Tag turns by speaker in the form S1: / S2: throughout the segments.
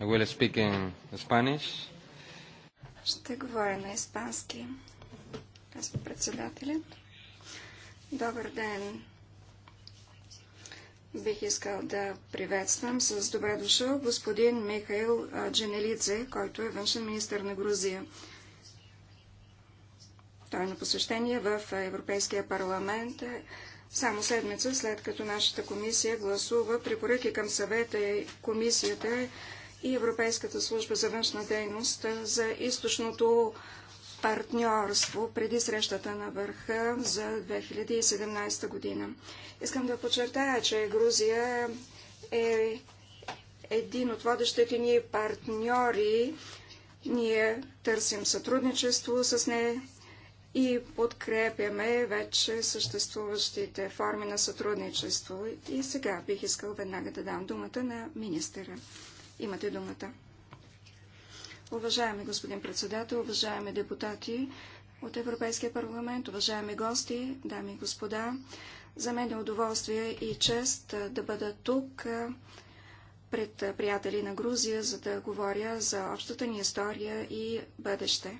S1: will speak in Spanish.
S2: Ще говоря на испански, казва председателят. Добър ден! Бих искал да приветствам с добре дошъл господин Михаил Дженелице, който е външен министр на Грузия. Той е на посещение в Европейския парламент само седмица след като нашата комисия гласува препоръки към съвета и комисията и Европейската служба за външна дейност за източното партньорство преди срещата на върха за 2017 година. Искам да подчертая, че Грузия е един от водещите ни партньори. Ние търсим сътрудничество с нея и подкрепяме вече съществуващите форми на сътрудничество. И сега бих искал веднага да дам думата на министъра. Имате думата. Уважаеми господин председател, уважаеми депутати от Европейския парламент, уважаеми гости, дами и господа, за мен е удоволствие и чест да бъда тук пред приятели на Грузия, за да говоря за общата ни история и бъдеще.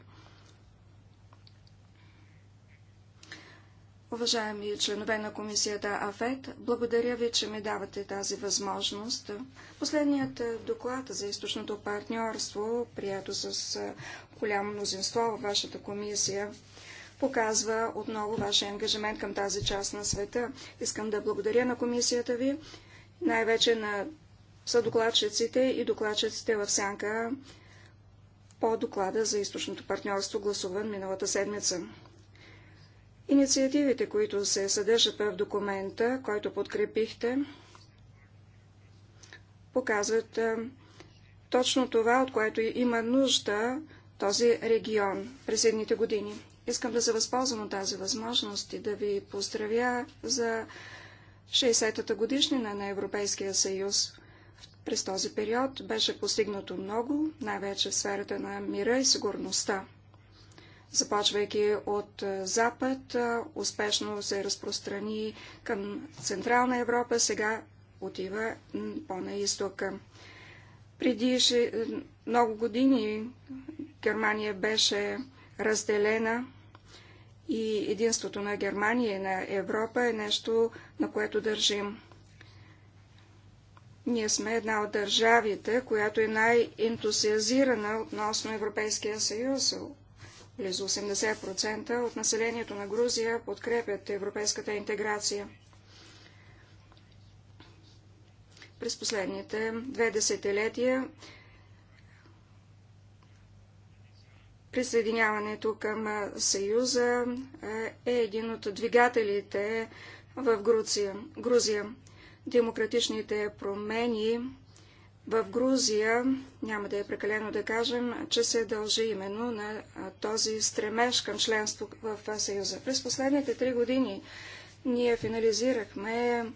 S2: Уважаеми членове на комисията АФЕТ, благодаря ви, че ми давате тази възможност. Последният е, доклад за източното партньорство, прието с е, голямо мнозинство във вашата комисия, показва отново вашия ангажимент към тази част на света. Искам да благодаря на комисията ви, най-вече на съдокладчиците и докладчиците в сянка по доклада за източното партньорство, гласуван миналата седмица. Инициативите, които се съдържат в документа, който подкрепихте, показват точно това, от което има нужда този регион през едните години. Искам да се възползвам от тази възможност и да ви поздравя за 60-та годишнина на Европейския съюз. През този период беше постигнато много, най-вече в сферата на мира и сигурността започвайки от Запад, успешно се разпространи към Централна Европа, сега отива по-на изтока. Преди много години Германия беше разделена и единството на Германия и на Европа е нещо, на което държим. Ние сме една от държавите, която е най-ентусиазирана относно Европейския съюз, Близо 80% от населението на Грузия подкрепят европейската интеграция. През последните две десетилетия присъединяването към Съюза е един от двигателите в Грузия. Демократичните промени в Грузия, няма да е прекалено да кажем, че се дължи именно на този стремеж към членство в Съюза. През последните три години ние финализирахме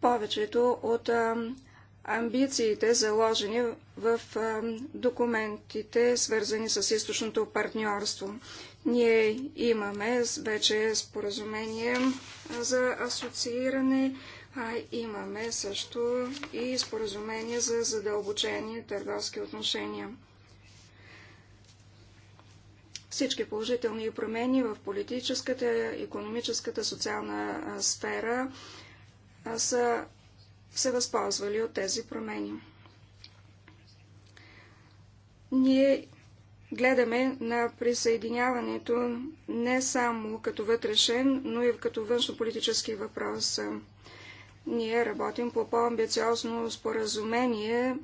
S2: повечето от амбициите, заложени в документите, свързани с източното партньорство. Ние имаме вече споразумение за асоцииране, а имаме също и споразумение за задълбочени търговски отношения. Всички положителни промени в политическата, економическата, социална сфера са се възползвали от тези промени. Ние гледаме на присъединяването не само като вътрешен, но и като външно политически въпрос ние работим по по-амбициозно споразумение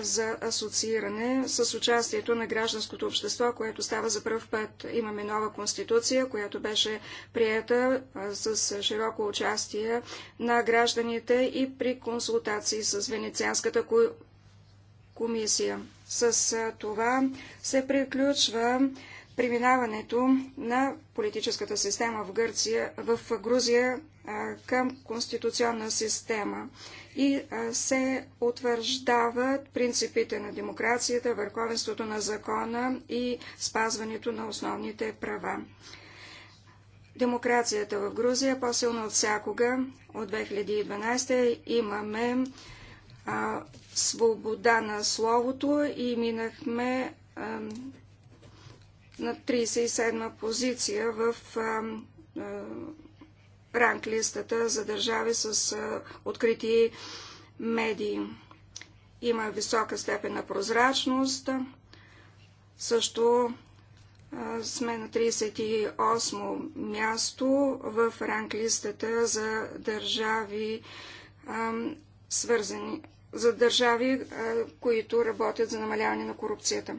S2: за асоцииране с участието на гражданското общество, което става за първ път. Имаме нова конституция, която беше приета с широко участие на гражданите и при консултации с Венецианската комисия. С това се приключва преминаването на политическата система в, Гърция, в Грузия към конституционна система и се утвърждават принципите на демокрацията, върховенството на закона и спазването на основните права. Демокрацията в Грузия по-силно от всякога. От 2012 имаме а, свобода на словото и минахме на 37 а позиция в ранглистата за държави с открити медии. Има висока степен на прозрачност. Също сме на 38 място в ранглистата за държави а, свързани за държави, които работят за намаляване на корупцията.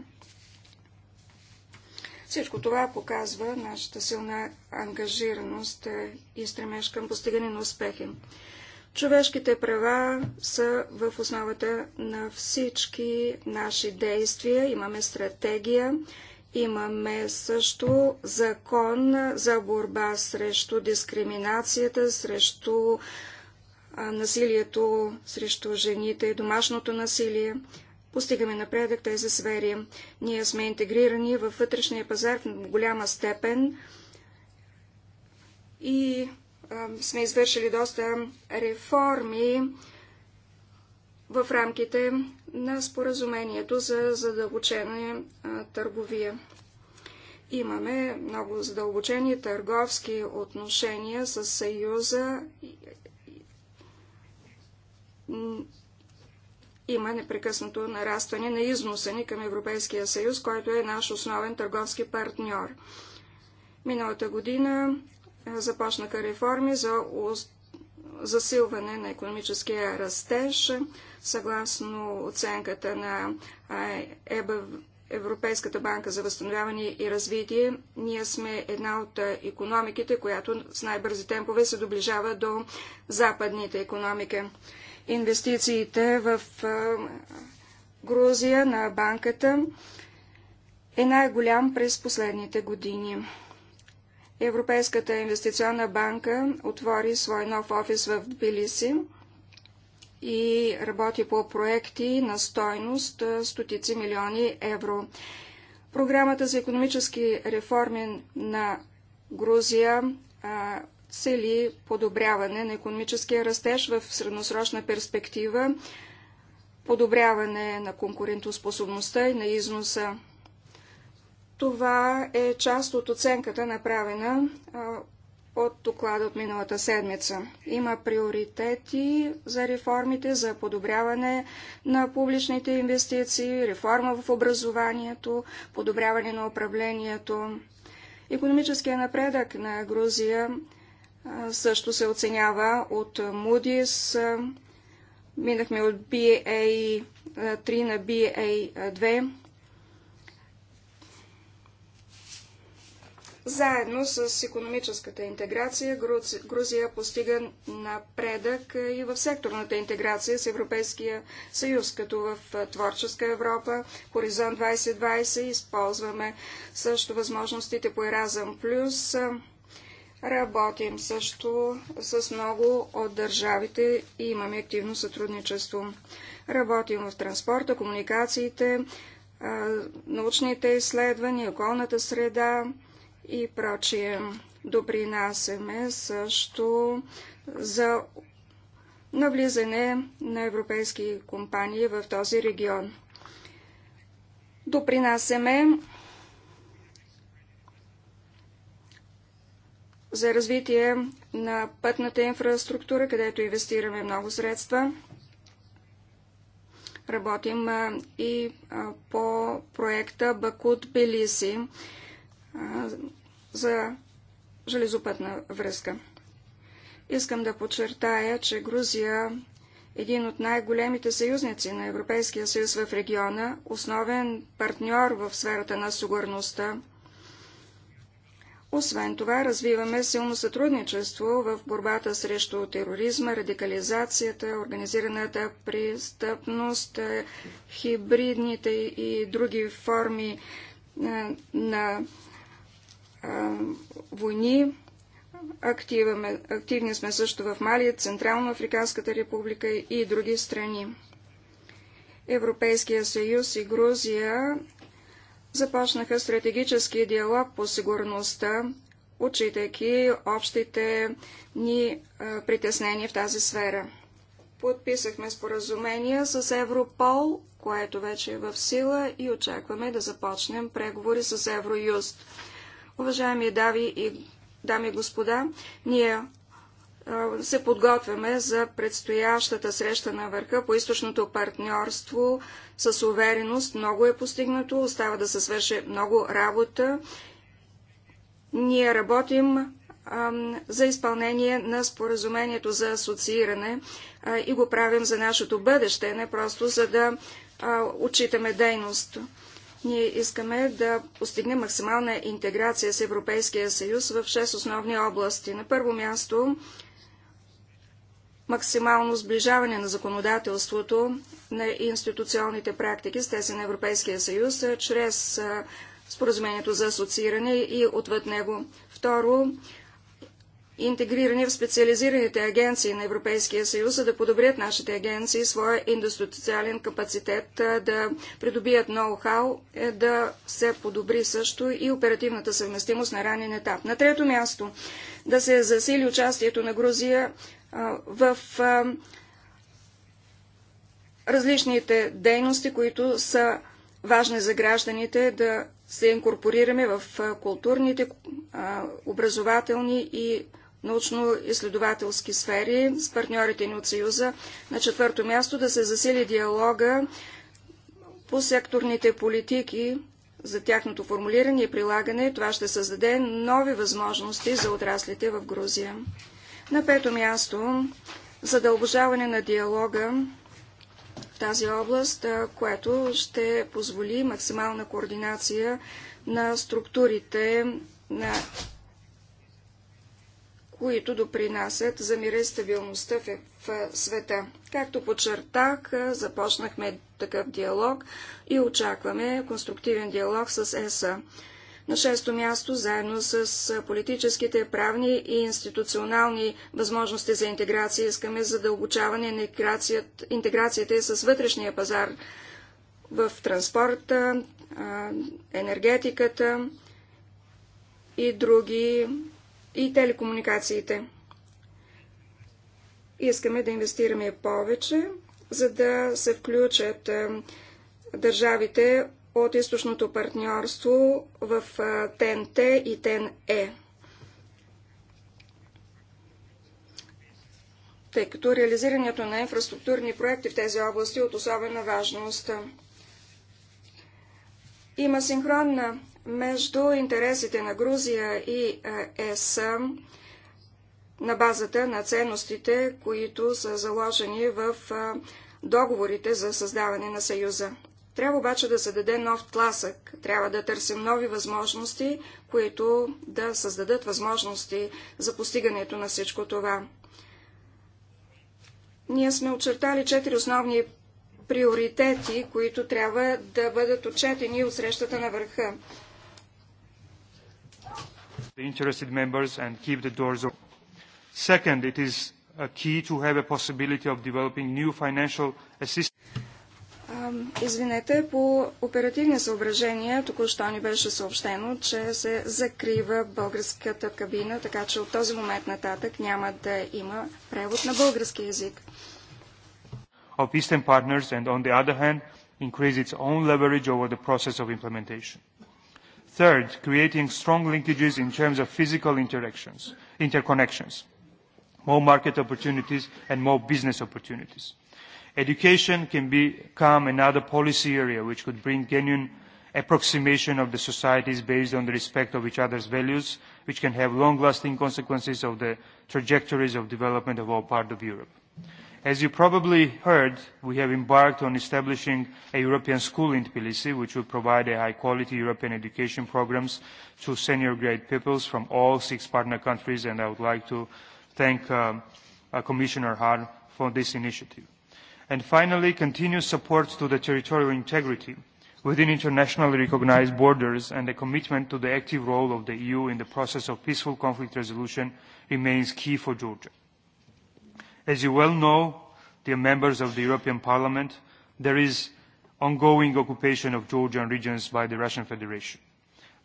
S2: Всичко това показва нашата силна ангажираност е, и стремеж към постигане на успехи. Човешките права са в основата на всички наши действия. Имаме стратегия, имаме също закон за борба срещу дискриминацията, срещу насилието срещу жените, домашното насилие постигаме напредък тези сфери. Ние сме интегрирани във вътрешния пазар в голяма степен и а, сме извършили доста реформи в рамките на споразумението за задълбочена търговия. Имаме много задълбочени търговски отношения с Съюза има непрекъснато нарастване на износа ни към Европейския съюз, който е наш основен търговски партньор. Миналата година започнаха реформи за засилване на економическия растеж, съгласно оценката на ЕБВ. Европейската банка за възстановяване и развитие, ние сме една от економиките, която с най-бързи темпове се доближава до западните економики инвестициите в Грузия на банката е най-голям през последните години. Европейската инвестиционна банка отвори свой нов офис в Тбилиси и работи по проекти на стойност стотици милиони евро. Програмата за економически реформи на Грузия цели подобряване на економическия растеж в средносрочна перспектива, подобряване на конкурентоспособността и на износа. Това е част от оценката, направена от доклада от миналата седмица. Има приоритети за реформите, за подобряване на публичните инвестиции, реформа в образованието, подобряване на управлението. Економическия напредък на Грузия също се оценява от Moody's. Минахме от BA3 на BA2. Заедно с економическата интеграция Грузия постига напредък и в секторната интеграция с Европейския съюз, като в Творческа Европа, Хоризонт 2020, използваме също възможностите по Еразъм Плюс. Работим също с много от държавите и имаме активно сътрудничество. Работим в транспорта, комуникациите, научните изследвания, околната среда и прочие. Допринасяме също за навлизане на европейски компании в този регион. Допринасяме за развитие на пътната инфраструктура, където инвестираме много средства. Работим и по проекта Бакут Белиси за железопътна връзка. Искам да подчертая, че Грузия е един от най-големите съюзници на Европейския съюз в региона, основен партньор в сферата на сигурността, освен това, развиваме силно сътрудничество в борбата срещу тероризма, радикализацията, организираната престъпност, е, хибридните и други форми е, на е, войни. Активаме, активни сме също в Мали, Централно Африканската република и други страни. Европейския съюз и Грузия започнаха стратегически диалог по сигурността, отчитайки общите ни притеснения в тази сфера. Подписахме споразумение с Европол, което вече е в сила и очакваме да започнем преговори с Евроюст. Уважаеми дави и, дами и господа, ние се подготвяме за предстоящата среща на върха по източното партньорство с увереност. Много е постигнато, остава да се свърши много работа. Ние работим за изпълнение на споразумението за асоцииране и го правим за нашето бъдеще, не просто за да отчитаме дейност. Ние искаме да постигнем максимална интеграция с Европейския съюз в шест основни области. На първо място максимално сближаване на законодателството на институционните практики с тези на Европейския съюз, чрез споразумението за асоцииране и отвъд него. Второ, интегриране в специализираните агенции на Европейския съюз, за да подобрят нашите агенции своя индустриален капацитет, да придобият ноу-хау, е, да се подобри също и оперативната съвместимост на ранен етап. На трето място, да се засили участието на Грузия в различните дейности, които са важни за гражданите да се инкорпорираме в културните, образователни и научно-изследователски сфери с партньорите ни от Съюза. На четвърто място да се засили диалога по секторните политики за тяхното формулиране и прилагане. Това ще създаде нови възможности за отраслите в Грузия. На пето място, задълбожаване на диалога в тази област, което ще позволи максимална координация на структурите, на които допринасят за мира и стабилността в света. Както подчертах, започнахме такъв диалог и очакваме конструктивен диалог с ЕСА. На шесто място, заедно с политическите, правни и институционални възможности за интеграция, искаме задълбочаване на интеграцията, с вътрешния пазар в транспорта, енергетиката и други и телекомуникациите. Искаме да инвестираме повече, за да се включат държавите от източното партньорство в ТНТ и ТНЕ. тъй като реализирането на инфраструктурни проекти в тези области е от особена важност. Има синхронна между интересите на Грузия и ЕС на базата на ценностите, които са заложени в договорите за създаване на Съюза. Трябва обаче да се даде нов тласък, трябва да търсим нови възможности, които да създадат възможности за постигането на всичко това. Ние сме очертали четири основни приоритети, които трябва да бъдат отчетени от срещата на върха.
S3: Second, it is a key to have a possibility of developing new financial assistance
S2: Извинете, по оперативни съображения току-що ни беше съобщено, че се закрива българската кабина, така че от този момент нататък няма да има превод на български язик.
S3: Of Eastern partners and on the other hand, increase its own leverage over the process of implementation. Third, creating strong linkages in terms of physical interactions, interconnections, more market opportunities and more business opportunities Education can become another policy area which could bring genuine approximation of the societies based on the respect of each other's values, which can have long-lasting consequences of the trajectories of development of all parts of Europe. As you probably heard, we have embarked on establishing a European school in Tbilisi, which will provide a high-quality European education programs to senior grade pupils from all six partner countries, and I would like to thank uh, Commissioner Hahn for this initiative. And finally, continuous support to the territorial integrity within internationally recognized borders and the commitment to the active role of the EU in the process of peaceful conflict resolution remains key for Georgia. As you well know, dear members of the European Parliament, there is ongoing occupation of Georgian regions by the Russian Federation.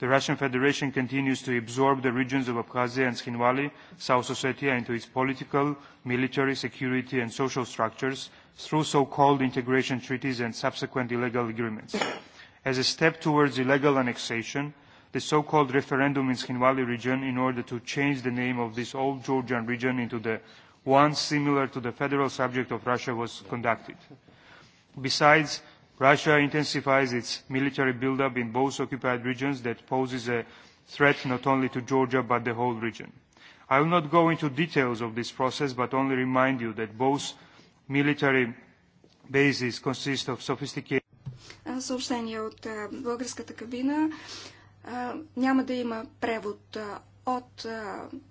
S3: The Russian Federation continues to absorb the regions of Abkhazia and Skinwali, South Ossetia into its political, military, security and social structures through so-called integration treaties and subsequent illegal agreements. As a step towards illegal annexation, the so-called referendum in Shinwali region in order to change the name of this old Georgian region into the one similar to the federal subject of Russia was conducted. Besides, Russia intensifies its military buildup in both occupied regions that poses a threat not only to Georgia but the whole region. I will not go into details of this process but only remind you that both military bases consist of sophisticated...
S2: Съобщение от българската кабина. Няма да има превод от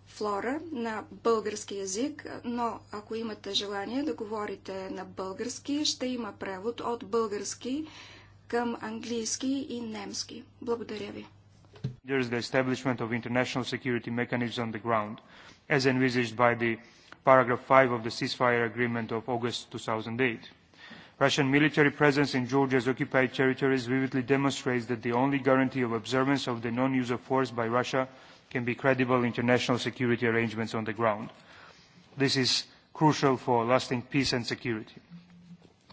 S2: флора на български язик, но ако имате желание да говорите на български, ще има превод от български към английски и немски. Благодаря ви.
S3: There is the establishment of international security mechanism on the ground, as envisaged by the paragraph 5 of the ceasefire agreement of August 2008. Russian military presence in Georgia's occupied territories vividly demonstrates that the only guarantee of observance of the non-use of force by Russia can be credible international security arrangements on the ground. This is crucial for lasting peace and security.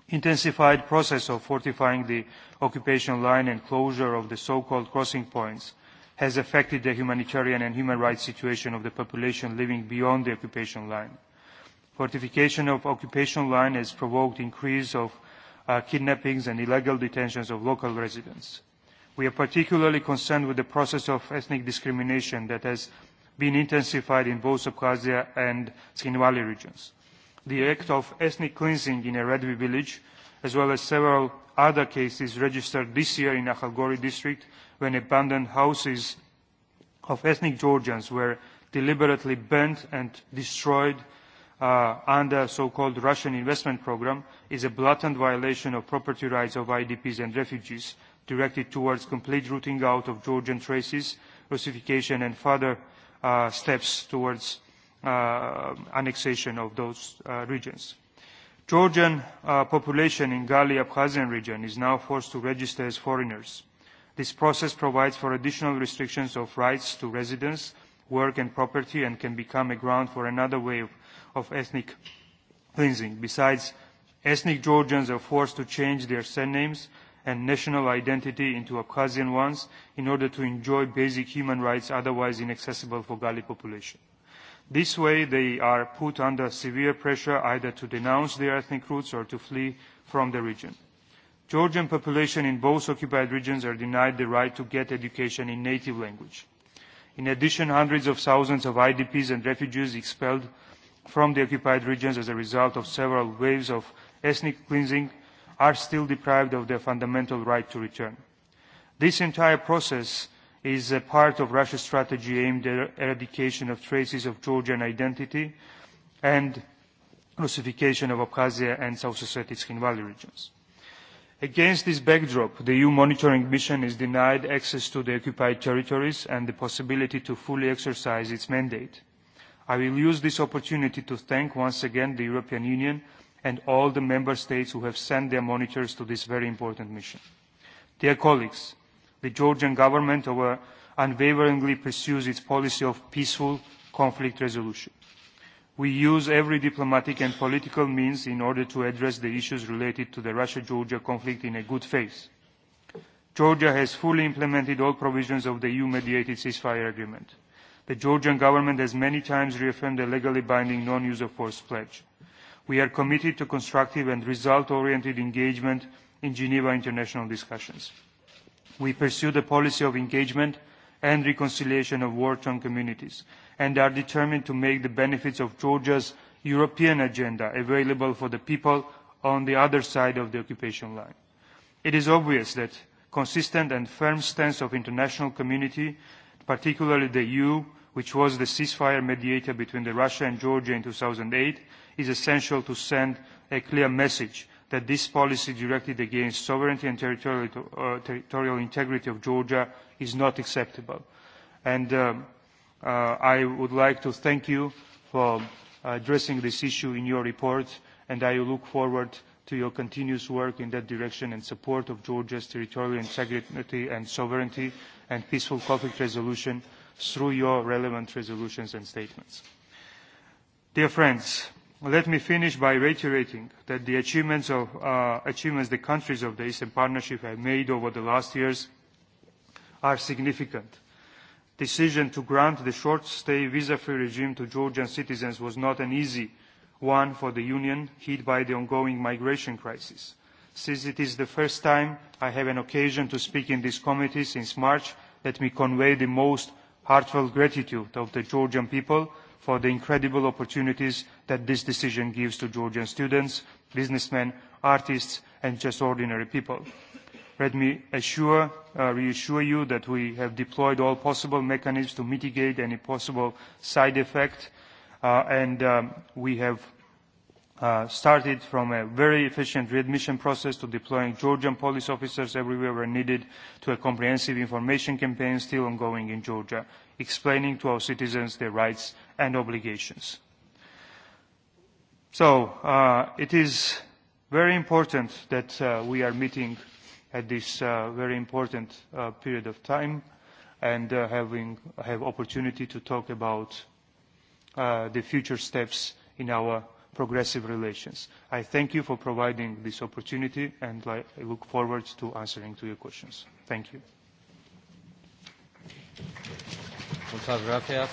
S3: Intensified process of fortifying the occupation line and closure of the so-called crossing points has affected the humanitarian and human rights situation of the population living beyond the occupation line. Fortification of occupation line has provoked increase of uh, kidnappings and illegal detentions of local residents. We are particularly concerned with the process of ethnic discrimination that has been intensified in both Abkhazia and Sinwali regions. The act of ethnic cleansing in a Redvi village, as well as several other cases registered this year in Akhalgori district, when abandoned houses of ethnic Georgians were deliberately burnt and destroyed uh, under so-called Russian investment program is a blatant violation of property rights of IDPs and refugees directed towards complete rooting out of Georgian traces, Russification and further uh, steps towards uh, annexation of those uh, regions. Georgian uh, population in Gali Abkhazian region is now forced to register as foreigners. This process provides for additional restrictions of rights to residence, work and property and can become a ground for another wave of ethnic cleansing. Besides, ethnic Georgians are forced to change their surnames and national identity into Abkhazian ones in order to enjoy basic human rights otherwise inaccessible for Gali population. This way, they are put under severe pressure either to denounce their ethnic roots or to flee from the region. Georgian population in both occupied regions are denied the right to get education in native language. In addition, hundreds of thousands of IDPs and refugees expelled from the occupied regions as a result of several waves of ethnic cleansing are still deprived of their fundamental right to return. This entire process is a part of Russia's strategy aimed at eradication of traces of Georgian identity and Russification of Abkhazia and South Ossetia's Khinvali regions. Against this backdrop, the EU monitoring mission is denied access to the occupied territories and the possibility to fully exercise its mandate. I will use this opportunity to thank once again the European Union and all the member states who have sent their monitors to this very important mission. Dear colleagues, the Georgian government unwaveringly pursues its policy of peaceful conflict resolution. We use every diplomatic and political means in order to address the issues related to the Russia-Georgia conflict in a good faith. Georgia has fully implemented all provisions of the EU-mediated ceasefire agreement. The Georgian government has many times reaffirmed the legally binding non-use of force pledge. We are committed to constructive and result-oriented engagement in Geneva international discussions. We pursue the policy of engagement and reconciliation of war-torn communities, and are determined to make the benefits of Georgia's European agenda available for the people on the other side of the occupation line. It is obvious that consistent and firm stance of international community, particularly the EU, which was the ceasefire mediator between the Russia and Georgia in 2008, is essential to send a clear message that this policy directed against sovereignty and territorial, uh, territorial integrity of Georgia is not acceptable. And I would like to thank you for addressing this issue in your report, and I look forward to your continuous work in that direction and support of Georgia's territorial integrity and sovereignty and peaceful conflict resolution through your relevant resolutions and statements. Dear friends, let me finish by reiterating that the achievements, of, uh, achievements the countries of the Eastern Partnership have made over the last years are significant decision to grant the short-stay visa-free regime to Georgian citizens was not an easy one for the Union, hit by the ongoing migration crisis. Since it is the first time I have an occasion to speak in this committee since March, let me convey the most heartfelt gratitude of the Georgian people for the incredible opportunities that this decision gives to Georgian students, businessmen, artists, and just ordinary people. Let me assure, reassure you that we have deployed all possible mechanisms to mitigate any possible side effect, and we have started from a very efficient readmission process to deploying Georgian police officers everywhere where needed to a comprehensive information campaign still ongoing in Georgia, explaining to our citizens their rights and obligations. So uh, it is very important that uh, we are meeting at this uh, very important uh, period of time and uh, having have opportunity to talk about uh, the future steps in our progressive relations. I thank you for providing this opportunity and I look forward to answering to your questions. Thank you. Muchas gracias.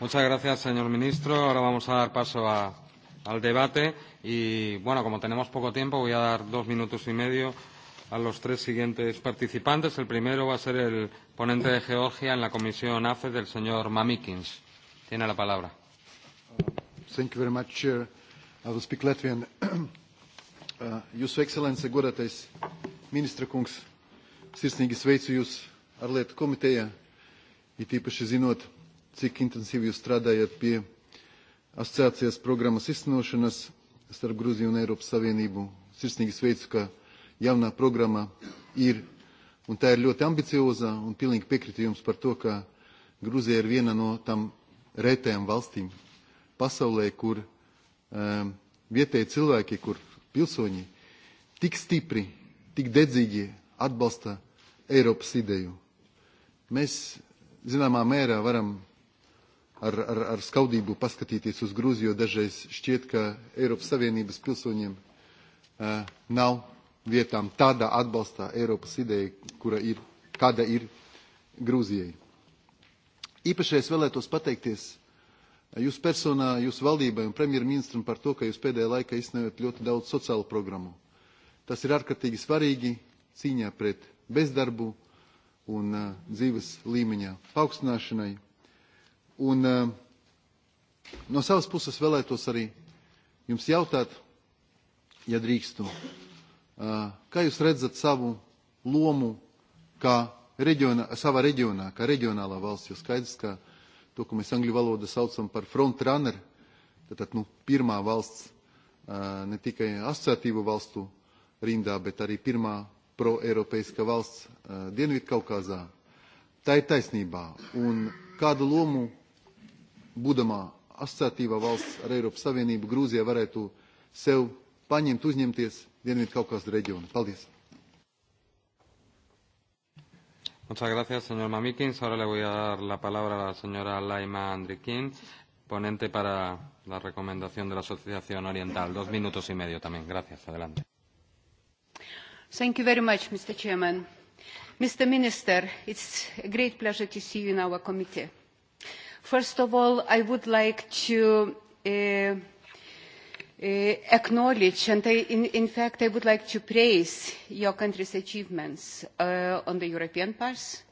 S1: Muchas gracias, señor ministro. Ahora vamos a dar paso a, al debate. Y bueno, como tenemos poco tiempo, voy a dar dos minutos y medio a los tres siguientes participantes. El primero va a ser el ponente de Georgia en la comisión AFE, del señor Mamikins. Tiene la palabra.
S4: Thank you very much, Chair. I will speak Latvian. Jūsu ekscelence, godātais ministra kungs, sirsnīgi sveicu jūs ar ārlietu komitejā, it īpaši zinot, cik intensīvi jūs strādājat pie asociācijas programmas izcinošanas Srb, Gruziju un Eiropas Savienību. Sirsnīgi sveicu, ka jaunā programma ir, un tā ir ļoti ambicioza, un pilnīgi piekrītu jums par to, ka Gruzija ir viena no tam retajām valstīm pasaulē, kur um, vietēji cilvēki, kur pilsoņi tik stipri, tik dedzīgi atbalsta Eiropas ideju. Mēs zināmā mērā varam ar, ar, ar skaudību paskatīties uz Grūziju, dažreiz šķiet, ka Eiropas Savienības pilsoņiem nav vietām tādā atbalstā Eiropas ideja, kura ir, kāda ir Grūzijai. Īpašais vēlētos pateikties jūs personā, jūsu valdībai un premjerministram par to, ka jūs pēdējā laikā izsniedzat ļoti daudz sociālu programmu. Tas ir ārkārtīgi svarīgi cīņā pret bezdarbu un dzīves līmeņa paaugstināšanai. Un no savas puses vēlētos arī jums jautāt, ja drīkstu, kā jūs redzat savu lomu kā reģionā, savā reģionā, kā reģionālā valsts, jo skaidrs, ka to, ko mēs angļu valodā saucam par frontrunner, tātad nu, pirmā valsts ne tikai asociatīvu valstu rindā, bet arī pirmā proeiropeiska valsts Dienvidkaukazā. Tā ir taisnībā. Un kādu lomu būdama asociatīvā valsts ar Eiropas Savienību, Grūzija varētu sev paņemt, uzņemties Dienvidu reģionu. Paldies!
S1: Muchas gracias, señor Mamikins. Ahora le voy a dar la palabra a la señora Laima Andriquín, ponente para la recomendación de la Asociación Oriental. Dos minutos y medio también. Gracias. Adelante.
S5: Thank you very much, Mr. Chairman. Mr. Minister, it's a great pleasure to see you in our committee. First of all, I would like to acknowledge, and in, fact I would like to praise your country's achievements on the European path,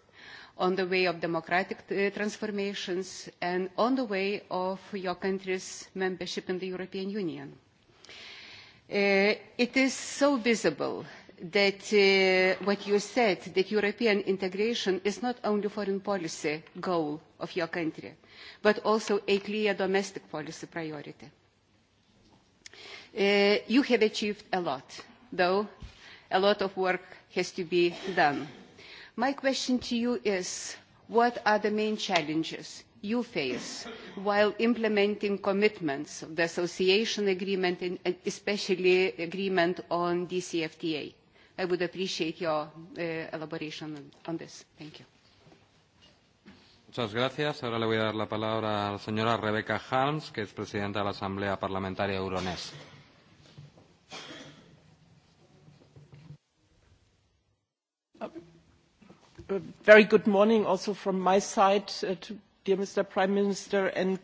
S5: on the way of democratic transformations, and on the way of your country's membership in the European Union. it is so visible that what you said, that European integration is not only a foreign policy goal of your country, but also a clear domestic policy priority. you have achieved a lot, though a lot of work has to be done. My question to you is, what are the main challenges you face while implementing commitments of the association agreement and especially the agreement on DCFTA? I would appreciate your elaboration on this. Thank you.
S1: Muchas gracias. Ahora le voy a dar la palabra a la señora Rebecca Harms, que es presidenta de la Asamblea Parlamentaria
S6: Very good morning also from my side, to dear Mr. Prime Minister, and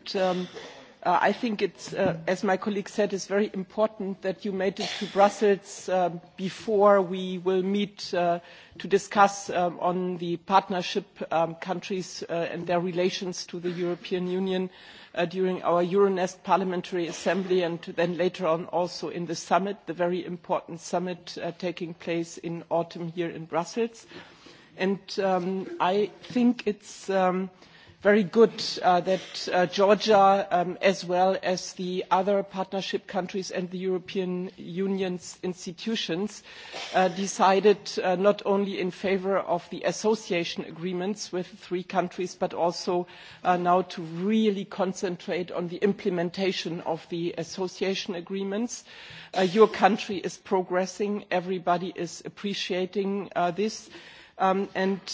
S6: I think it is as my colleague said, is very important that you made it to Brussels before we will meet to discuss on the partnership countries and their relations to the European Union during our Euronest Parliamentary Assembly and then later on also in the summit, the very important summit taking place in autumn here in Brussels. And I think it is very good that Georgia, as well as the other partnership countries and the European Union's institutions, decided not only in favour of the association agreements with three countries, but also now to really concentrate on the implementation of the association agreements. your country is progressing. Everybody is appreciating this and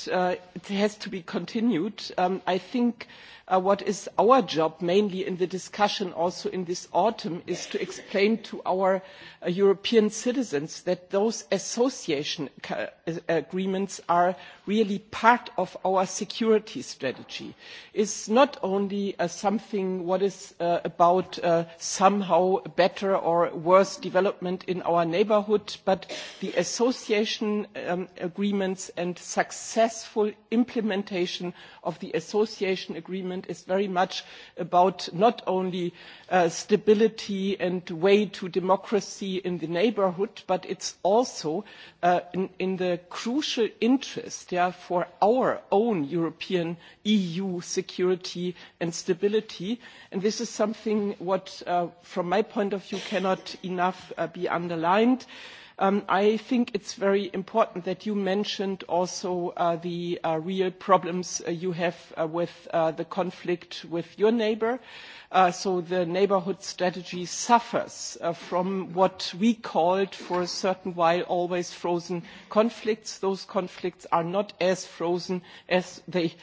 S6: it has to be continued. I think what is our job mainly in the discussion also in this autumn is to explain to our european citizens that those association agreements are really part of our security strategy. it is not only something that is about somehow better or worse development in our neighbourhood but the association agreements and successful implementation of the association agreements management is very much about not only stability and the way to democracy in the neighbourhood, but it is also in the crucial interest for our own European EU security and stability. And this is something that, from my point of view, cannot enough be underlined. enough. I think it's very important that you mentioned also the real problems you have with the conflict with your neighbour. So the neighbourhood strategy suffers from what we called for a certain while always frozen conflicts. Those conflicts are not as frozen as they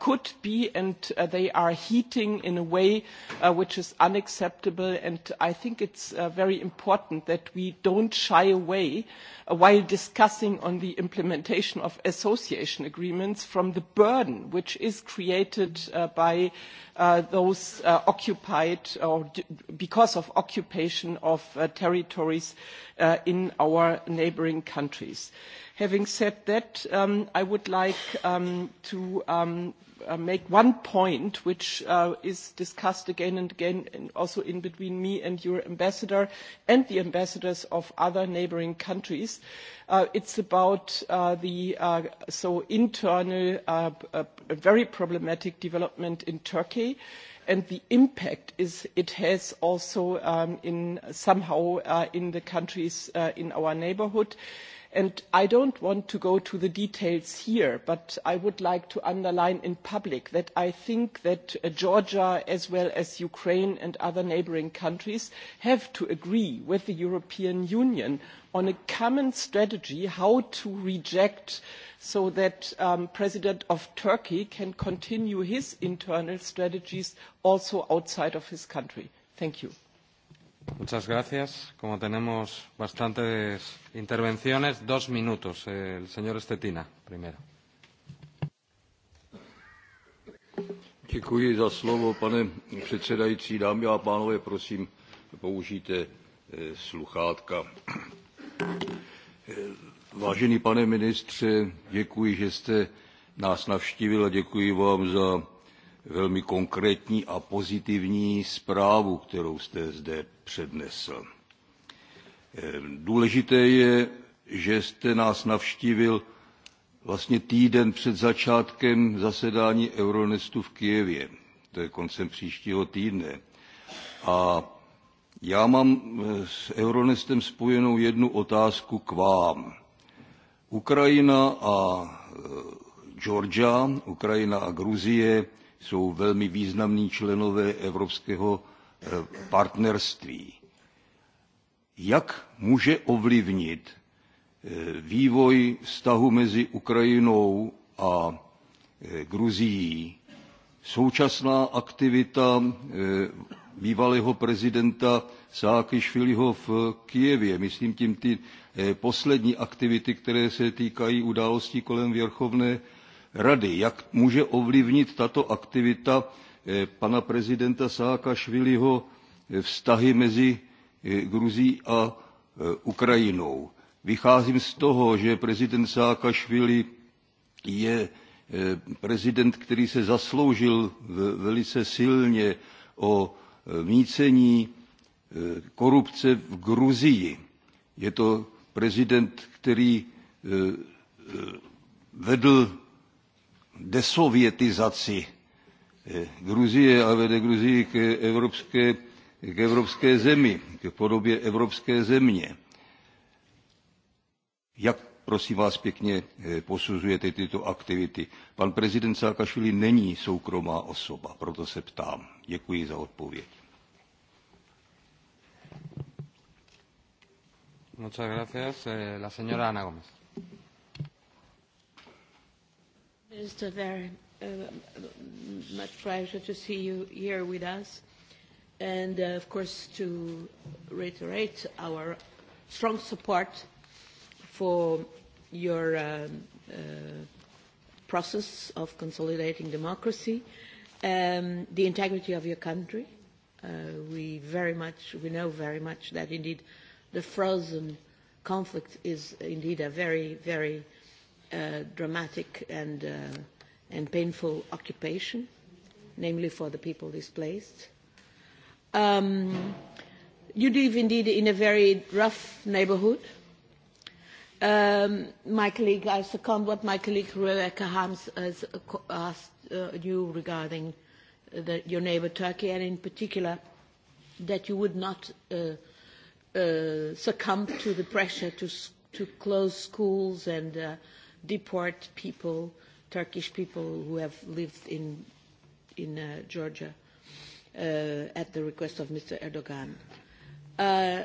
S6: could be, and they are heating in a way which is unacceptable. And I think it's very important that we don't shy away way while discussing on the implementation of association agreements from the burden which is created by those occupied or because of occupation of territories in our neighbouring countries. Having said that, I would like to make one point which is discussed again and again and also in between me and your ambassador and the ambassadors of other neighbouring countries. It is about the so internal, very problematic development in Turkey and the impact it has also somehow in the countries in our neighbourhood i do not want to go into the details here but i would like to underline in public that i think that georgia as well as ukraine and other neighbouring countries have to agree with the european union on a common strategy on how to reject so that the president of turkey can continue his internal strategies also outside of his country. thank you.
S1: Muchas gracias. Como tenemos bastantes intervenciones, dos minutos. El señor Estetina, primero.
S7: Děkuji za slovo, pane předsedající. Dámy a pánové, prosím, použijte sluchátka. Vážený pane ministře, děkuji, že jste nás navštívil a děkuji vám za velmi konkrétní a pozitivní zprávu, kterou jste zde přednesl. Důležité je, že jste nás navštívil vlastně týden před začátkem zasedání Euronestu v Kijevě. To je koncem příštího týdne. A já mám s Euronestem spojenou jednu otázku k vám. Ukrajina a Georgia, Ukrajina a Gruzie jsou velmi významní členové evropského partnerství. Jak může ovlivnit vývoj vztahu mezi Ukrajinou a Gruzií současná aktivita bývalého prezidenta Saakešviliho v Kijevě. Myslím tím ty poslední aktivity, které se týkají událostí kolem Věrchovné rady. Jak může ovlivnit tato aktivita pana prezidenta Saakašviliho vztahy mezi Gruzí a Ukrajinou? Vycházím z toho, že prezident Saakašvili je prezident, který se zasloužil velice silně o mícení korupce v Gruzii. Je to prezident, který vedl desovětizaci Gruzie a vede Gruzii k evropské, k evropské zemi, k podobě evropské země. Jak, prosím vás pěkně, posuzujete tyto aktivity? Pan prezident Saakašvili není soukromá osoba, proto se ptám. Děkuji za odpověď.
S1: Muchas gracias. la señora Ana Gómez.
S8: Minister Varen, uh, much pleasure to see you here with us. And uh, of course, to reiterate our strong support for your um, uh, process of consolidating democracy, um, the integrity of your country. Uh, we very much, we know very much that indeed the frozen conflict is indeed a very, very a dramatic and, uh, and painful occupation, namely for the people displaced. Um, you live indeed in a very rough neighborhood. Um, my colleague, I second what my colleague Rebecca Harms has asked uh, you regarding the, your neighbor Turkey, and in particular that you would not uh, uh, succumb to the pressure to, to close schools and uh, deport people, Turkish people who have lived in, in uh, Georgia uh, at the request of Mr. Erdogan. Uh,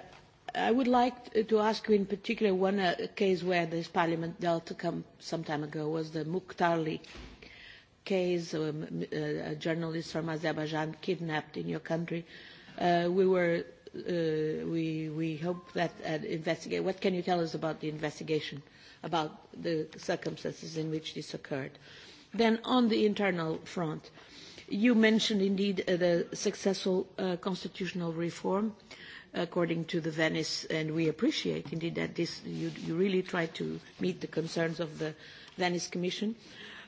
S8: I would like to ask you in particular one uh, case where this parliament dealt to come some time ago was the Mukhtarli case, um, uh, a journalist from Azerbaijan kidnapped in your country. Uh, we were, uh, we, we hope that uh, investigate. What can you tell us about the investigation? about the circumstances in which this occurred. Then on the internal front, you mentioned indeed the successful constitutional reform according to the Venice, and we appreciate indeed that this you, you really try to meet the concerns of the Venice Commission.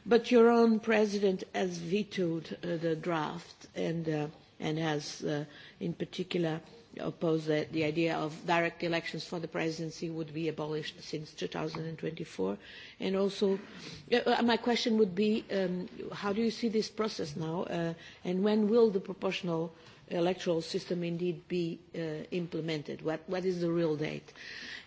S8: But your own president has vetoed uh, the draft and, uh, and has, uh, in particular, uh, oppose that the idea of direct elections for the presidency would be abolished since 2024. And also, uh, my question would be, um, how do you see this process now, uh, and when will the proportional electoral system indeed be uh, implemented? What, what is the real date?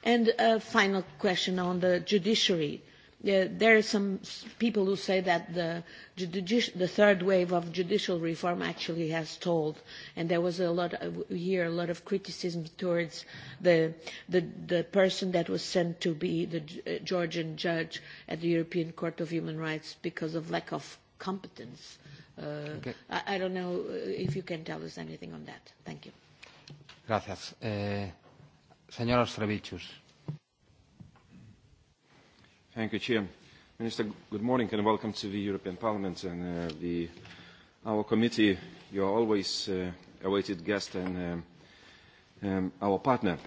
S8: And a final question on the judiciary there are some people who say that the, the third wave of judicial reform actually has told, and there was a lot of, here a lot of criticism towards the, the the person that was sent to be the Georgian judge at the European Court of Human Rights because of lack of competence. Uh, okay. I, I don't know if you can tell us anything on that. Thank you.
S1: Gracias, eh, señora Ostrevichus.
S9: Thank you, Chair. Minister, good morning and welcome to the European Parliament and uh, the, our committee. You are always uh, awaited guest and um, um, our partner.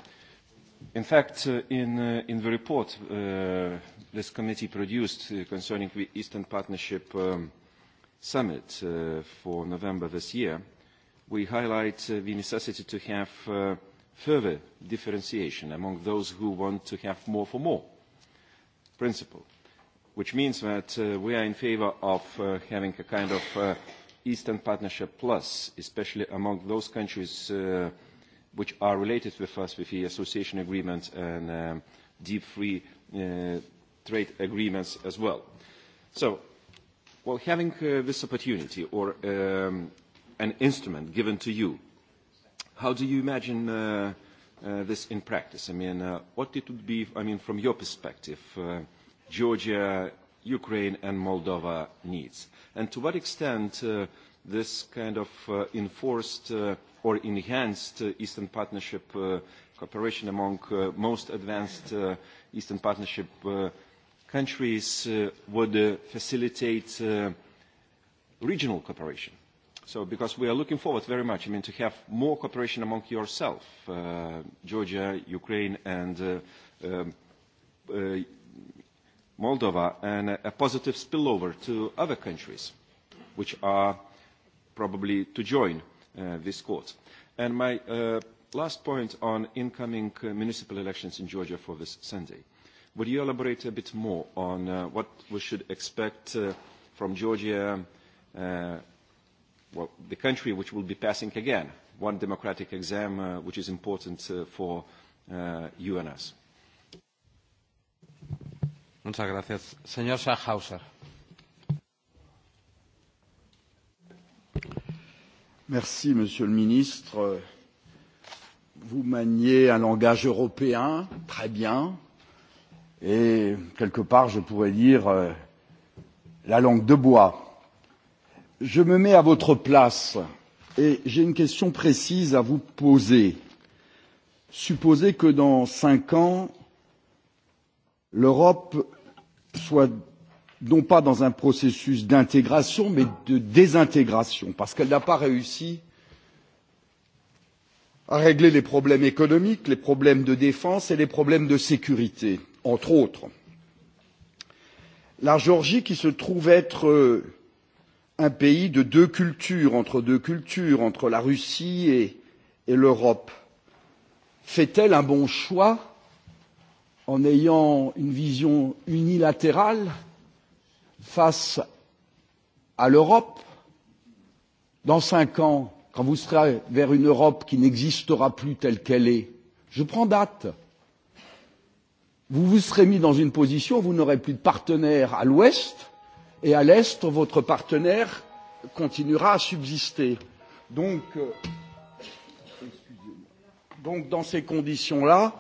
S9: In fact, uh, in, uh, in the report uh, this committee produced uh, concerning the Eastern Partnership um, Summit uh, for November this year, we highlight uh, the necessity to have uh, further differentiation among those who want to have more for more principle, which means that uh, we are in favor of uh, having a kind of uh, Eastern Partnership Plus, especially among those countries uh, which are related with us with the association agreements and um, deep free uh, trade agreements as well. So, well, having uh, this opportunity or um, an instrument given to you, how do you imagine uh, this in practice? I mean, uh, what it would be, I mean, from your perspective, uh, Georgia, Ukraine and Moldova needs? And to what extent uh, this kind of uh, enforced uh, or enhanced uh, Eastern Partnership uh, cooperation among uh, most advanced uh, Eastern Partnership uh, countries uh, would uh, facilitate uh, regional cooperation? So because we are looking forward very much, I mean, to have more cooperation among yourself, uh, Georgia, Ukraine, and uh, um, uh, Moldova, and a positive spillover to other countries, which are probably to join uh, this court. And my uh, last point on incoming uh, municipal elections in Georgia for this Sunday. Would you elaborate a bit more on uh, what we should expect uh, from Georgia uh, well, the country which will be passing again one democratic exam uh, which is important uh, for uh, you and us.
S1: Muchas gracias. Señor Schaffhauser. Merci,
S10: Monsieur le Ministre. Vous maniez un langage européen très bien et quelque part, je pourrais dire, la langue de bois je me mets à votre place et j'ai une question précise à vous poser. Supposez que dans cinq ans, l'Europe soit non pas dans un processus d'intégration, mais de désintégration, parce qu'elle n'a pas réussi à régler les problèmes économiques, les problèmes de défense et les problèmes de sécurité, entre autres. La Géorgie, qui se trouve être un pays de deux cultures, entre deux cultures, entre la Russie et, et l'Europe, fait-elle un bon choix en ayant une vision unilatérale face à l'Europe Dans cinq ans, quand vous serez vers une Europe qui n'existera plus telle qu'elle est, je prends date. Vous vous serez mis dans une position où vous n'aurez plus de partenaires à l'ouest, et à l'Est, votre partenaire continuera à subsister. Donc, donc dans ces conditions-là,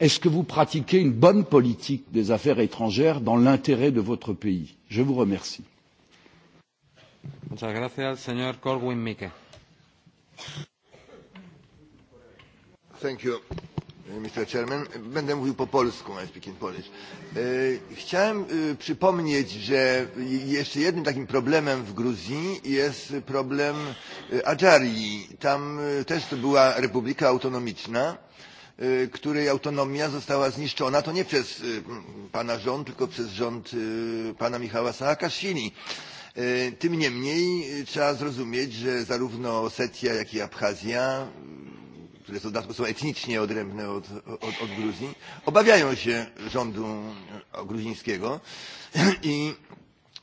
S10: est-ce que vous pratiquez une bonne politique des affaires étrangères dans l'intérêt de votre pays Je vous remercie.
S1: Muchas gracias, señor Corwin
S11: Thank you. Mr. Chairman. Będę mówił po polsku, I speak in Polish. Chciałem przypomnieć, że jeszcze jednym takim problemem w Gruzji jest problem Adżarii. Tam też to była republika autonomiczna której autonomia została zniszczona, to nie przez pana rząd, tylko przez rząd pana Michała Saakaszwili. Tym niemniej trzeba zrozumieć, że zarówno Osetia, jak i Abchazja które są są etnicznie odrębne od, od, od Gruzji, obawiają się rządu gruzińskiego i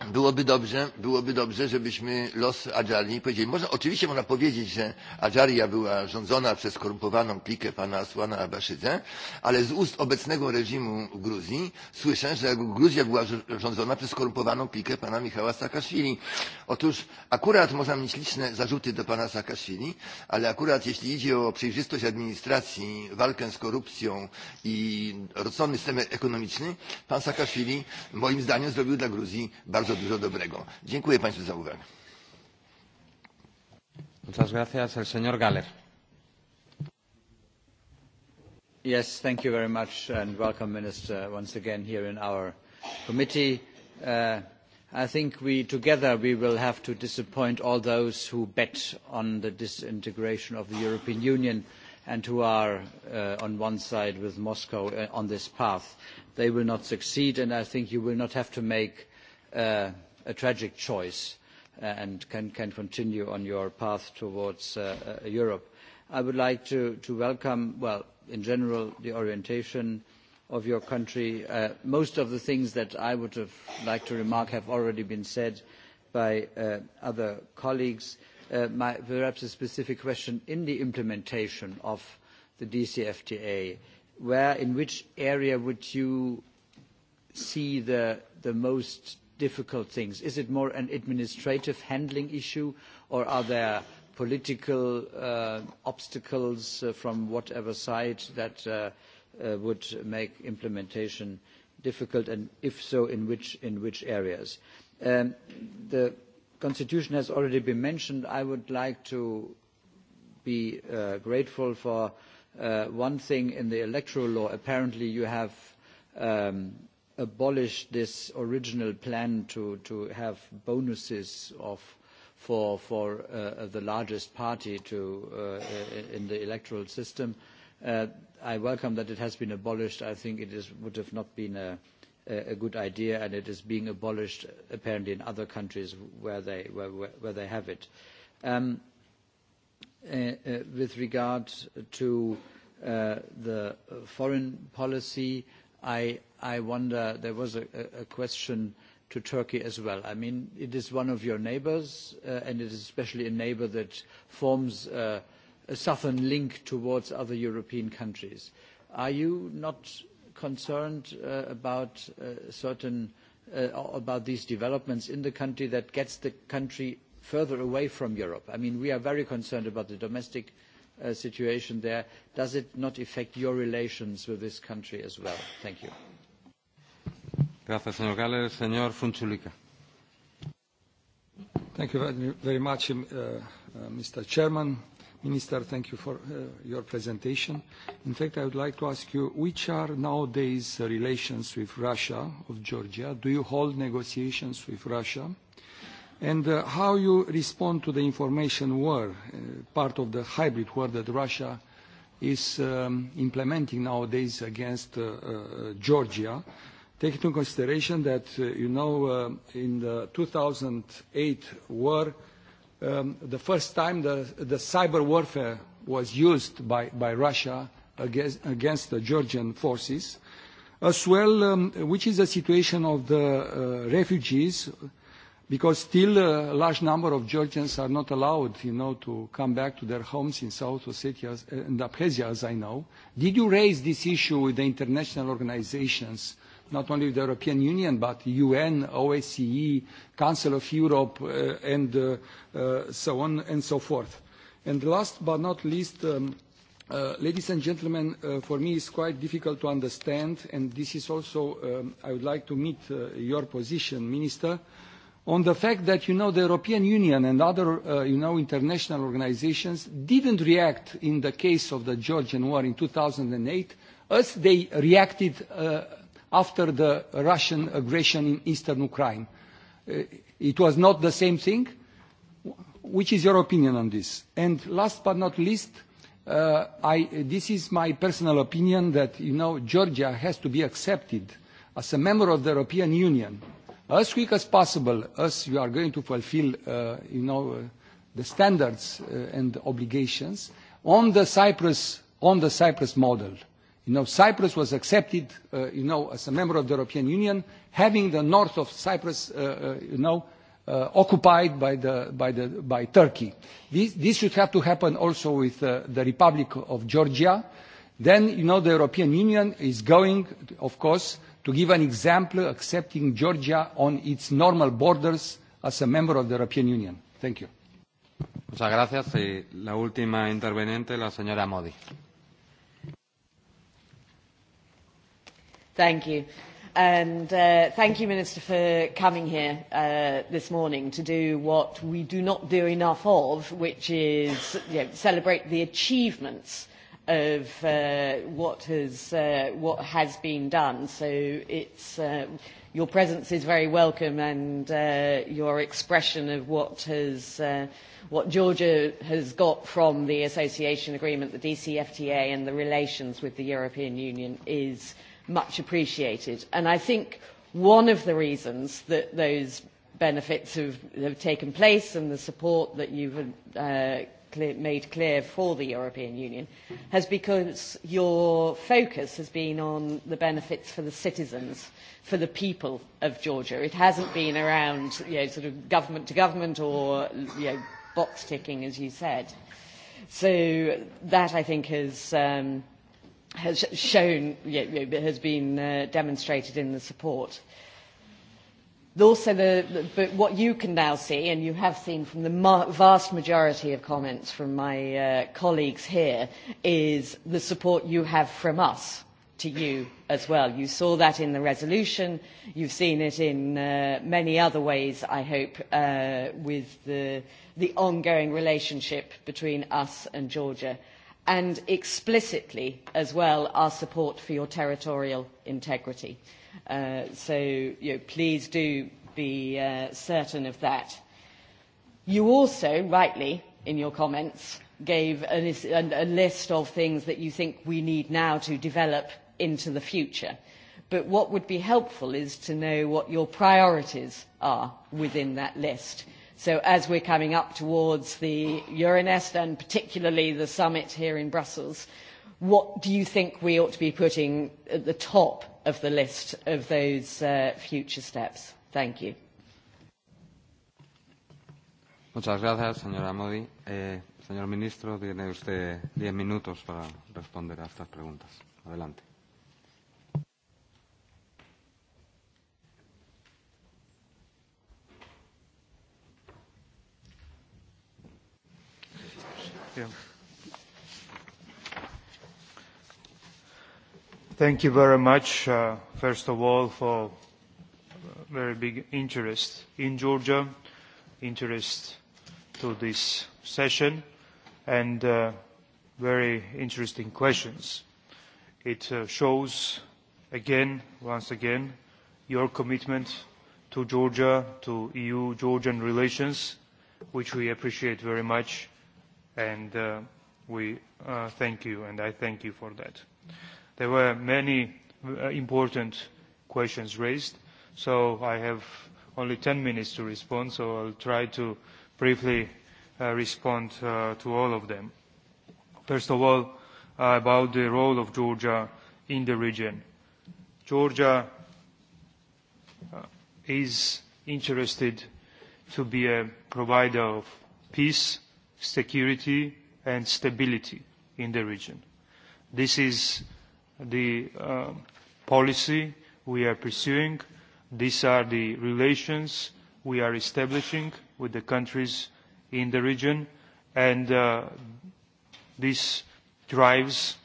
S11: byłoby dobrze, byłoby dobrze, żebyśmy los Adżarii powiedzieli. Można, oczywiście można powiedzieć, że Adżaria była rządzona przez korumpowaną klikę pana Asłana Abaszydze, ale z ust obecnego reżimu w Gruzji słyszę, że Gruzja była rządzona przez korumpowaną klikę pana Michała Saakaszwili. Otóż akurat można mieć liczne zarzuty do pana Saakaszwili, ale akurat jeśli idzie o przejrzystość administracji, walkę z korupcją i rozsądny system ekonomiczny, pan Saakaszwili moim zdaniem zrobił dla Gruzji bardzo bardzo dużo dobrego. Dziękuję Państwu za uwagę. Muchas gracias, el señor Galler. Yes, thank you very
S12: much and welcome, Minister, once again here in our committee. Uh, I think we together we will have to disappoint all those who bet on the disintegration of the European Union and who are uh, on one side with Moscow on this path. They will not succeed, and I think you will not have to make a tragic choice and can continue on your path towards Europe. I would like to welcome, well, in general, the orientation of your country. Most of the things that I would have liked to remark have already been said by other colleagues. Perhaps a specific question in the implementation of the DCFTA, where in which area would you see the most difficult things? Is it more an administrative handling issue, or are there political obstacles from whatever side that would make implementation difficult, and if so, in which areas? The Constitution has already been mentioned. I would like to be grateful for one thing in the electoral law. Apparently, you have abolish this original plan to, to have bonuses of for, for uh, the largest party to, uh, in the electoral system. Uh, I welcome that it has been abolished. I think it is, would have not been a, a good idea, and it is being abolished apparently in other countries where they, where, where they have it. with regard to the foreign policy, I wonder, there was a question to Turkey as well. I mean, it is one of your neighbors, and it is especially a neighbor that forms a southern link towards other European countries. Are you not concerned about certain about these developments in the country that gets the country further away from Europe? I mean, we are very concerned about the domestic situation there, does it not affect your relations with this country as well? Thank you.
S1: Gracias, señor Galler. Señor Funchulica.
S13: Thank you very much, Mr. Chairman. Minister, thank you for your presentation. In fact, I would like to ask you, which are nowadays relations with Russia of Georgia? Do you hold negotiations with Russia? and how you respond to the information war, part of the hybrid war that Russia is implementing nowadays against Georgia, take into consideration that, you know, in the 2008 war, um the first time the, the cyber warfare was used by, by Russia against, against the Georgian forces, as well, um which is the situation of the uh refugees because still a large number of Georgians are not allowed, you know, to come back to their homes in South Ossetia and Abkhazia, as I know. Did you raise this issue with the international organizations, not only the European Union, but UN, OSCE, Council of Europe, uh, and uh, uh, so on and so forth? And last but not least, um, uh, ladies and gentlemen, uh, for me it's quite difficult to understand, and this is also, um, I would like to meet uh, your position, Minister, uh, on the fact that you know the European Union and other uh, you know international organizations didn't react in the case of the Georgian war in 2008 as they reacted uh, after the Russian aggression in eastern Ukraine. Uh, it was not the same thing. Which is your opinion on this? And last but not least, uh, I, this is my personal opinion that you know Georgia has to be accepted as a member of the European Union as quick as possible as you are going to fulfill you know, the standards and obligations on the Cyprus, on the Cyprus model. You know, Cyprus was accepted, you know, as a member of the European Union, having the north of Cyprus, you know, occupied by, the, by, the, by Turkey. This, this should have to happen also with the Republic of Georgia. Then, you know, the European Union is going, of course, To give an example, accepting Georgia on its normal borders as a member of the European Union. Thank you.
S1: Muchas gracias. Y la última interveniente, la señora Modi.
S14: Thank you. And uh, thank you, Minister, for coming here uh, this morning to do what we do not do enough of, which is you know, celebrate the achievements of uh, what, has, uh, what has been done. So it's, uh, your presence is very welcome and uh, your expression of what, has, uh, what Georgia has got from the association agreement, the DCFTA and the relations with the European Union is much appreciated. And I think one of the reasons that those benefits have, have taken place and the support that you've uh, clear, made clear for the European Union has because your focus has been on the benefits for the citizens, for the people of Georgia. It hasn't been around you know, sort of government to government or you know, box ticking, as you said. So that I think has um, has shown you know, has been uh, demonstrated in the support also the, but what you can now see, and you have seen from the ma- vast majority of comments from my uh, colleagues here, is the support you have from us to you as well. You saw that in the resolution. You've seen it in uh, many other ways, I hope, uh, with the, the ongoing relationship between us and Georgia, and explicitly as well our support for your territorial integrity. Uh, so you know, please do be uh, certain of that. You also, rightly, in your comments, gave a, a list of things that you think we need now to develop into the future. But what would be helpful is to know what your priorities are within that list. So as we're coming up towards the Euronest and particularly the summit here in Brussels, uh, what do you think we ought to be putting at the top of the list of those uh, future steps? Thank you.
S1: Muchas gracias, señora Modi. Eh, señor ministro, tiene usted diez minutos para responder a estas preguntas. Adelante.
S3: Gracias. Thank you very much, uh, first of all, for very big interest in Georgia, interest to this session, and uh, very interesting questions. It uh, shows again, once again, your commitment to Georgia, to EU-Georgian relations, which we appreciate very much, and uh, we uh, thank you, and I thank you for that. There were many important questions raised, so I have only 10 minutes to respond, so I'll try to briefly respond to all of them. First of all, about the role of Georgia in the region. Georgia is interested to be a provider of peace, security, and stability in the region. This is the uh, policy we are pursuing. These are the relations we are establishing with the countries in the region, and uh, this drives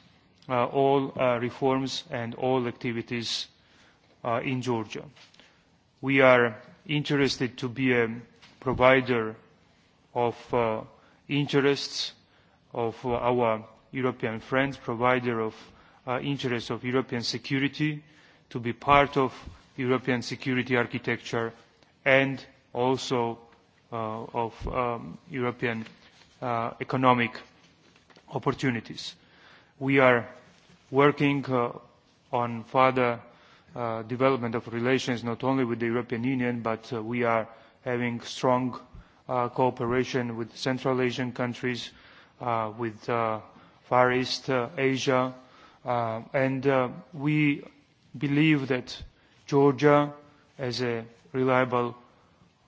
S3: uh, all uh, reforms and all activities uh, in Georgia. We are interested to be a provider of uh, interests of our European friends, provider of interests of European security to be part of European security architecture and also uh, of um, European uh, economic opportunities. We are working uh, on further uh, development of relations not only with the European Union, but uh, we are having strong uh, cooperation with Central Asian countries, uh, with uh, Far East uh, Asia, and uh, we believe that Georgia, as a reliable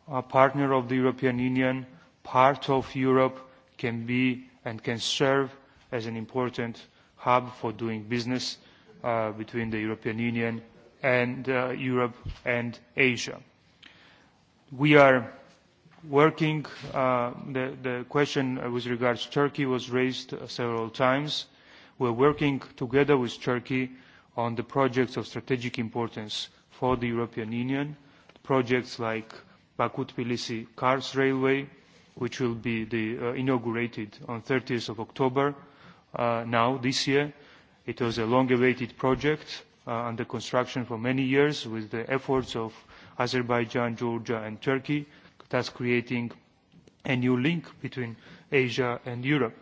S3: uh, partner of the European Union, part of Europe, can be and can serve as an important hub for doing business uh, between the European Union and uh, Europe and Asia. We are working, uh, the, the question with regards to Turkey was raised several times. Uh, We're working together with Turkey on the projects of strategic importance for the European Union, projects like Baku-Tbilisi Cars Railway, which will be inaugurated on 30th of October now, this year. It was a long-awaited project under construction for many years with the efforts of Azerbaijan, Georgia and Turkey, thus creating a new link between Asia and Europe.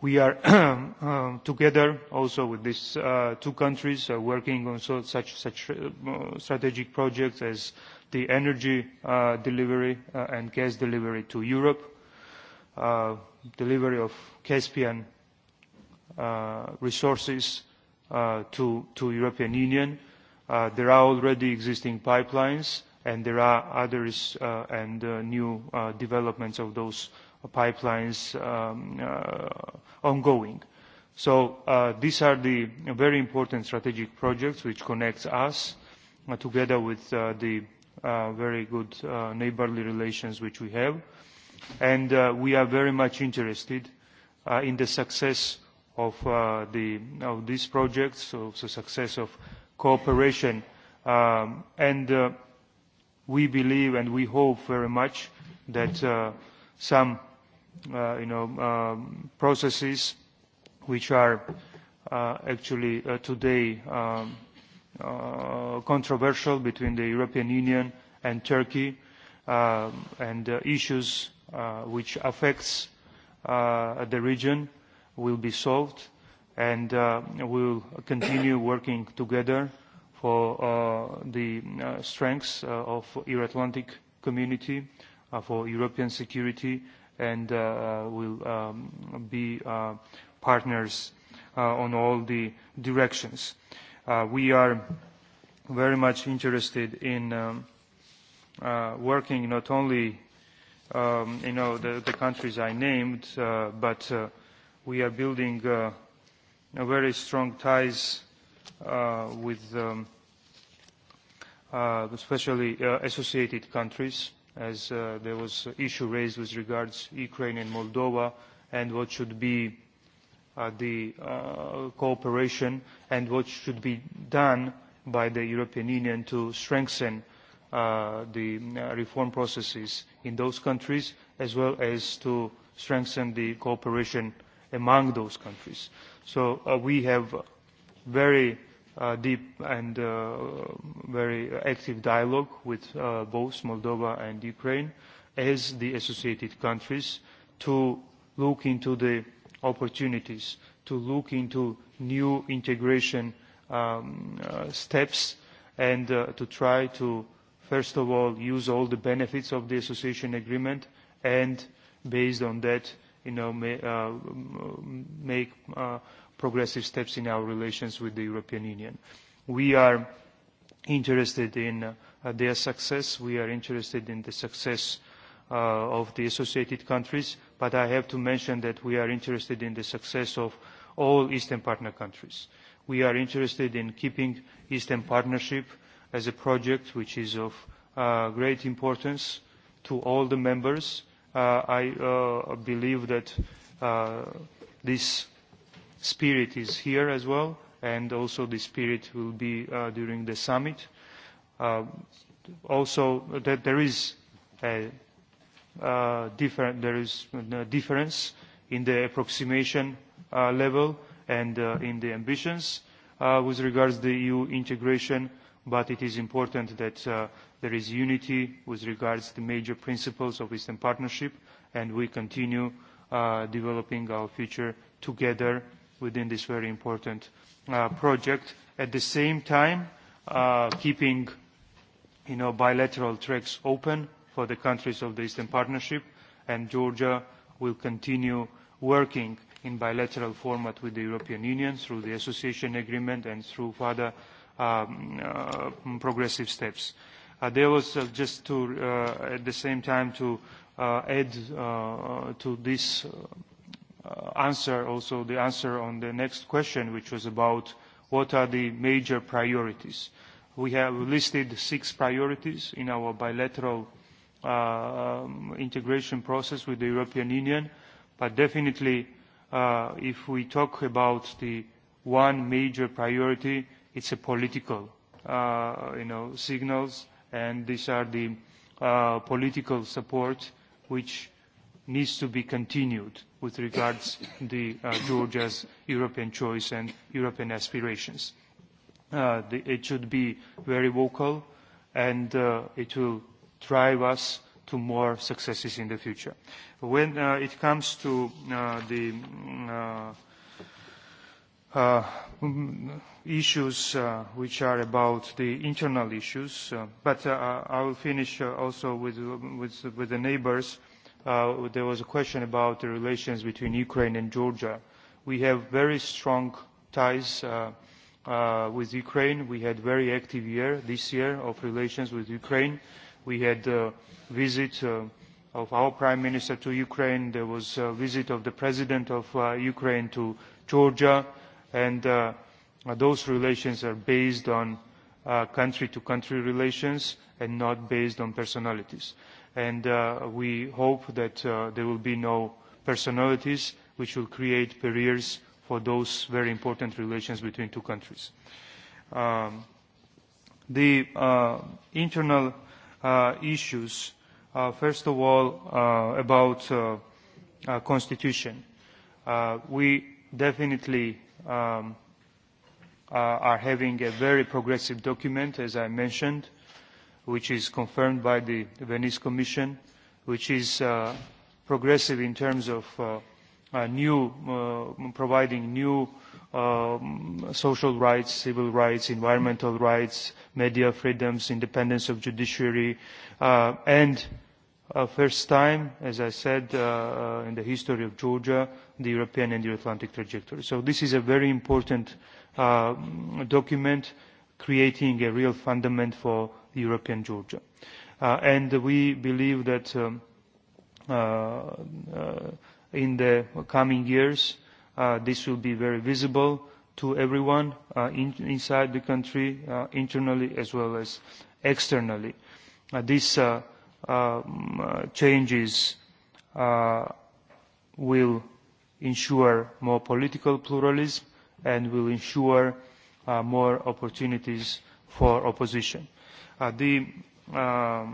S3: We are together also with these uh, two countries uh, working on so, such, such uh, strategic projects as the energy uh, delivery uh, and gas delivery to Europe, uh, delivery of Caspian uh, resources uh, to, to European Union. Uh, there are already existing pipelines and there are others uh, and uh, new uh, developments of those uh, pipelines um, uh, ongoing. So uh, these are the very important strategic projects which connect us uh, together with uh, the uh, very good uh, neighborly relations which we have. And uh, we are very much interested uh, in the success of, uh, the, of these projects, of the success of cooperation. Um, and uh, we believe and we hope very much that uh, some uh, you know, um, processes which are uh, actually uh, today um, uh, controversial between the European Union and Turkey uh, and uh, issues uh, which affects uh, the region will be solved and uh, we'll continue working together for uh, the uh, strengths uh, of Euro-Atlantic community, uh, for European security, and uh, will um, be uh, partners uh, on all the directions. Uh, we are very much interested in um, uh, working not only um, you know the, the countries I named, uh, but uh, we are building uh, a very strong ties uh, with um, uh, especially uh, associated countries as uh, there was an issue raised with regards Ukraine and Moldova and what should be uh, the uh, cooperation and what should be done by the European Union to strengthen uh, the uh, reform processes in those countries as well as to strengthen the cooperation among those countries. So uh, we have very uh, deep and uh, very active dialogue with uh, both Moldova and Ukraine as the associated countries to look into the opportunities, to look into new integration um, uh, steps and uh, to try to, first of all, use all the benefits of the association agreement and based on that, you know, may, uh, make uh, progressive steps in our relations with the European Union. We are interested in uh, their success. We are interested in the success uh, of the associated countries, but I have to mention that we are interested in the success of all Eastern partner countries. We are interested in keeping Eastern Partnership as a project which is of uh, great importance to all the members. Uh, I uh, believe that uh, this spirit is here as well, and also the spirit will be uh, during the summit. Uh, also, that there is a uh, different, there is a difference in the approximation uh, level and uh, in the ambitions uh, with regards to the EU integration, but it is important that uh, there is unity with regards to the major principles of Eastern Partnership, and we continue uh, developing our future together within this very important uh, project. At the same time, uh, keeping bilateral tracks open for the countries of the Eastern Partnership, and Georgia will continue working in bilateral format with the European Union through the association agreement and through further um, uh, progressive steps. Uh, there was uh, just to, uh, at the same time to uh, add uh, to this answer also the answer on the next question, which was about what are the major priorities. We have listed six priorities in our bilateral integration process with the European Union. But definitely, if we talk about the one major priority, it's a political, you know, signals, and these are the political support which needs to be continued with regards to Georgia's European choice and European aspirations. it should be very vocal and it will drive us to more successes in the future. When it comes to the uh, issues uh, which are about the internal issues, uh, but uh, I will finish uh, also with, with, with the neighbors there was a question about the relations between Ukraine and Georgia. We have very strong ties uh, uh, with Ukraine. We had very active year this year of relations with Ukraine. We had a visit uh, of our prime minister to Ukraine. There was a visit of the president of uh, Ukraine to Georgia. And uh, those relations are based on country-to-country relations and not based on personalities and uh, we hope that uh, there will be no personalities which will create barriers for those very important relations between two countries. Um, the uh, internal uh, issues, uh, first of all, uh, about uh, uh, constitution. Uh, we definitely um, uh, are having a very progressive document, as I mentioned, which is confirmed by the Venice Commission, which is uh, progressive in terms of uh, uh, new, uh, providing new uh, social rights, civil rights, environmental rights, media freedoms, independence of judiciary, uh, and uh, first time, as I said, uh, in the history of Georgia, the European and the Atlantic trajectory. So this is a very important uh, document creating a real fundament for the European Georgia. Uh, and we believe that um, uh, uh, in the coming years, uh, this will be very visible to everyone uh, in, inside the country, uh, internally as well as externally. Uh, these uh, um, uh, changes uh, will ensure more political pluralism and will ensure uh, more opportunities for opposition the uh,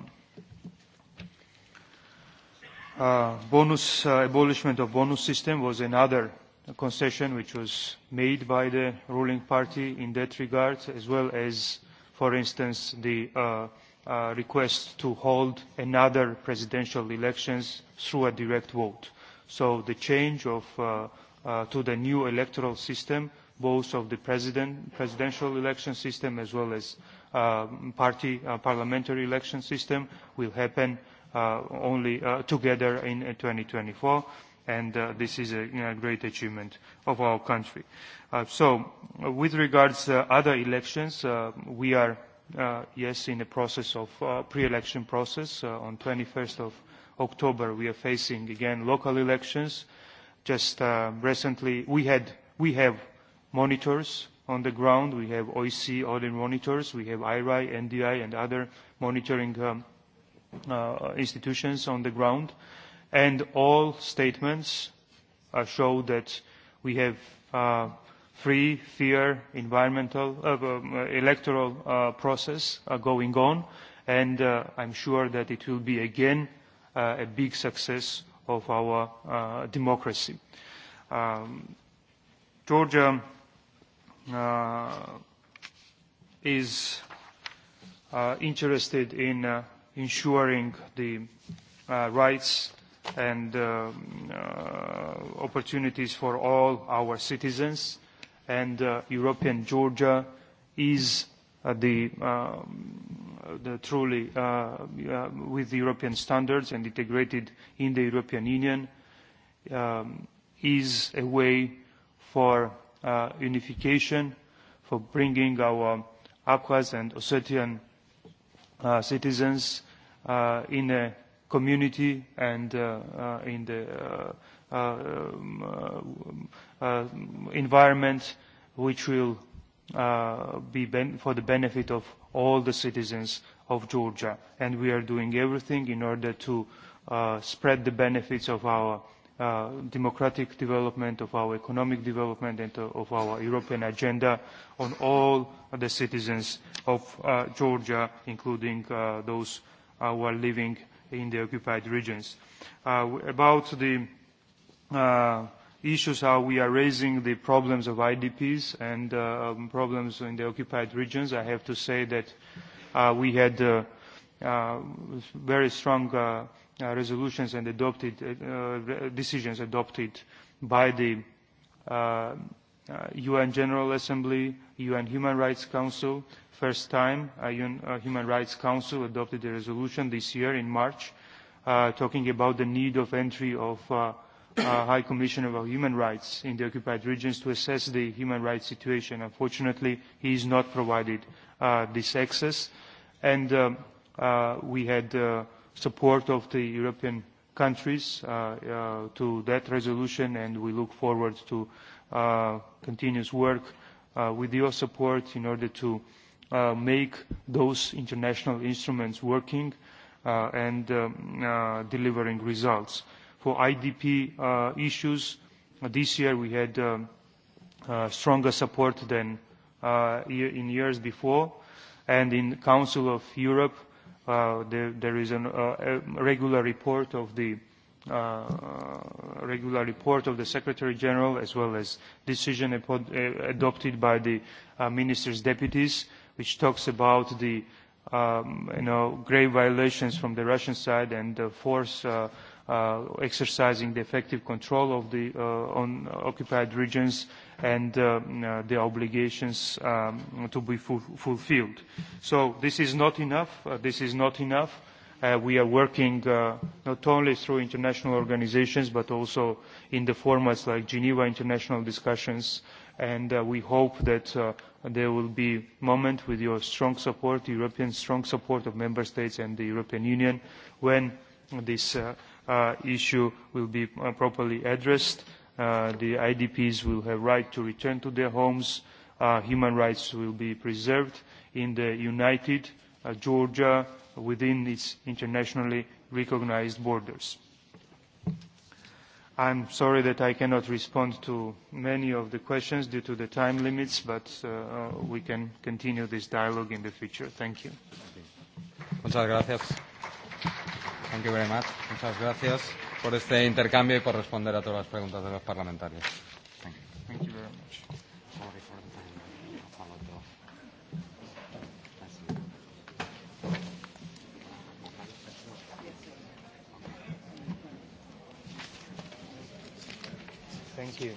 S3: bonus uh, abolishment of bonus system was another concession which was made by the ruling party in that regard, as well as, for instance, the uh, uh, request to hold another presidential elections through a direct vote. So the change of, uh, uh, to the new electoral system, both of the president, presidential election system as well as uh, party uh, parliamentary election system will happen uh, only uh, together in 2024 and uh, this is a you know, great achievement of our country. Uh, so uh, with regards to uh, other elections, uh, we are, uh, yes, in the process of uh, pre-election process. Uh, on 21st of October, we are facing, again, local elections. Just uh, recently, we, had, we have monitors on the ground. We have OEC audit monitors. We have IRI, NDI, and other monitoring um, uh, institutions on the ground. And all statements uh, show that we have uh, free, fair, environmental, uh, uh, electoral uh, process uh, going on. And uh, I'm sure that it will be again uh, a big success of our uh, democracy. Um, Georgia is uh, interested in uh, ensuring the uh, rights and uh, uh, opportunities for all our citizens. And uh, European Georgia is uh, the, the truly uh, uh, with the European standards and integrated in the European Union um, is a way for uh, unification, for bringing our Abkhaz and Ossetian uh, citizens uh, in a community and uh, uh, in the uh, uh, um, uh, environment which will uh, be ben for the benefit of all the citizens of Georgia. And we are doing everything in order to uh, spread the benefits of our uh, democratic development, of our economic development, and of our European agenda on all the citizens of uh, Georgia, including uh, those uh, who are living in the occupied regions. Uh, about the uh, issues how we are raising the problems of IDPs and uh, problems in the occupied regions, I have to say that uh, we had uh, uh, very strong uh, resolutions and adopted uh, decisions adopted by the uh, UN General Assembly, UN Human Rights Council. First time, uh, UN uh, Human Rights Council adopted a resolution this year in March, uh, talking about the need of entry of uh, uh, High Commissioner of Human Rights in the occupied regions to assess the human rights situation. Unfortunately, he is not provided uh, this access, and uh, uh, we had. Uh, support of the European countries uh, uh, to that resolution, and we look forward to uh, continuous work uh, with your support in order to uh, make those international instruments working uh, and um, uh, delivering results. For IDP uh, issues, this year we had um, uh, stronger support than uh, in years before, and in Council of Europe, uh, uh, there, there is an, uh, a regular report of the uh, regular report of the Secretary General as well as decision adopted by the uh, minister's deputies which talks about the um, you know, grave violations from the Russian side and the force uh, uh, exercising the effective control of the uh, on occupied regions and uh, uh, the obligations um, to be ful fulfilled. So this is not enough. Uh, this is not enough. Uh, we are working uh, not only through international organizations but also in the formats like Geneva International Discussions and uh, we hope that uh, there will be a moment with your strong support, European strong support of member states and the European Union when this uh, uh, issue will be uh, properly addressed. Uh, the IDPs will have right to return to their homes. Uh, human rights will be preserved in the united uh, Georgia within its internationally recognized borders. I'm sorry that I cannot respond to many of the questions due to the time limits, but uh, we can continue this dialogue in the future. Thank you.
S1: Muchas gracias. Thank you very much. Muchas gracias por este intercambio y por responder a todas las preguntas de los parlamentarios.
S3: Thank you.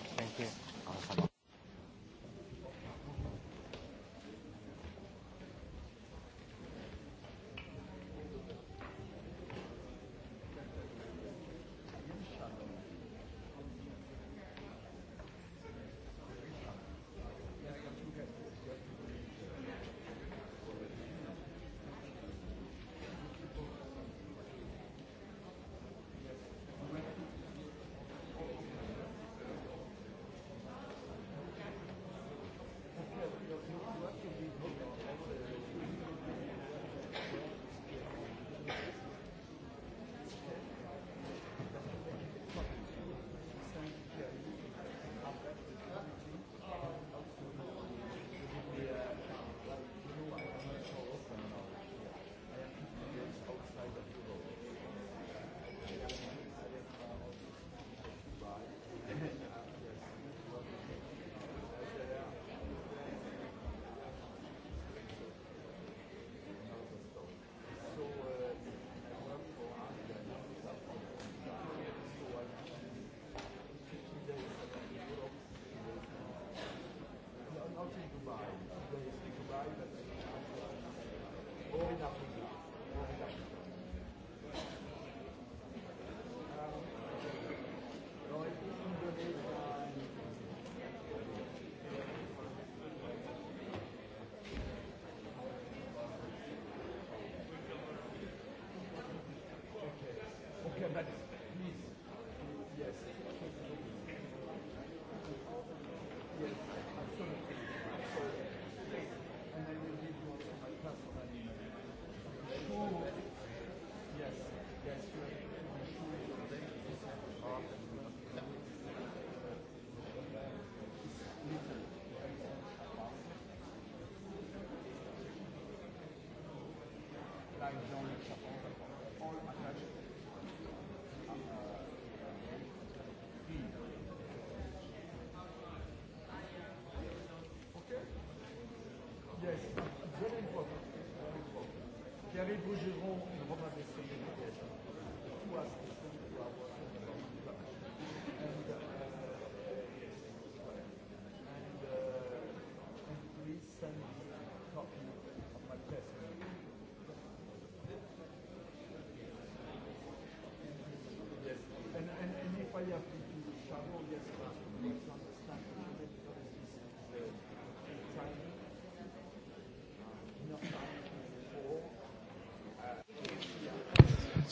S15: Thierry Bougeron et Romain Dessay.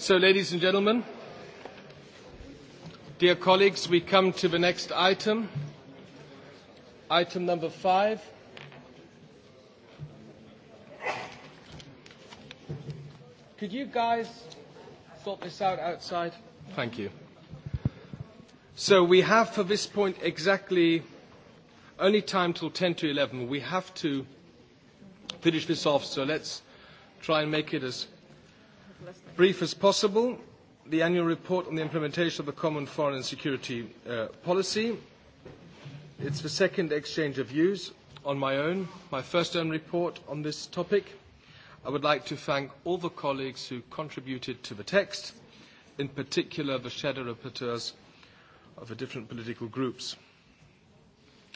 S16: So, ladies and gentlemen, dear colleagues, we come to the next item, item number five. Could you guys sort this out outside? Thank you. So we have for this point exactly only time till 10 to 11. We have to finish this off, so let's try and make it as brief as possible, the annual report on the implementation of the common foreign and security uh, policy. It's the second exchange of views on my own, my first own report on this topic. I would like to thank all the colleagues who contributed to the text, in particular the shadow rapporteurs of the different political groups.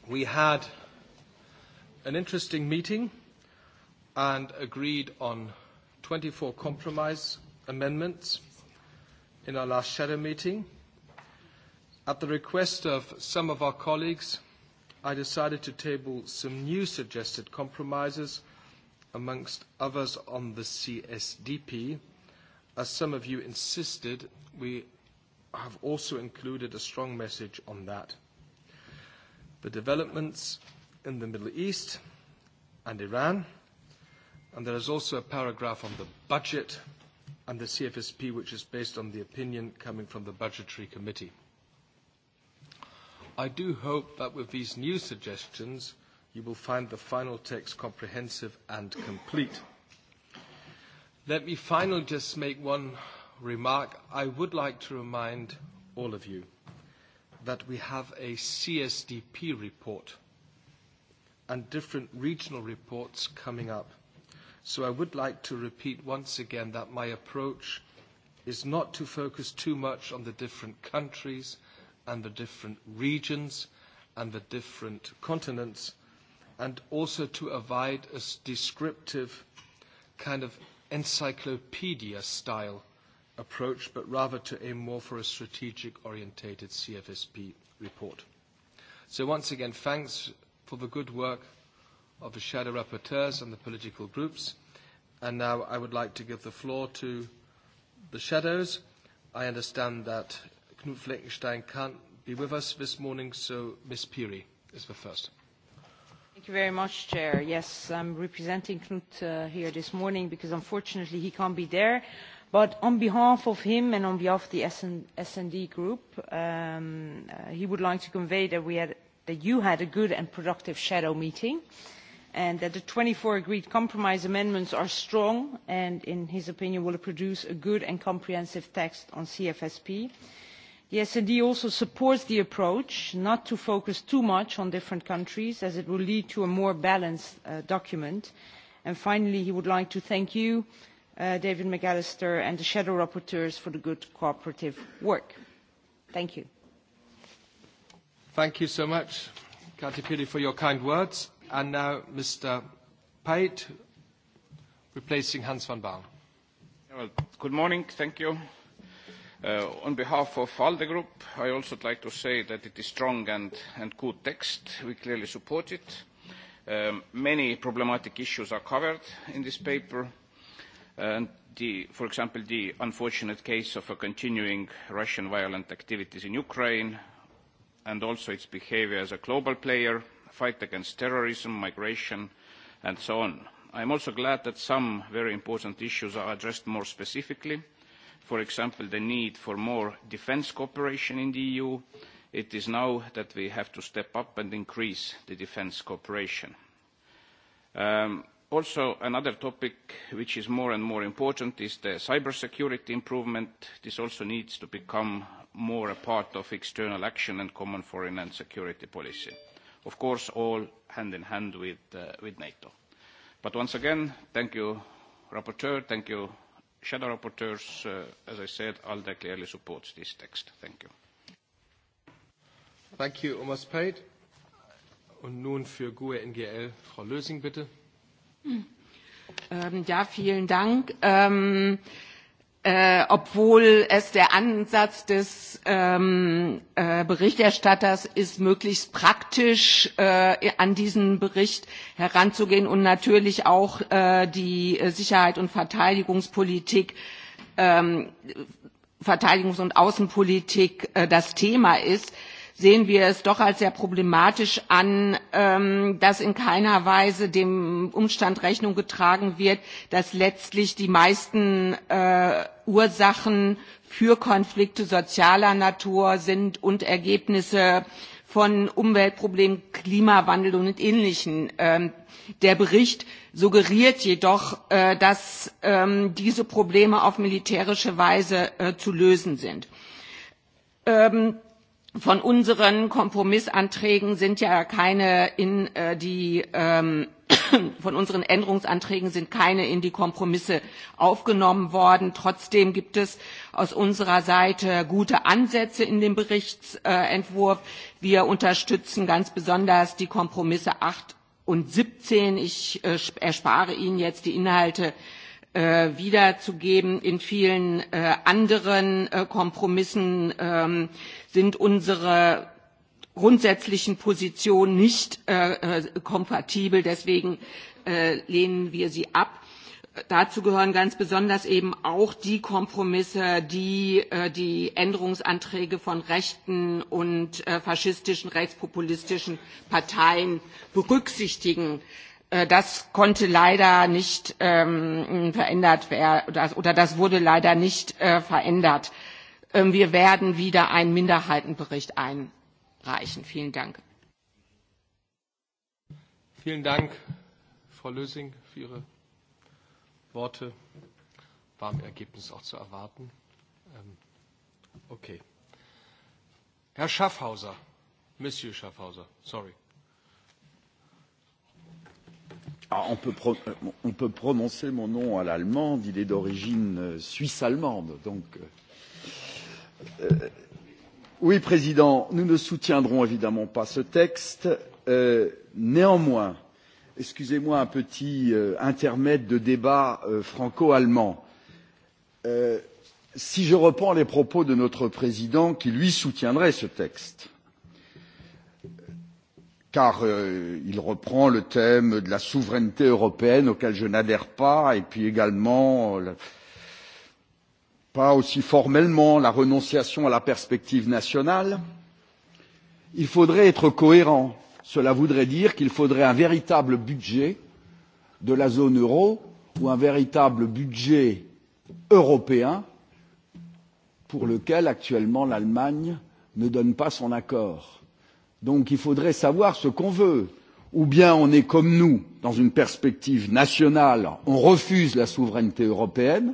S16: We had an interesting meeting and agreed on 24 compromise amendments in our last shadow meeting. At the request of some of our colleagues, I decided to table some new suggested compromises, amongst others on the CSDP, as some of you insisted, we have also included a strong message on that. The developments in the Middle East and Iran, and there is also a paragraph on the budget and the CFSP, which is based on the opinion coming from the Budgetary Committee. I do hope that with these new suggestions, you will find the final text comprehensive and complete. Let me finally just make one remark. I would like to remind all of you that we have a CSDP report and different regional reports coming up. So I would like to repeat once again that my approach is not to focus too much on the different countries and the different regions and the different continents, and also to avoid a descriptive kind of encyclopedia style approach, but rather to aim more for a strategic orientated CFSP report. So once again, thanks for the good work of the shadow rapporteurs and the political groups. And now I would like to give the floor to the shadows. I understand that Knut Fleckenstein can't be with us this morning, so Ms. Peary is the first.
S17: Thank you very much, Chair. Yes, I'm
S18: representing Knut uh, here this morning because unfortunately he can't be there. But on behalf of him and on behalf of the S&D group, um, uh, he would like to convey that, we had, that you had a good and productive shadow meeting. Uh, and that the twenty four agreed compromise amendments are strong and in his opinion will produce a good and comprehensive text on cfsp. the sd also supports the approach not to focus too much on different countries as it will lead to a more balanced document. and finally he would like to thank you david mcallister and the shadow rapporteurs for the good cooperative work. thank you.
S16: thank you so much kati piri for your kind words and now Mr. Pate, replacing Hans van Baal.
S19: Well, good morning. Thank you. On behalf of ALDE Group, I also would like to say that it is strong and good text. We clearly support it. Many problematic issues are covered in this paper. For example, the unfortunate case of a continuing Russian violent activities in Ukraine, and also its behaviour as a global player fight against terrorism, migration, and so on. I am also glad that some very important issues are addressed more specifically. For example, the need for more defence cooperation in the EU. It is now that we have to step up and increase the defence cooperation. also, another topic which is more and more important is the cybersecurity improvement. This also needs to become more a part of external action and common foreign and security policy of course, all hand in hand with, uh, with NATO. But once again, thank you, Rapporteur, thank you, Shadow Rapporteurs. Uh, as I said, ALDE clearly supports this text. Thank you.
S16: Thank you, Omas Peit. Und nun für GUE NGL Frau Lösing, bitte.
S20: Ähm, Ja, vielen Dank. Ähm, äh, obwohl es der Ansatz des ähm, äh, Berichterstatters ist, möglichst praktisch äh, an diesen Bericht heranzugehen und natürlich auch äh, die Sicherheit und Verteidigungspolitik ähm, Verteidigungs- und Außenpolitik äh, das Thema ist, äh, sehen wir es doch als sehr problematisch an, dass in keiner Weise dem Umstand Rechnung getragen wird, dass letztlich die meisten Ursachen für Konflikte sozialer Natur sind und Ergebnisse von Umweltproblemen, Klimawandel und Ähnlichem. Der Bericht suggeriert jedoch, dass diese Probleme auf militärische Weise zu lösen sind von unseren Kompromissanträgen sind ja keine in äh, die ähm, von unseren Änderungsanträgen sind keine in die Kompromisse aufgenommen worden. Trotzdem gibt es aus unserer Seite gute Ansätze in dem Berichtsentwurf. Wir unterstützen ganz besonders die Kompromisse 8 und 17. Ich äh, erspare Ihnen jetzt die Inhalte äh, wiederzugeben. In vielen äh, anderen äh, Kompromissen ähm, sind unsere grundsätzlichen Positionen nicht kompatibel. Deswegen lehnen wir sie ab. Dazu gehören ganz besonders eben auch die Kompromisse, die die Änderungsanträge von rechten und faschistischen, rechtspopulistischen Parteien berücksichtigen. Das konnte leider nicht verändert werden oder das wurde leider nicht verändert wir werden wieder einen Minderheitenbericht einreichen. Vielen Dank.
S16: Vielen Dank, Frau Lösing, für Ihre Worte. War im Ergebnis auch zu erwarten. okay. Herr Schaffhauser, Monsieur Schaffhauser, sorry.
S10: Ah, on, peut on peut prononcer mon nom à l'allemande, il est d'origine suisse-allemande, donc euh, oui, Président, nous ne soutiendrons évidemment pas ce texte. néanmoins, excusez moi un petit intermède de débat franco allemand si je reprends les propos de notre président qui lui soutiendrait ce texte car il reprend le thème de la souveraineté européenne auquel je n'adhère pas et puis également euh, pas aussi formellement la renonciation à la perspective nationale, il faudrait être cohérent. Cela voudrait dire qu'il faudrait un véritable budget de la zone euro ou un véritable budget européen pour lequel actuellement l'Allemagne ne donne pas son accord. Donc il faudrait savoir ce qu'on veut. Ou bien on est comme nous, dans une perspective nationale, on refuse la souveraineté européenne,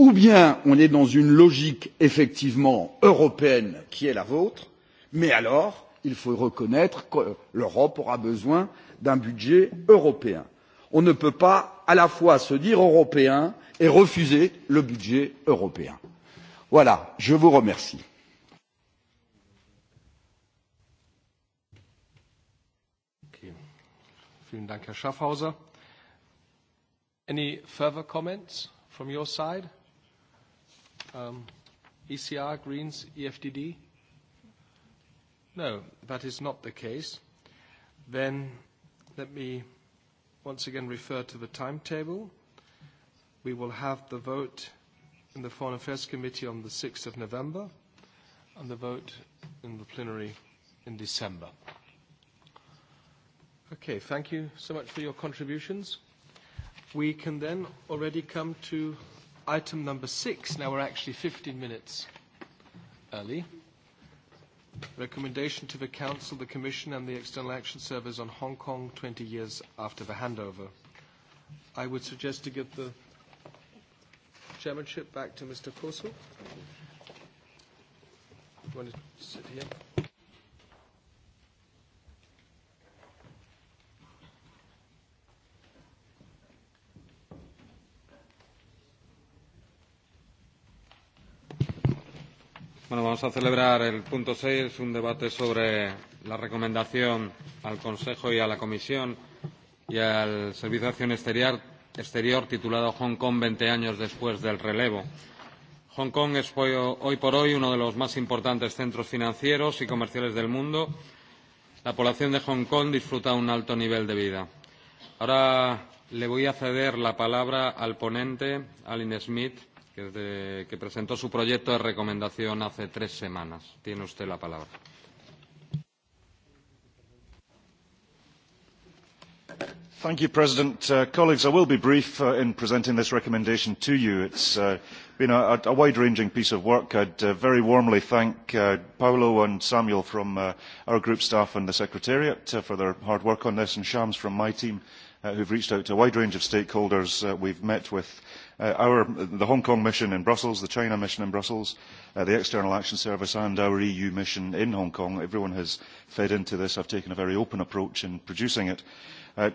S10: ou bien on est dans une logique effectivement européenne qui est la vôtre, mais alors il faut reconnaître que l'Europe aura besoin d'un budget européen. On ne peut pas à la fois se dire européen et refuser le budget européen. Voilà, je vous remercie.
S16: Vielen Dank, Herr Schaffhauser. Any further comments from your side? Um, ECR, Greens, EFDD? No, that is not the case. Then let me once again refer to the timetable. We will have the vote in the Foreign Affairs Committee on the 6th of November and the vote in the plenary in December. Okay, thank you so much for your contributions. We can then already come to item number six. Now we're actually 15 minutes early. Recommendation to the Council, the Commission and the External Action Service on Hong Kong 20 years after the handover. I would suggest to give the chairmanship back to Mr. Corso. You want to sit here?
S1: Bueno, vamos a celebrar el punto 6, un debate sobre la recomendación al Consejo y a la Comisión y al Servicio de Acción Exterior, exterior titulado Hong Kong 20 años después del relevo. Hong Kong es hoy por hoy uno de los más importantes centros financieros y comerciales del mundo. La población de Hong Kong disfruta un alto nivel de vida. Ahora le voy a ceder la palabra al ponente, Aline Smith, que, de, que presentó su proyecto de recomendación hace tres semanas. Tiene usted la palabra.
S21: Thank you, President. Uh, colleagues, I will be brief uh, in presenting this recommendation to you. It's uh, been a, a wide-ranging piece of work. I'd uh, very warmly thank uh, Paolo and Samuel from uh, our group staff and the Secretariat uh, for their hard work on this, and Shams from my team, uh, who've reached out to a wide range of stakeholders uh, we've met with our, the Hong Kong mission in Brussels, the China mission in Brussels, uh, the External Action Service and our EU mission in Hong Kong, everyone has fed into this. I've taken a very open approach in producing it. Uh,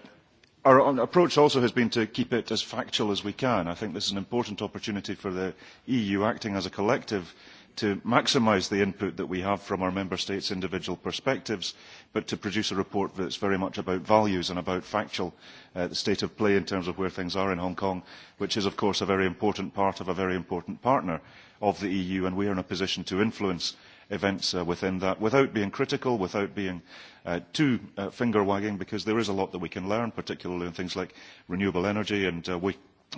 S21: our approach also has been to keep it as factual as we can. I think this is an important opportunity for the EU acting as a collective to maximise the input that we have from our member states' individual perspectives, but to produce a report that is very much about values and about factual, uh, the state of play in terms of where things are in Hong Kong, which is, of course, a very important part of a very important partner of the EU, and we are in a position to influence events uh, within that without being critical, without being uh, too uh, finger wagging, because there is a lot that we can learn, particularly in things like renewable energy and uh,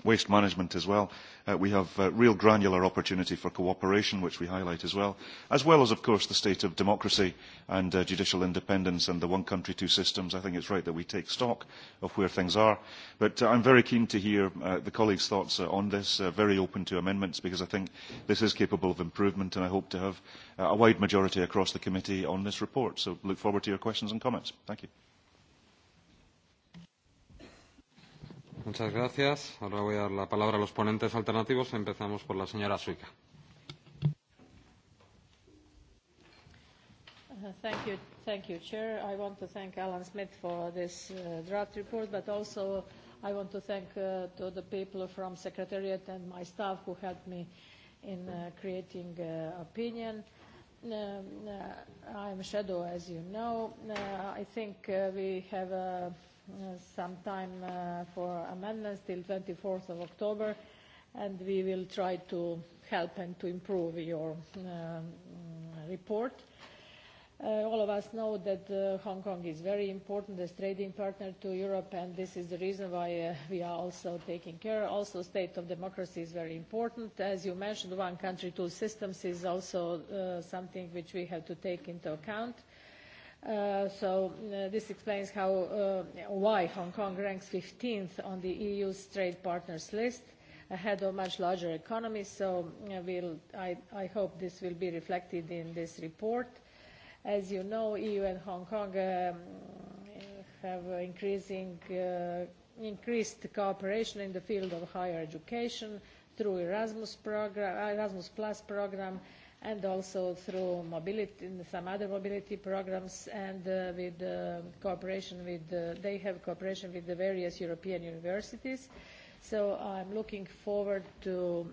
S21: waste management as well. Uh, we have uh, real granular opportunity for cooperation, which we highlight as well, as well as, of course, the state of democracy and uh, judicial independence and the one country, two systems. I think it's right that we take stock of where things are. But uh, I'm very keen to hear uh, the colleagues' thoughts uh, on this, uh, very open to amendments, because I think this is capable of improvement, and I hope to have uh, a wide majority across the committee on this report. So look forward to your questions and comments. Thank you.
S1: Muchas gracias. Ahora voy a dar la palabra a los ponentes alternativos. Empezamos por la señora Suica.
S22: Thank you, thank you, Chair. I want to thank Alan Smith for this uh, draft report, but also I want to thank uh, to the people from Secretariat and my staff who helped me in uh, creating uh, opinion. Um, uh, I'm Shadow, as you know. Uh, I think uh, we have a uh, some time uh, for amendments till 24th of October, and we will try to help and to improve your uh, report. Uh, all of us know that uh, Hong Kong is very important as trading partner to Europe, and this is the reason why uh, we are also taking care. Also, state of democracy is very important. As you mentioned, one country, two systems is also uh, something which we have to take into account. Uh, so this explains how, why Hong Kong ranks 15th on the EU's trade partners list, ahead of much larger economies. So we'll, I, I hope this will be reflected in this report. As you know, EU and Hong Kong have increasing, increased cooperation in the field of higher education through Erasmus, program, Erasmus Plus program and also through mobility, some other mobility programs and with cooperation with, they have cooperation with the various European universities. So I'm looking forward to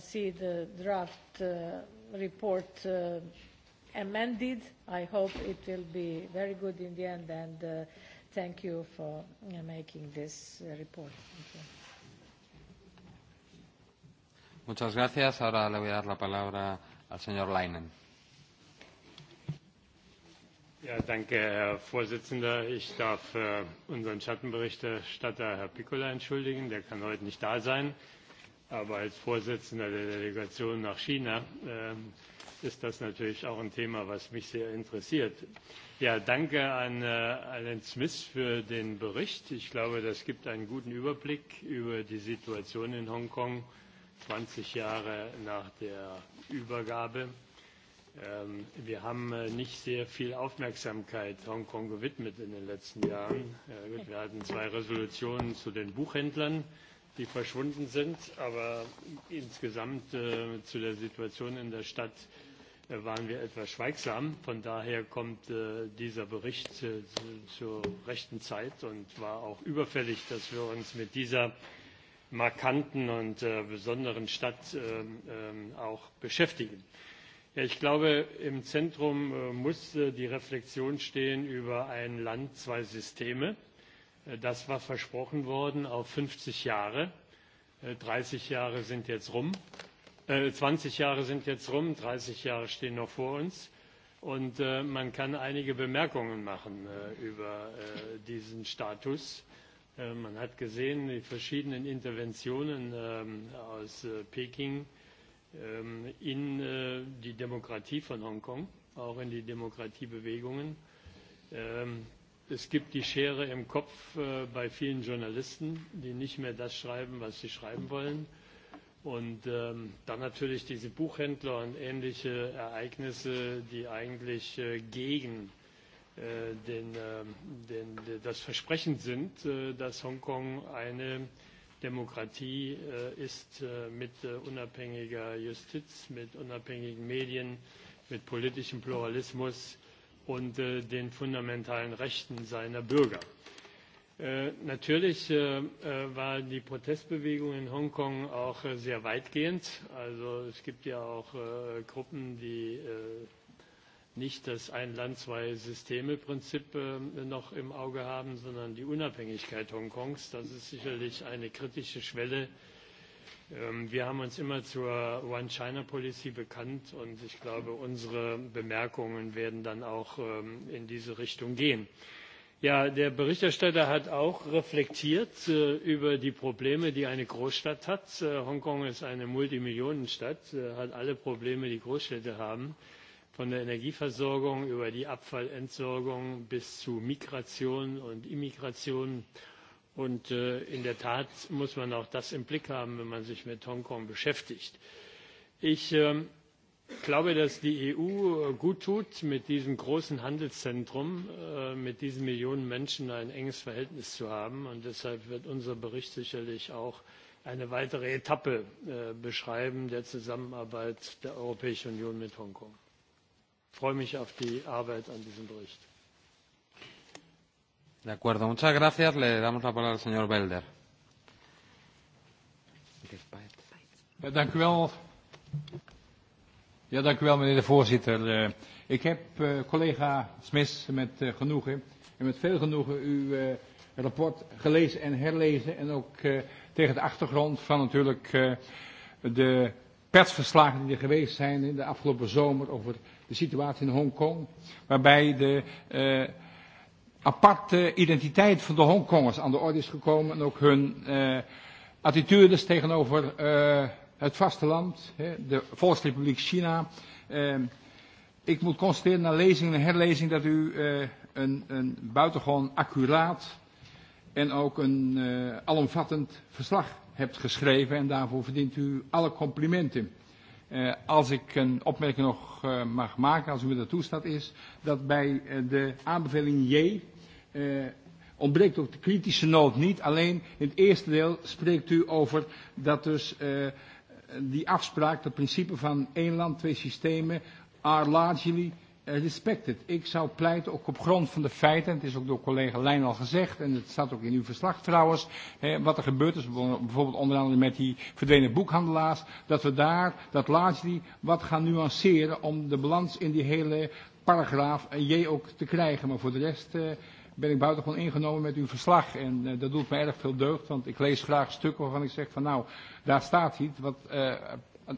S22: see the draft report amended. I hope it will be very good in the end, and thank you for making this
S23: report. Thank you.
S1: Muchas gracias. Ahora le voy a dar la palabra al señor Leinen.
S24: Ja, danke, Herr Vorsitzender. Ich darf äh, unseren Schattenberichterstatter, Herr Piccola, entschuldigen. Der kann heute nicht da sein. Aber als Vorsitzender der Delegation nach China äh, ist das natürlich auch ein Thema, was mich sehr interessiert. Ja, danke an äh, Alan Smith für den Bericht. Ich glaube, das gibt einen guten Überblick über die Situation in Hongkong 20 Jahre nach der Übergabe. Wir haben nicht sehr viel Aufmerksamkeit Hongkong gewidmet in den letzten Jahren. Wir hatten zwei Resolutionen zu den Buchhändlern, die verschwunden sind, aber insgesamt zu der Situation in der Stadt waren wir etwas schweigsam. Von daher kommt dieser Bericht zur rechten Zeit und war auch überfällig, dass wir uns mit dieser markanten und besonderen Stadt auch beschäftigen. ich glaube, im Zentrum muss die Reflexion stehen über ein Land, zwei Systeme. Das war versprochen worden auf fünfzig Jahre. dreißig Jahre sind jetzt rum. zwanzig Jahre sind jetzt rum, dreißig Jahre stehen noch vor uns. Und man kann einige Bemerkungen machen über diesen Status Man hat gesehen, die verschiedenen Interventionen aus Peking in die Demokratie von Hongkong, auch in die Demokratiebewegungen. Es gibt die Schere im Kopf bei vielen Journalisten, die nicht mehr das schreiben, was sie schreiben wollen. Und dann natürlich diese Buchhändler und ähnliche Ereignisse, die eigentlich gegen den, den, das Versprechen sind, dass Hongkong eine Demokratie ist mit unabhängiger Justiz, mit unabhängigen Medien, mit politischem Pluralismus und den fundamentalen Rechten seiner Bürger. Natürlich war die Protestbewegung in Hongkong auch sehr weitgehend. Also es gibt ja auch Gruppen, die nicht das ein Land zwei Systeme Prinzip noch im Auge haben, sondern die Unabhängigkeit Hongkongs. Das ist sicherlich eine kritische Schwelle. Wir haben uns immer zur One China Policy bekannt und ich glaube, unsere Bemerkungen werden dann auch in diese Richtung gehen. Ja, der Berichterstatter hat auch reflektiert über die Probleme, die eine Großstadt hat. Hongkong ist eine Multimillionenstadt, hat alle Probleme, die Großstädte haben von der Energieversorgung über die Abfallentsorgung bis zu Migration und Immigration. Und in der Tat muss man auch das im Blick haben, wenn man sich mit Hongkong beschäftigt. Ich glaube, dass die EU gut tut, mit diesem großen Handelszentrum, mit diesen Millionen Menschen ein enges Verhältnis zu haben. Und deshalb wird unser Bericht sicherlich auch eine weitere Etappe beschreiben der Zusammenarbeit der Europäischen Union mit Hongkong freue mich auf die Arbeit an diesem Bericht.
S1: De acuerdo, muchas gracias. Le damos la palabra al señor Belder.
S25: Ja, dank u wel. Ja, dank u wel, meneer de voorzitter. Uh, ik heb uh, collega Smits met uh, genoegen en met veel genoegen uw uh, rapport gelezen en herlezen. En ook uh, tegen de achtergrond van natuurlijk uh, de persverslagen die er geweest zijn in de afgelopen zomer over de situatie in Hongkong, waarbij de uh, aparte identiteit van de Hongkongers aan de orde is gekomen en ook hun uh, attitudes tegenover uh, het vasteland, de Volksrepubliek China. Uh, ik moet constateren na lezing en herlezing dat u uh, een, een buitengewoon accuraat en ook een uh, alomvattend verslag hebt geschreven en daarvoor verdient u alle complimenten. Uh, als ik een opmerking nog uh, mag maken, als u me dat toestaat, is dat bij uh, de aanbeveling J uh, ontbreekt ook de kritische nood niet. Alleen in het eerste deel spreekt u over dat dus uh, die afspraak, dat principe van één land, twee systemen, are largely respected. Ik zou pleiten, ook op grond van de feiten, en het is ook door collega Lijn al gezegd, en het staat ook in uw verslag trouwens, hè, wat er gebeurd is, bijvoorbeeld onder andere met die verdwenen boekhandelaars, dat we daar, dat die wat gaan nuanceren om de balans in die hele paragraaf en J ook te krijgen. Maar voor de rest eh, ben ik buitengewoon ingenomen met uw verslag. En eh, dat doet me erg veel deugd, want ik lees graag stukken waarvan ik zeg van nou, daar staat iets wat Eh,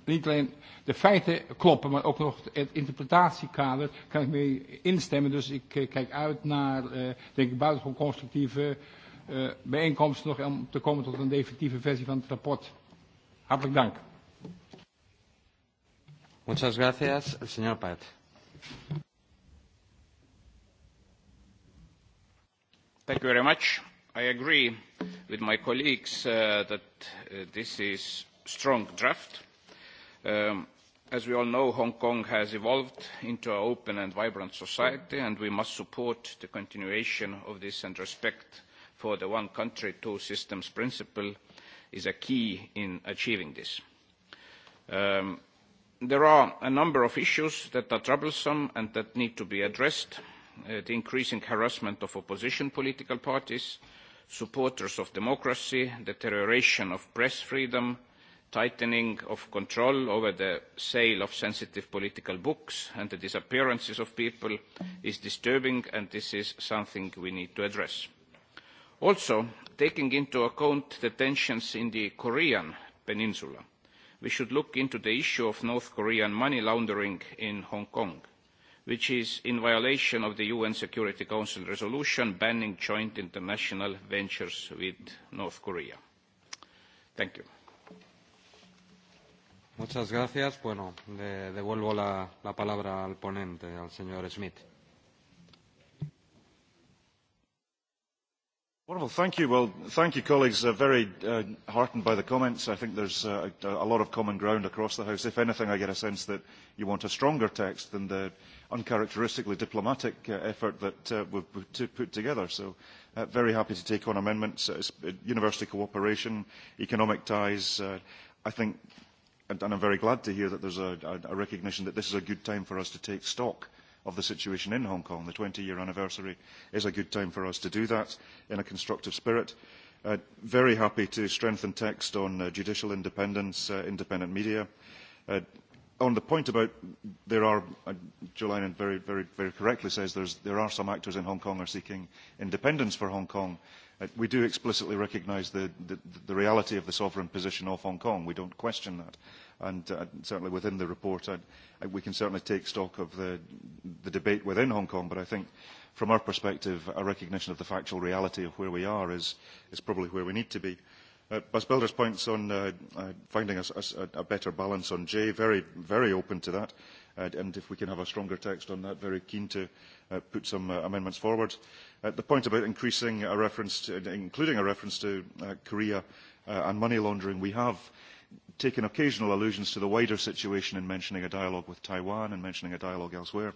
S25: niet alleen de feiten kloppen, maar ook nog het interpretatiekader kan ik mee instemmen. Dus ik kijk uit naar, uh, denk ik, buitengewoon constructieve uh, bijeenkomst nog om te komen tot een definitieve versie van het rapport. Hartelijk dank.
S1: Muchas gracias, señor Paet.
S19: Thank you very much. I agree with my colleagues uh, that uh, this is strong draft as we all know, Hong Kong has evolved into an open and vibrant society, and we must support the continuation of this and respect for the one country, two systems principle is a key in achieving this. there are a number of issues that are troublesome and that need to be addressed. the increasing harassment of opposition political parties, supporters of democracy, deterioration of press freedom, tightening of control over the sale of sensitive political books and the disappearances of people is disturbing and this is something we need to address. Also, taking into account the tensions in the Korean peninsula, we should look into the issue of North Korean money laundering in Hong Kong, which is in violation of the UN Security Council resolution banning joint international ventures with North Korea.
S1: Thank you. Muchas gracias. Bueno, le devuelvo la, la palabra al ponente, al señor Smith.
S21: Wonderful. Thank you. Well, thank you, colleagues. Uh, very uh, heartened by the comments. I think there's uh, a, lot of common ground across the House. If anything, I get a sense that you want a stronger text than the uncharacteristically diplomatic uh, effort that uh, we've put, put together. So uh, very happy to take on amendments, uh, university cooperation, economic ties. Uh, I think and, and I'm very glad to hear that there's a, a, a recognition that this is a good time for us to take stock of the situation in Hong Kong. The 20-year anniversary is a good time for us to do that in a constructive spirit. Uh, very happy to strengthen text on uh, judicial independence, uh, independent media. Uh, on the point about there are, uh, Joe very, very, very correctly says there's, there are some actors in Hong Kong are seeking independence for Hong Kong we do explicitly recognise the, the, the reality of the sovereign position of Hong Kong. We don't question that. And uh, certainly within the report, I, I, we can certainly take stock of the, the debate within Hong Kong. But I think from our perspective, a recognition of the factual reality of where we are is, is probably where we need to be. Bas Builder's points on uh, uh, finding a, a, a better balance on J, very, very open to that. Uh, and if we can have a stronger text on that, very keen to uh, put some uh, amendments forward. Uh, the point about increasing a reference, to, including a reference to uh, Korea uh, and money laundering, we have taken occasional allusions to the wider situation in mentioning a dialogue with Taiwan and mentioning a dialogue elsewhere.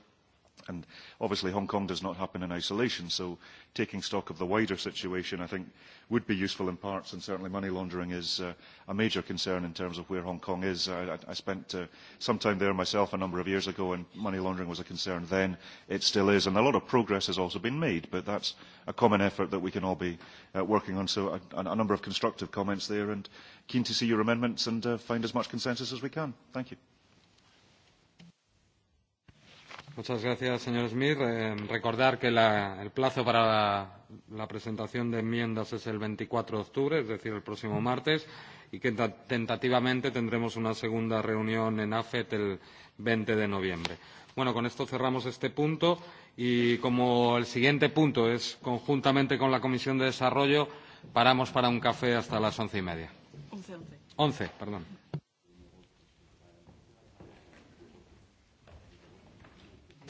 S21: And obviously Hong Kong does not happen in isolation, so taking stock of the wider situation I think would be useful in parts, and certainly money laundering is uh, a major concern in terms of where Hong Kong is. I, I spent uh, some time there myself a number of years ago, and money laundering was a concern then. It still is, and a lot of progress has also been made, but that's a common effort that we can all be uh, working on. So a, a number of constructive comments there, and keen to see your amendments and uh, find as much consensus as we can. Thank you.
S1: Muchas gracias, señor Smith. Eh, recordar que la, el plazo para la, la presentación de enmiendas es el 24 de octubre, es decir, el próximo martes, y que tentativamente tendremos una segunda reunión en AFET el 20 de noviembre. Bueno, con esto cerramos este punto y como el siguiente punto es conjuntamente con la Comisión de Desarrollo, paramos para un café hasta las once y media. Once, once. Once, perdón.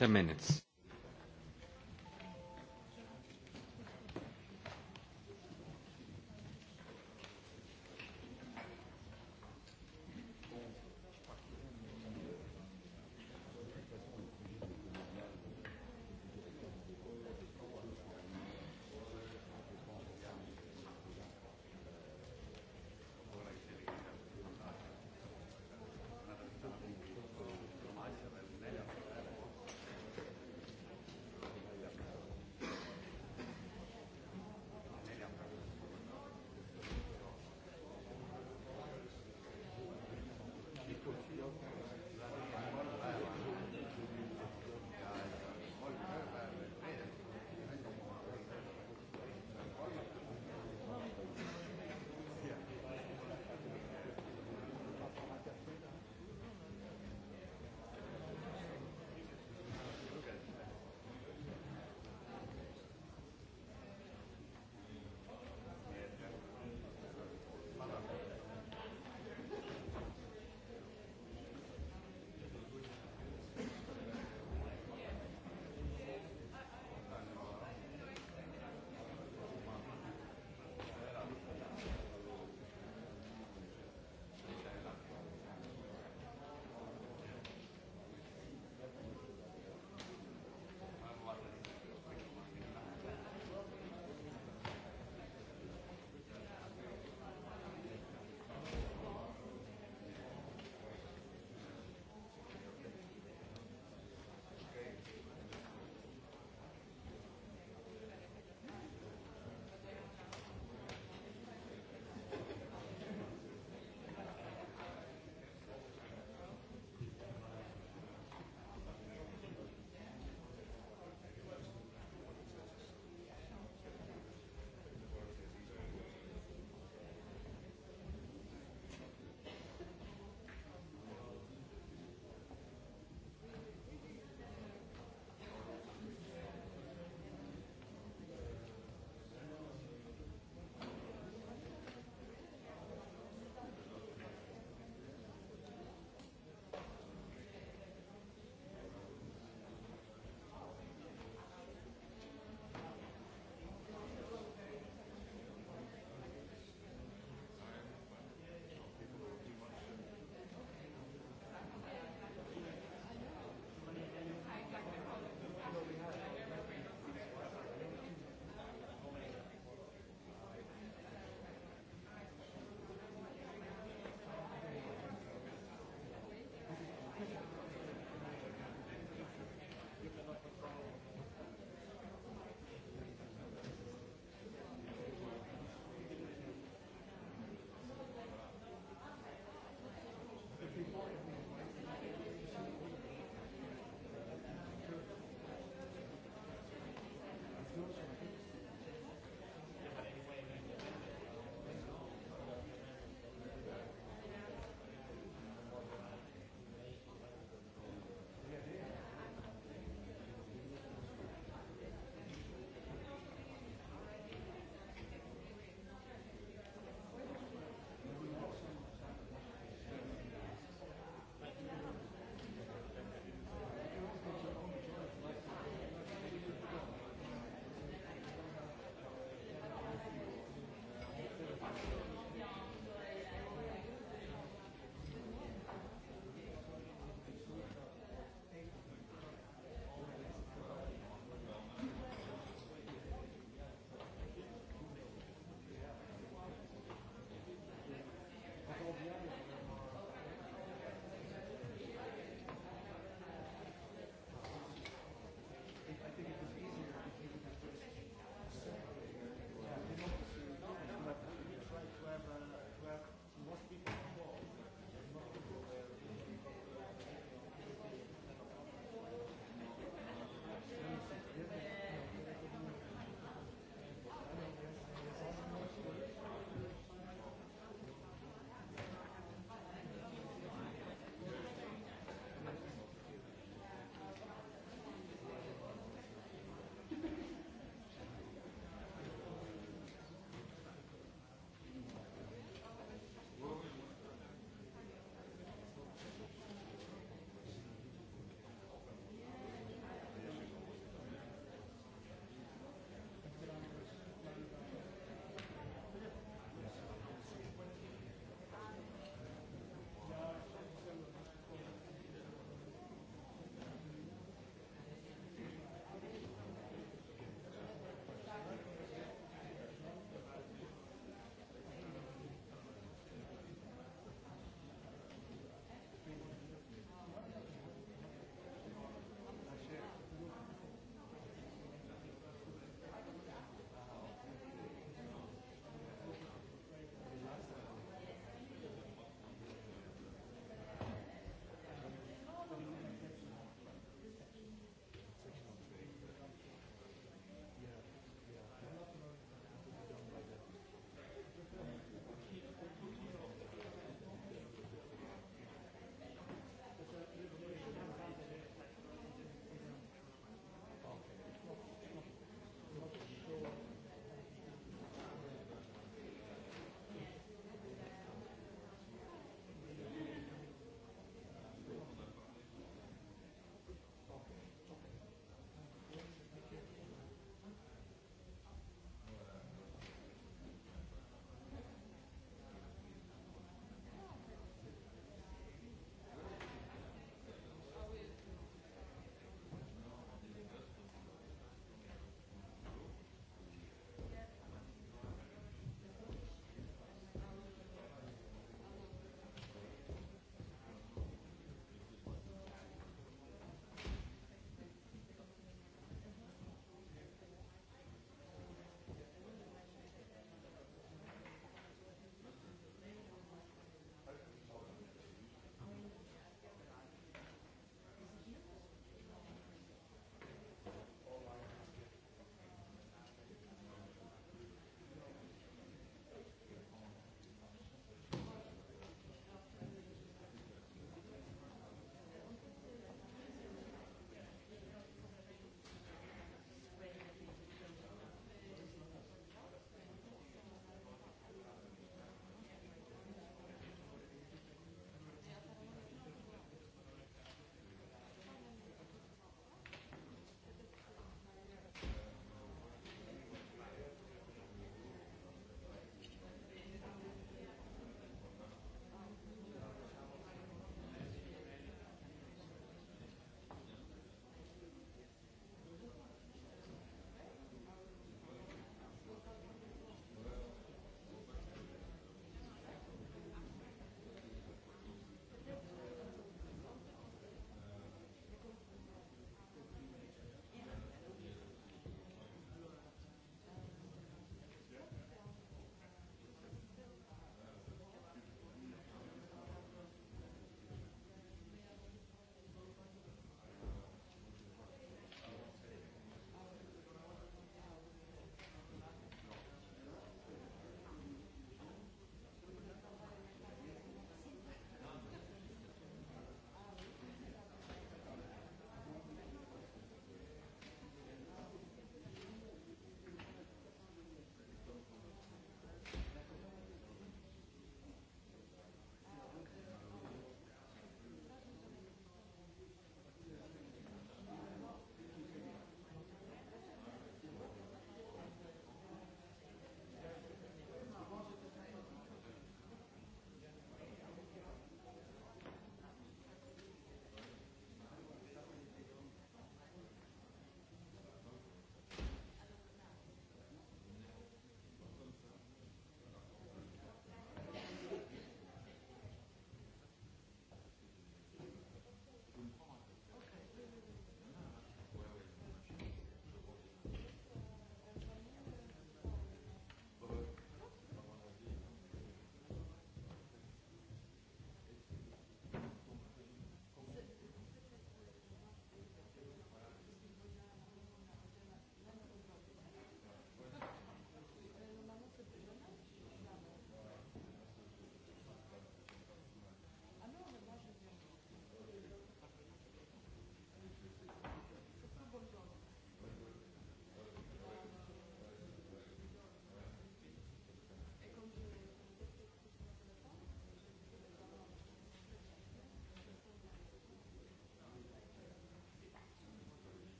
S1: 10 minutes.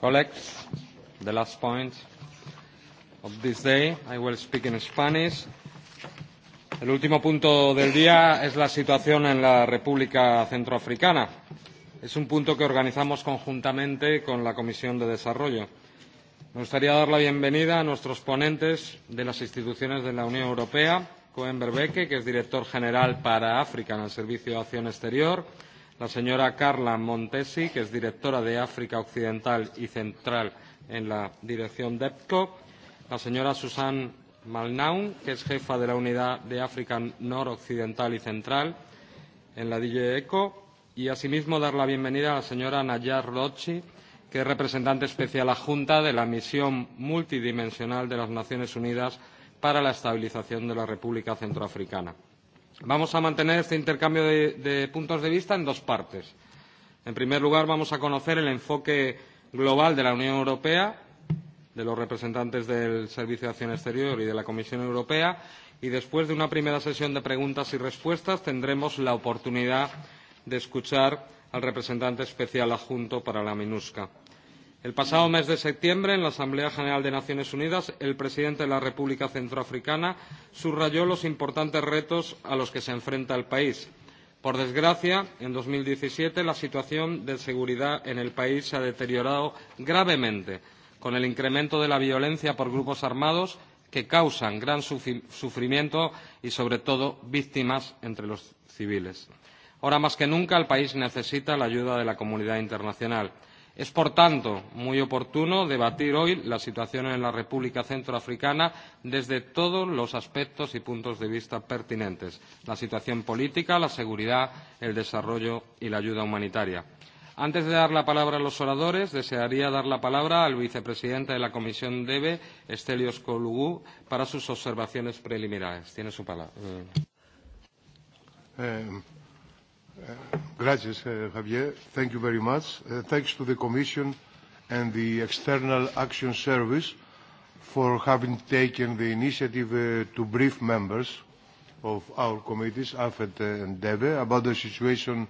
S1: colleagues, the last point of this day, I will speak in Spanish. El último punto del día es la situación en la República Centroafricana. Es un punto que organizamos conjuntamente con la Comisión de Desarrollo. Me gustaría dar la bienvenida a nuestros ponentes de las instituciones de la Unión Europea, Cohen Berbeque, que es director general para África en el Servicio de Acción Exterior, la señora Carla Montesi, que es directora de África Occidental y Central en la dirección DEPCO, la señora Susan Malnaun, que es jefa de la unidad de África Noroccidental y Central en la DG ECO, y asimismo dar la bienvenida a la señora Nayar Rochi, que es representante especial adjunta de la misión multidimensional de las Naciones Unidas para la estabilización de la República Centroafricana. Vamos a mantener este intercambio de, de puntos de vista en dos partes. En primer lugar, vamos a conocer el enfoque global de la Unión Europea, de los representantes del Servicio de Acción Exterior y de la Comisión Europea, y después de una primera sesión de preguntas y respuestas tendremos la oportunidad de escuchar al representante especial adjunto para la MINUSCA. El pasado mes de septiembre, en la Asamblea General de las Naciones Unidas, el presidente de la República Centroafricana subrayó los importantes retos a los que se enfrenta el país. Por desgracia, en dos mil diecisiete la situación de seguridad en el país se ha deteriorado gravemente, con el incremento de la violencia por grupos armados que causan gran sufrimiento y, sobre todo, víctimas entre los civiles. Ahora más que nunca, el país necesita la ayuda de la comunidad internacional. Es, por tanto, muy oportuno debatir hoy la situación en la República Centroafricana desde todos los aspectos y puntos de vista pertinentes la situación política, la seguridad, el desarrollo y la ayuda humanitaria. Antes de dar la palabra a los oradores, desearía dar la palabra al vicepresidente de la Comisión DEBE, Estelios Colugú, para sus observaciones preliminares. Tiene su palabra.
S26: Eh, Gracias, Javier. Thank you very much. Thanks to the Commission and the External Action Service for having taken the initiative to brief members of our committees, AFET and DEVE, about the situation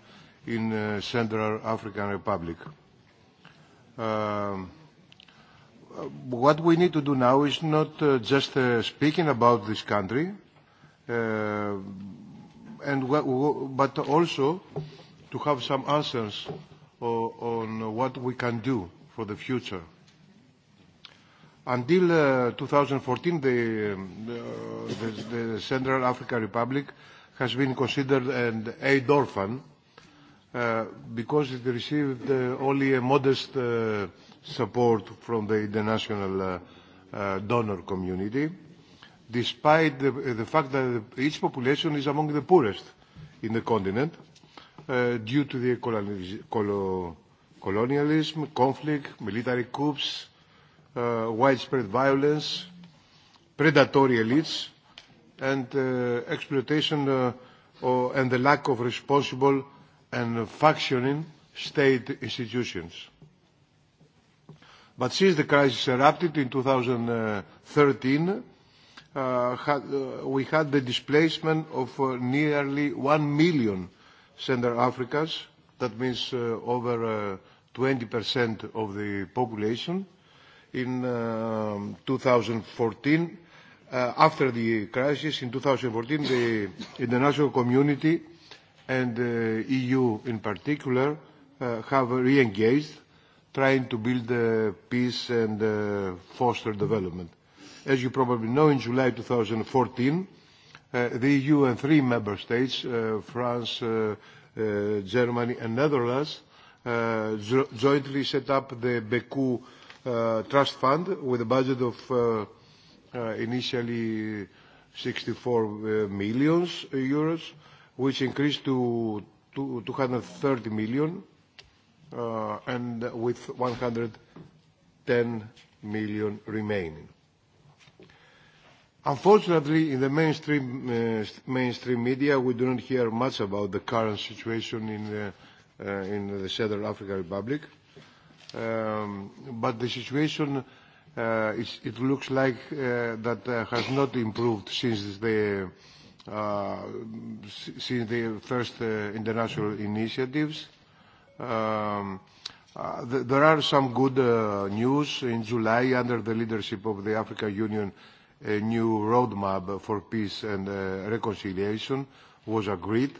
S26: in Central African Republic. What we need to do now is not just speaking about this country, and but also to have some answers on what we can do for the future. Until uh, 2014, the, uh, the, the Central African Republic has been considered an aid orphan uh, because it received uh, only a modest uh, support from the international uh, uh, donor community despite the, the fact that its population is among the poorest in the continent uh, due to the colonialism, conflict, military coups, uh, widespread violence, predatory elites, and uh, exploitation uh, or, and the lack of responsible and functioning state institutions. But since the crisis erupted in 2013, we had the displacement of nearly 1 million Central Africans. That means over 20% of the population. In 2014, after the crisis in 2014, the international community and the EU in particular have re-engaged, trying to build peace and foster development As you probably know, in July 2014, fourteen the EU and three member states, France, Germany and Netherlands, jointly set up the Baku Trust Fund with a budget of initially uh, initially 64 million euros, which increased to 230 million, and with 110 million remaining. Unfortunately, in the mainstream, uh, mainstream media, we do not hear much about the current situation in the, uh, in the Central African Republic. Um, but the situation, uh, it looks like uh, that uh, has not improved since the, uh, since the first uh, international initiatives. Um, uh, th- there are some good uh, news. In July, under the leadership of the African Union, a new roadmap for peace and reconciliation was agreed,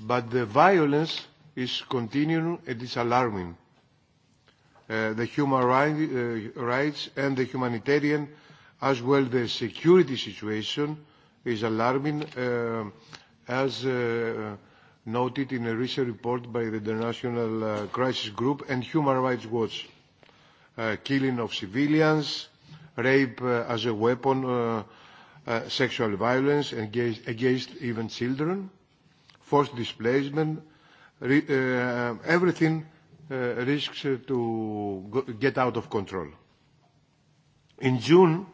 S26: but the violence is continuing and is alarming. The human rights and the humanitarian, as well the security situation, is alarming, as noted in a recent report by the International Crisis Group and Human Rights Watch. Killing of civilians, rape as a weapon, sexual violence against even children, forced displacement, everything risks to get out of control. In June,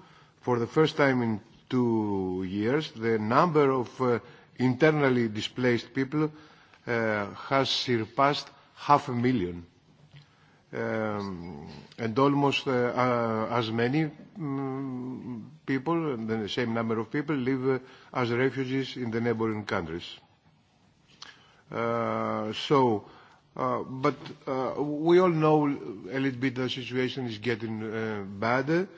S26: for the first time in two years, the number of internally displaced people has surpassed half a million and almost uh, as many people, the same number of people, live as refugees in the neighboring countries. Uh, so, uh, but uh, we all know a little bit the situation is getting uh, bad.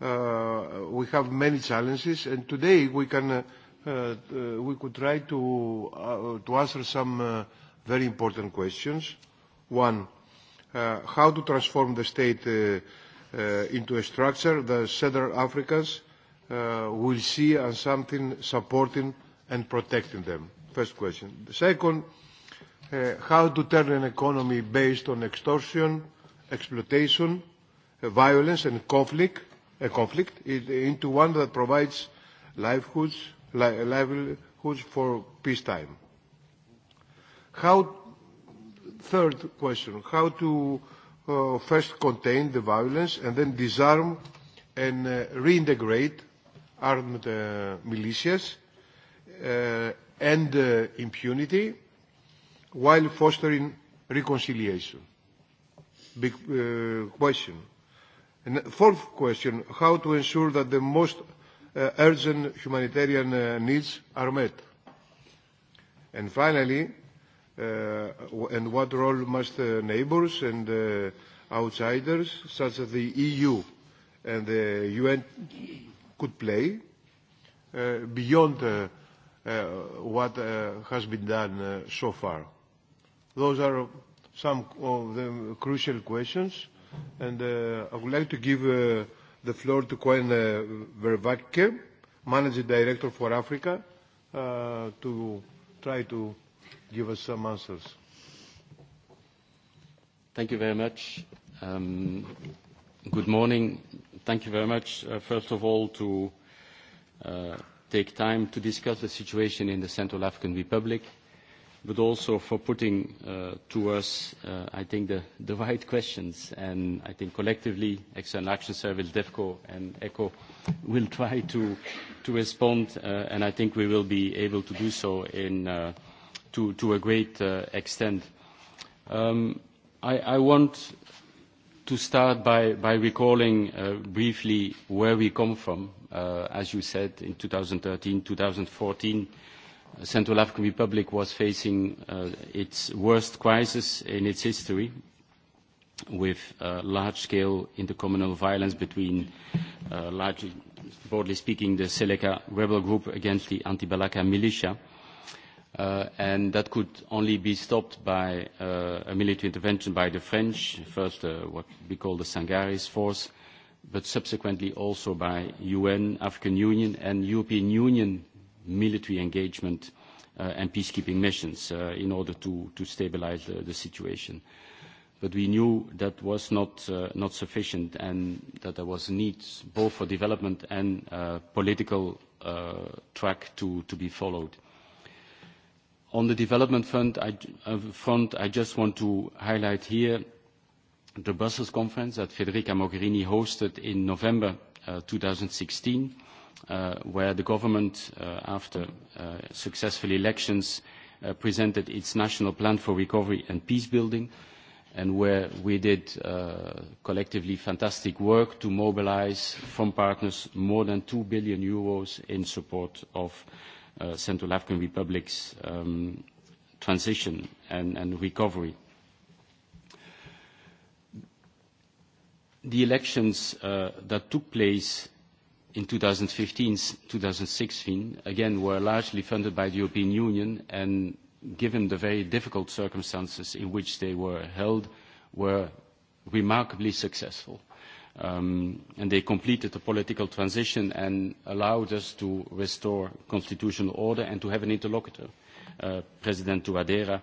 S26: Uh, we have many challenges, and today we can uh, uh, we could try to uh, to answer some uh, very important questions. One uh, how to transform the state uh, uh, into a structure that Southern Africans uh, will see as something supporting and protecting them. First question. The second, uh, how to turn an economy based on extortion, exploitation, uh, violence and conflict, uh, conflict it, into one that provides livelihoods, li livelihoods for peacetime. How Third question, how to uh, first contain the violence and then disarm and uh, reintegrate armed uh, militias uh, and uh, impunity while fostering reconciliation. Big uh, question. And fourth question, how to ensure that the most uh, urgent humanitarian uh, needs are met. And finally, and what role must neighbors and uh outsiders such as the EU and the UN could play beyond uh what uh has been done uh so far? Those are some of the crucial questions, and uh I would like to give uh the floor to Cohen Vervaeke, Managing Director for Africa, uh, to try to give us some answers.
S27: Thank you very much. Um, good morning. Thank you very much, uh, first of all, to uh, take time to discuss the situation in the Central African Republic, but also for putting uh, to us, uh, I think, the, the right questions. And I think collectively, External Action Service, DEFCO, and ECHO will try to, to respond, uh, and I think we will be able to do so in uh, – to, a great extent. I, I want to start by, by recalling briefly where we come from. as you said, in 2013, 2014, Central African Republic was facing its worst crisis in its history with large-scale intercommunal violence between, largely, broadly speaking, the Seleka rebel group against the anti-Balaka militia uh, and that could only be stopped by uh, a military intervention by the French, first uh, what we call the Sangaris force, but subsequently also by UN, African Union, and European Union military engagement uh, and peacekeeping missions uh, in order to, to stabilize the, the situation. But we knew that was not, uh, not sufficient and that there was a need both for development and uh, political uh, track to, to be followed. On the development fund, front, I just want to highlight here the Brussels conference that Federica Mogherini hosted in November 2016, where the government, after successful elections, presented its national plan for recovery and peace building, and where we did collectively fantastic work to mobilize from partners more than 2 billion euros in support of Central African Republic's transition and recovery. The elections that took place in 2015, 2016, again, were largely funded by the European Union, and given the very difficult circumstances in which they were held, were remarkably successful and they completed the political transition and allowed us to restore constitutional order and to have an interlocutor, President Touadéra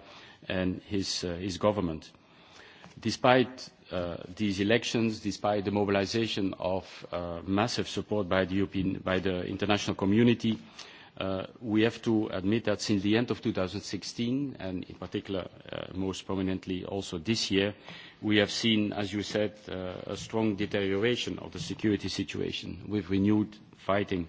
S27: and his, his government. Despite these elections, despite the mobilization of massive support by the, European, by the international community, we have to admit that since the end of sixteen and in particular, most prominently also this year, uh, we have seen, as you said, a strong deterioration of the security situation with renewed fighting.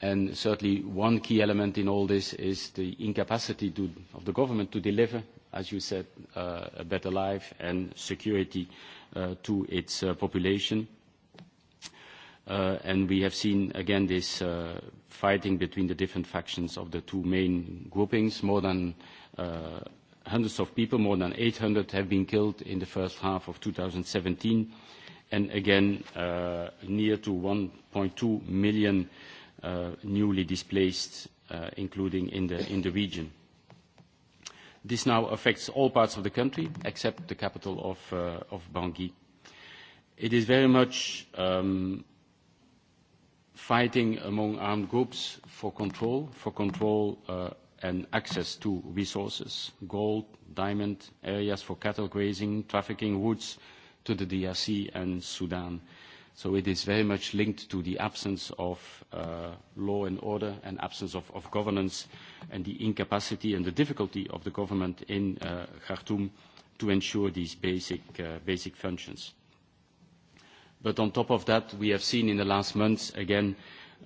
S27: And certainly one key element in all this is the incapacity of the government to deliver, as you said, a better life and security to its population. And we have seen, again, this fighting between the different factions of the two main groupings, more than hundreds of people, more than 800, have been killed in the first half of 2017. And again, near to 1.2 million newly displaced, including in the, in the region. This now affects all parts of the country except the capital of, Bangui. It is very much fighting among armed groups for control, for control uh, and access to resources, gold, diamond, areas for cattle grazing, trafficking routes to the DRC and Sudan. So it is very much linked to the absence of uh, law and order and absence of, of governance and the incapacity and the difficulty of the government in uh, Khartoum to ensure these basic, uh, basic functions. But on top of that, we have seen in the last months, again,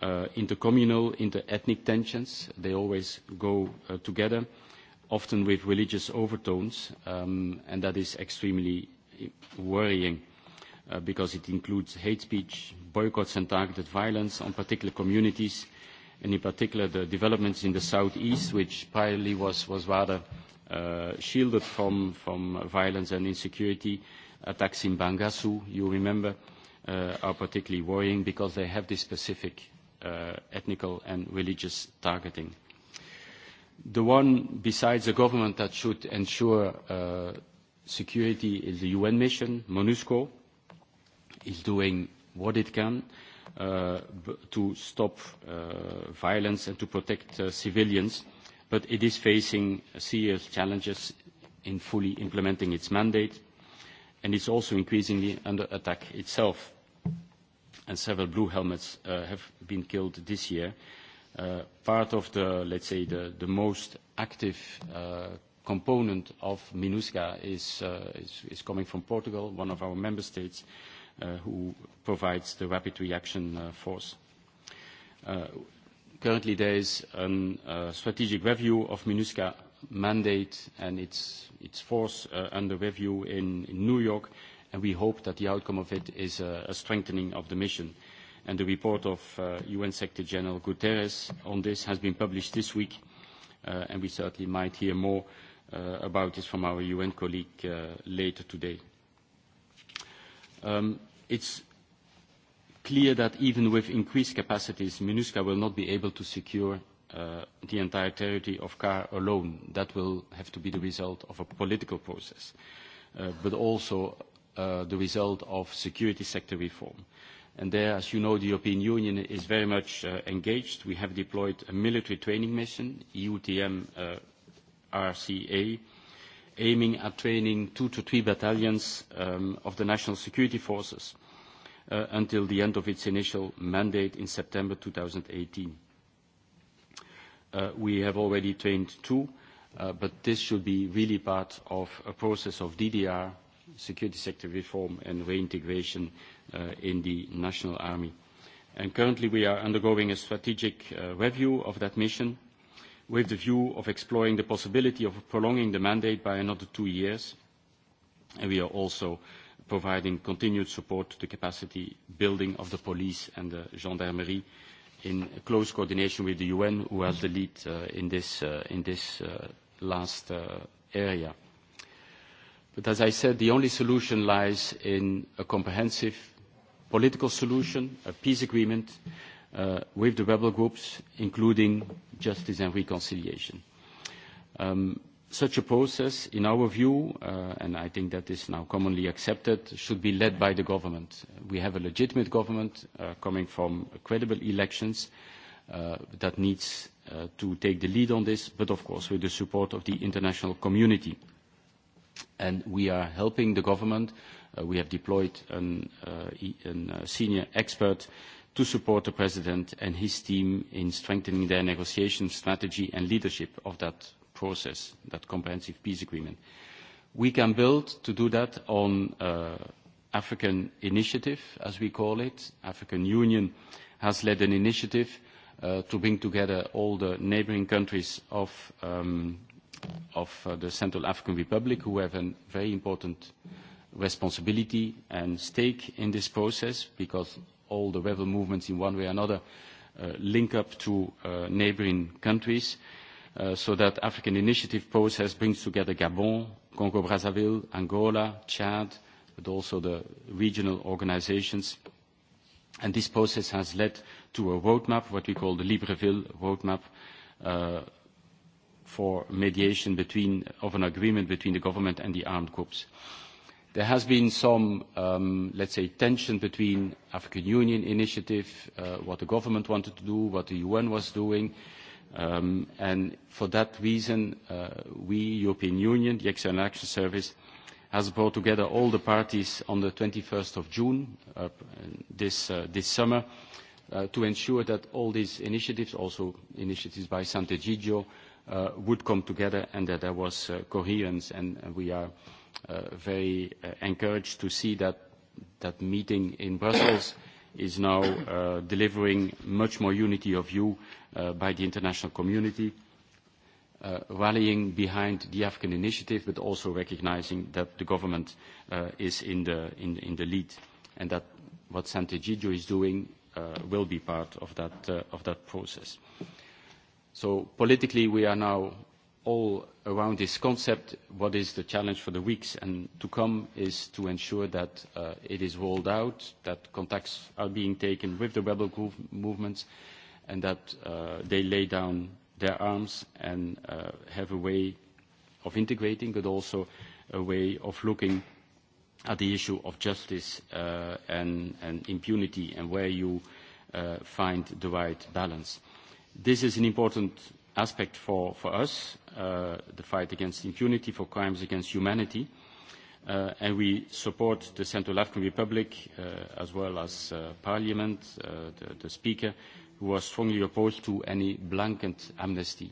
S27: uh, intercommunal, inter-ethnic tensions. They always go uh, together, often with religious overtones, um, and that is extremely worrying uh, because it includes hate speech, boycotts and targeted violence on particular communities, and in particular the developments in the southeast, which priorly was, was rather uh, shielded from, from violence and insecurity. Attacks in Bangassu, you remember, uh, are particularly worrying because they have this specific uh, ethnical and religious targeting. The one besides the government that should ensure uh, security is the UN mission, MONUSCO, is doing what it can uh, to stop uh, violence and to protect uh, civilians, but it is facing serious challenges in fully implementing its mandate, and it's also increasingly under attack itself and several blue helmets have been killed this year. part of the, let's say, the, most active component of MINUSCA is, coming from Portugal, one of our member states, who provides the rapid reaction force. currently there is a strategic review of MINUSCA mandate and its, its force under review in New York, and we hope that the outcome of it is a strengthening of the mission. The report of UN Secretary General Guterres on this has been published this week, and we certainly might hear more about this from our UN colleague later today. It's clear that even with increased capacities, MINUSCA will not be able to secure the entire territory of CAR alone. That will have to be the result of a political process, but also uh, the result of security sector reform. And there, as you know, the European Union is very much uh, engaged. We have deployed a military training mission, EUTM uh, RCA, aiming at training two to three battalions um, of the national security forces uh, until the end of its initial mandate in September 2018. Uh, we have already trained two, uh, but this should be really part of a process of DDR security sector reform and reintegration in the national army. And currently we are undergoing a strategic review of that mission with the view of exploring the possibility of prolonging the mandate by another two years. And we are also providing continued support to the capacity building of the police and the gendarmerie in close coordination with the UN, who has the lead in this last area. But as I said, the only solution lies in a comprehensive political solution, a peace agreement uh, with the rebel groups, including justice and reconciliation. Um, such a process, in our view, uh, and I think that is now commonly accepted, should be led by the government. We have a legitimate government uh, coming from credible elections uh, that needs uh, to take the lead on this, but of course with the support of the international community and we are helping the government. We have deployed a senior expert to support the president and his team in strengthening their negotiation strategy and leadership of that process, that comprehensive peace agreement. We can build to do that on African initiative, as we call it. African Union has led an initiative to bring together all the neighboring countries of of the Central African Republic, who have a very important responsibility and stake in this process, because all the rebel movements in one way or another link up to neighboring countries, so that African Initiative process brings together Gabon, Congo-Brazzaville, Angola, Chad, but also the regional organizations. And this process has led to a roadmap, what we call the Libreville roadmap, for mediation between, of an agreement between the government and the armed groups. There has been some, um, let's say, tension between African Union initiative, uh, what the government wanted to do, what the UN was doing, um, and for that reason, uh, we, European Union, the External Action Service, has brought together all the parties on the 21st of June uh, this, uh, this summer uh, to ensure that all these initiatives, also initiatives by Sant'Egidio, would come together and that there was coherence. and We are very encouraged to see that that meeting in Brussels is now delivering much more unity of view by the international community, rallying behind the African initiative, but also recognizing that the government is in the lead, and that what Sant'Egidio is doing will be part of that process. So politically, we are now all around this concept, what is the challenge for the weeks and to come is to ensure that uh, it is rolled out, that contacts are being taken with the rebel group movements, and that uh, they lay down their arms and uh, have a way of integrating, but also a way of looking at the issue of justice uh, and, and impunity and where you uh, find the right balance. Uh, This is an important aspect for, us, the fight against impunity for crimes against humanity. and we support the Central African Republic as well as Parliament, the, Speaker, who are strongly opposed to any blanket amnesty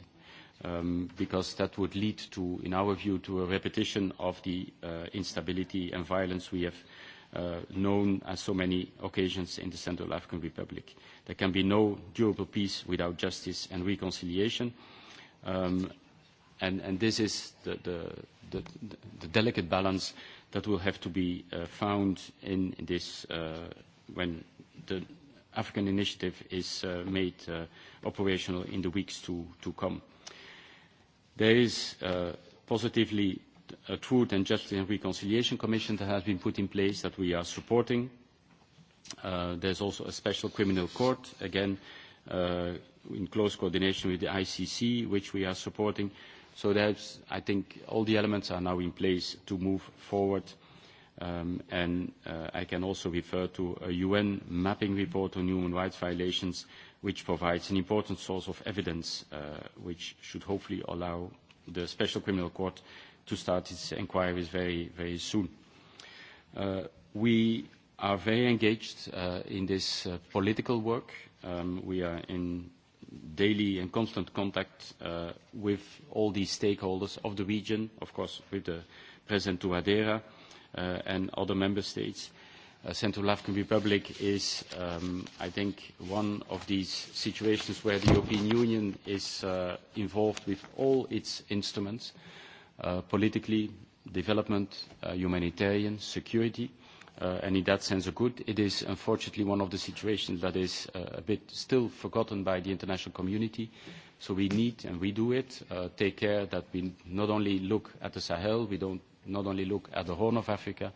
S27: because that would lead to, in our view, to a repetition of the instability and violence we have uh, known on so many occasions in the Central African Republic. There can be no durable peace without justice and reconciliation. Um, and, and this is the, the, the, the delicate balance that will have to be uh, found in this uh, when the African initiative is uh, made uh, operational in the weeks to, to come. There is uh, positively A Truth and Justice and Reconciliation Commission that has been put in place that we are supporting. There's also a special criminal court, again, in close coordination with the ICC, which we are supporting. So that's, I think, all the elements are now in place to move forward. And I can also refer to a UN mapping report on human rights violations, which provides an important source of evidence, which should hopefully allow the Special Criminal Court to start its inquiries very, very soon. we are very engaged in this political work. we are in daily and constant contact with all the stakeholders of the region, of course with the President Touadéra and other member states. Central African Republic is, I think, one of these situations where the European Union is involved with all its instruments politically, development, humanitarian, security, and in that sense are good. It is unfortunately one of the situations that is a bit still forgotten by the international community. So we need, and we do it, take care that we not only look at the Sahel, we don't not only look at the Horn of Africa,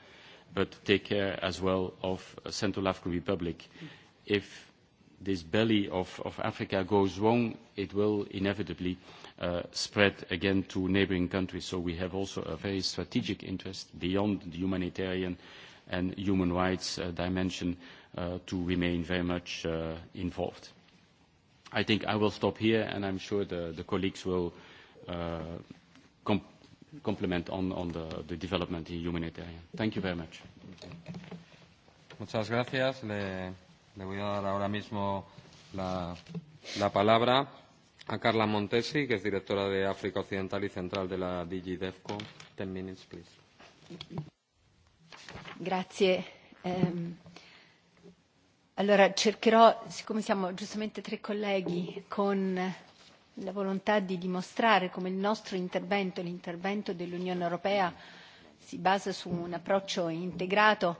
S27: but take care as well of Central African Republic. If this belly of, of Africa goes wrong, it will inevitably spread again to neighboring countries. So we have also a very strategic interest beyond the humanitarian and human rights dimension to remain very much involved. I think I will stop here, and I'm sure the colleagues will complement on the development in humanitarian. Thank you very much.
S1: Muchas gracias. Le voy a dar ahora mismo la palabra a Carla Montesi, que es directora de África Occidental y Central de la DG Ten minutes, please.
S28: Grazie. Um, allora cercherò, siccome siamo giustamente tre colleghi, con la volontà di dimostrare come il nostro intervento, l'intervento dell'Unione Europea, si basa su un approccio integrato,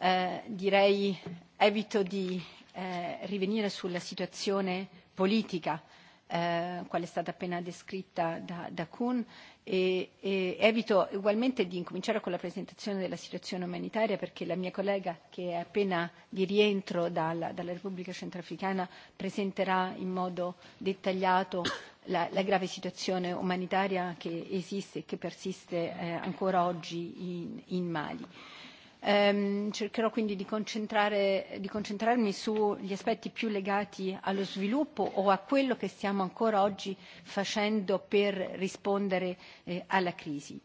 S28: eh, direi evito di eh, rivenire sulla situazione politica eh, quale è stata appena descritta da, da Kuhn e, e evito ugualmente di incominciare con la presentazione della situazione umanitaria perché la mia collega che è appena di rientro dalla, dalla Repubblica Centrafricana presenterà in modo dettagliato la, la grave situazione umanitaria che esiste e che persiste eh, ancora oggi in, in Mali cercherò quindi di, concentrarmi sugli aspetti più legati allo sviluppo o a quello che stiamo ancora oggi facendo per rispondere alla crisi.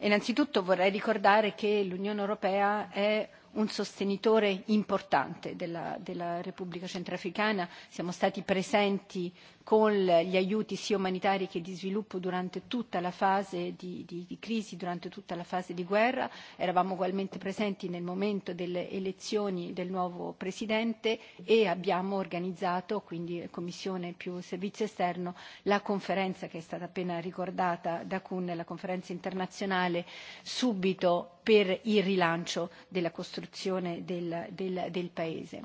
S28: Innanzitutto vorrei ricordare che l'Unione Europea è un sostenitore importante della, della Repubblica Centrafricana, siamo stati presenti con gli aiuti sia umanitari che di sviluppo durante tutta la fase di, di, di crisi, durante tutta la fase di guerra, eravamo ugualmente presenti nel momento delle elezioni del nuovo Presidente e abbiamo organizzato, quindi Commissione più Servizio Esterno, la conferenza che è stata appena ricordata da Kuhn, la conferenza internazionale subito per il rilancio della costruzione costruzione del, del, del Paese.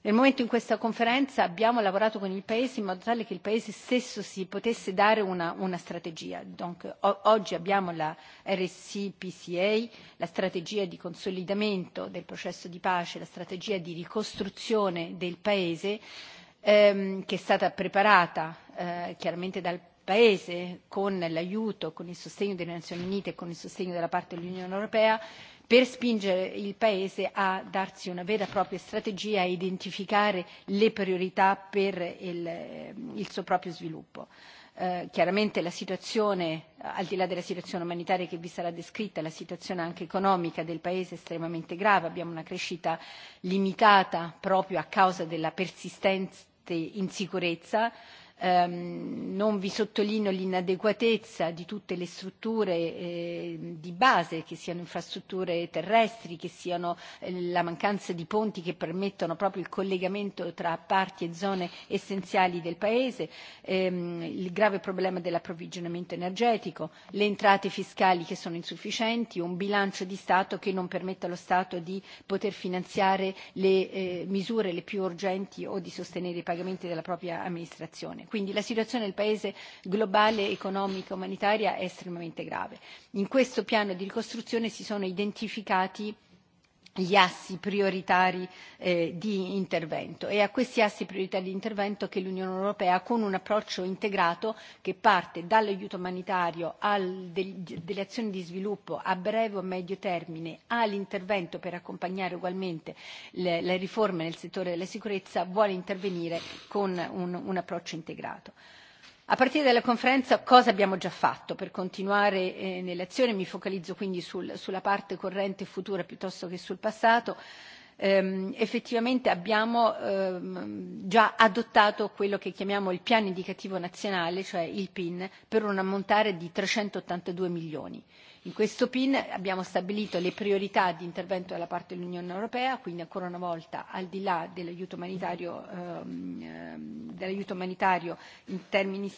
S28: Nel momento in questa conferenza abbiamo lavorato con il Paese in modo tale che il Paese stesso si potesse dare una, una strategia. Donc, o- oggi abbiamo la RCPCA, la strategia di consolidamento del processo di pace, la strategia di ricostruzione del Paese ehm, che è stata preparata eh, chiaramente dal Paese con l'aiuto, con il sostegno delle Nazioni Unite e con il sostegno della parte dell'Unione Europea per spingere il Paese a darsi una vera e propria strategia, a identificare le priorità per il, suo proprio sviluppo. chiaramente la situazione, al di là della situazione umanitaria che vi sarà descritta, la situazione anche economica del Paese è estremamente grave, abbiamo una crescita limitata proprio a causa della persistente insicurezza non vi sottolineo l'inadeguatezza di tutte le strutture di base, che siano infrastrutture terrestri, che siano la mancanza di ponti che permettono proprio il collegamento tra parti e zone essenziali del Paese, il grave problema dell'approvvigionamento energetico, le entrate fiscali che sono insufficienti, un bilancio di Stato che non permette allo Stato di poter finanziare le misure le più urgenti o di sostenere i pagamenti della propria amministrazione. Quindi la situazione del Paese globale, economica, e umanitaria è estremamente grave. In questo piano di ricostruzione si sono identificati gli assi prioritari eh, di intervento e a questi assi prioritari di intervento che l'Unione Europea con un approccio integrato che parte dall'aiuto umanitario al, del, delle azioni di sviluppo a breve o medio termine all'intervento per accompagnare ugualmente le, le riforme nel settore della sicurezza vuole intervenire con un, un approccio integrato. A partire dalla conferenza cosa abbiamo già fatto? Per continuare eh, nelle azioni mi focalizzo quindi sul, sulla parte corrente e futura piuttosto che sul passato. Ehm, effettivamente abbiamo ehm, già adottato quello che chiamiamo il piano indicativo nazionale, cioè il PIN, per un ammontare di 382 milioni. In questo PIN abbiamo stabilito le priorità di intervento da parte dell'Unione Europea, quindi ancora una volta al di là dell'aiuto umanitario, dell'aiuto umanitario in termini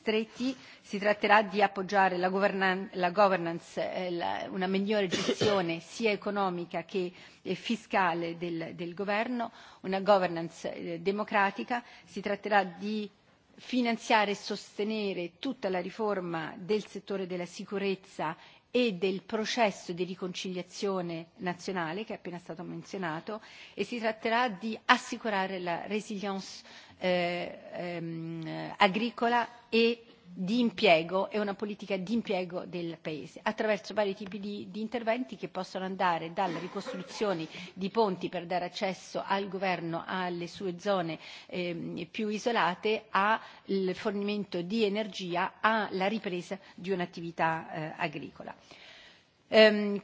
S28: stretti, si tratterà di appoggiare la governance, una migliore gestione sia economica che fiscale del governo, una governance democratica, si tratterà di finanziare e sostenere tutta la riforma del settore della sicurezza e del processo di riconciliazione nazionale che è appena stato menzionato e si tratterà di assicurare la resilience eh, ehm, agricola e di impiego e una politica di impiego del Paese attraverso vari tipi di, di interventi che possono andare dalla ricostruzione di ponti per dare accesso al governo alle sue zone eh, più isolate al fornimento di energia alla ripresa di un'attività eh, agricola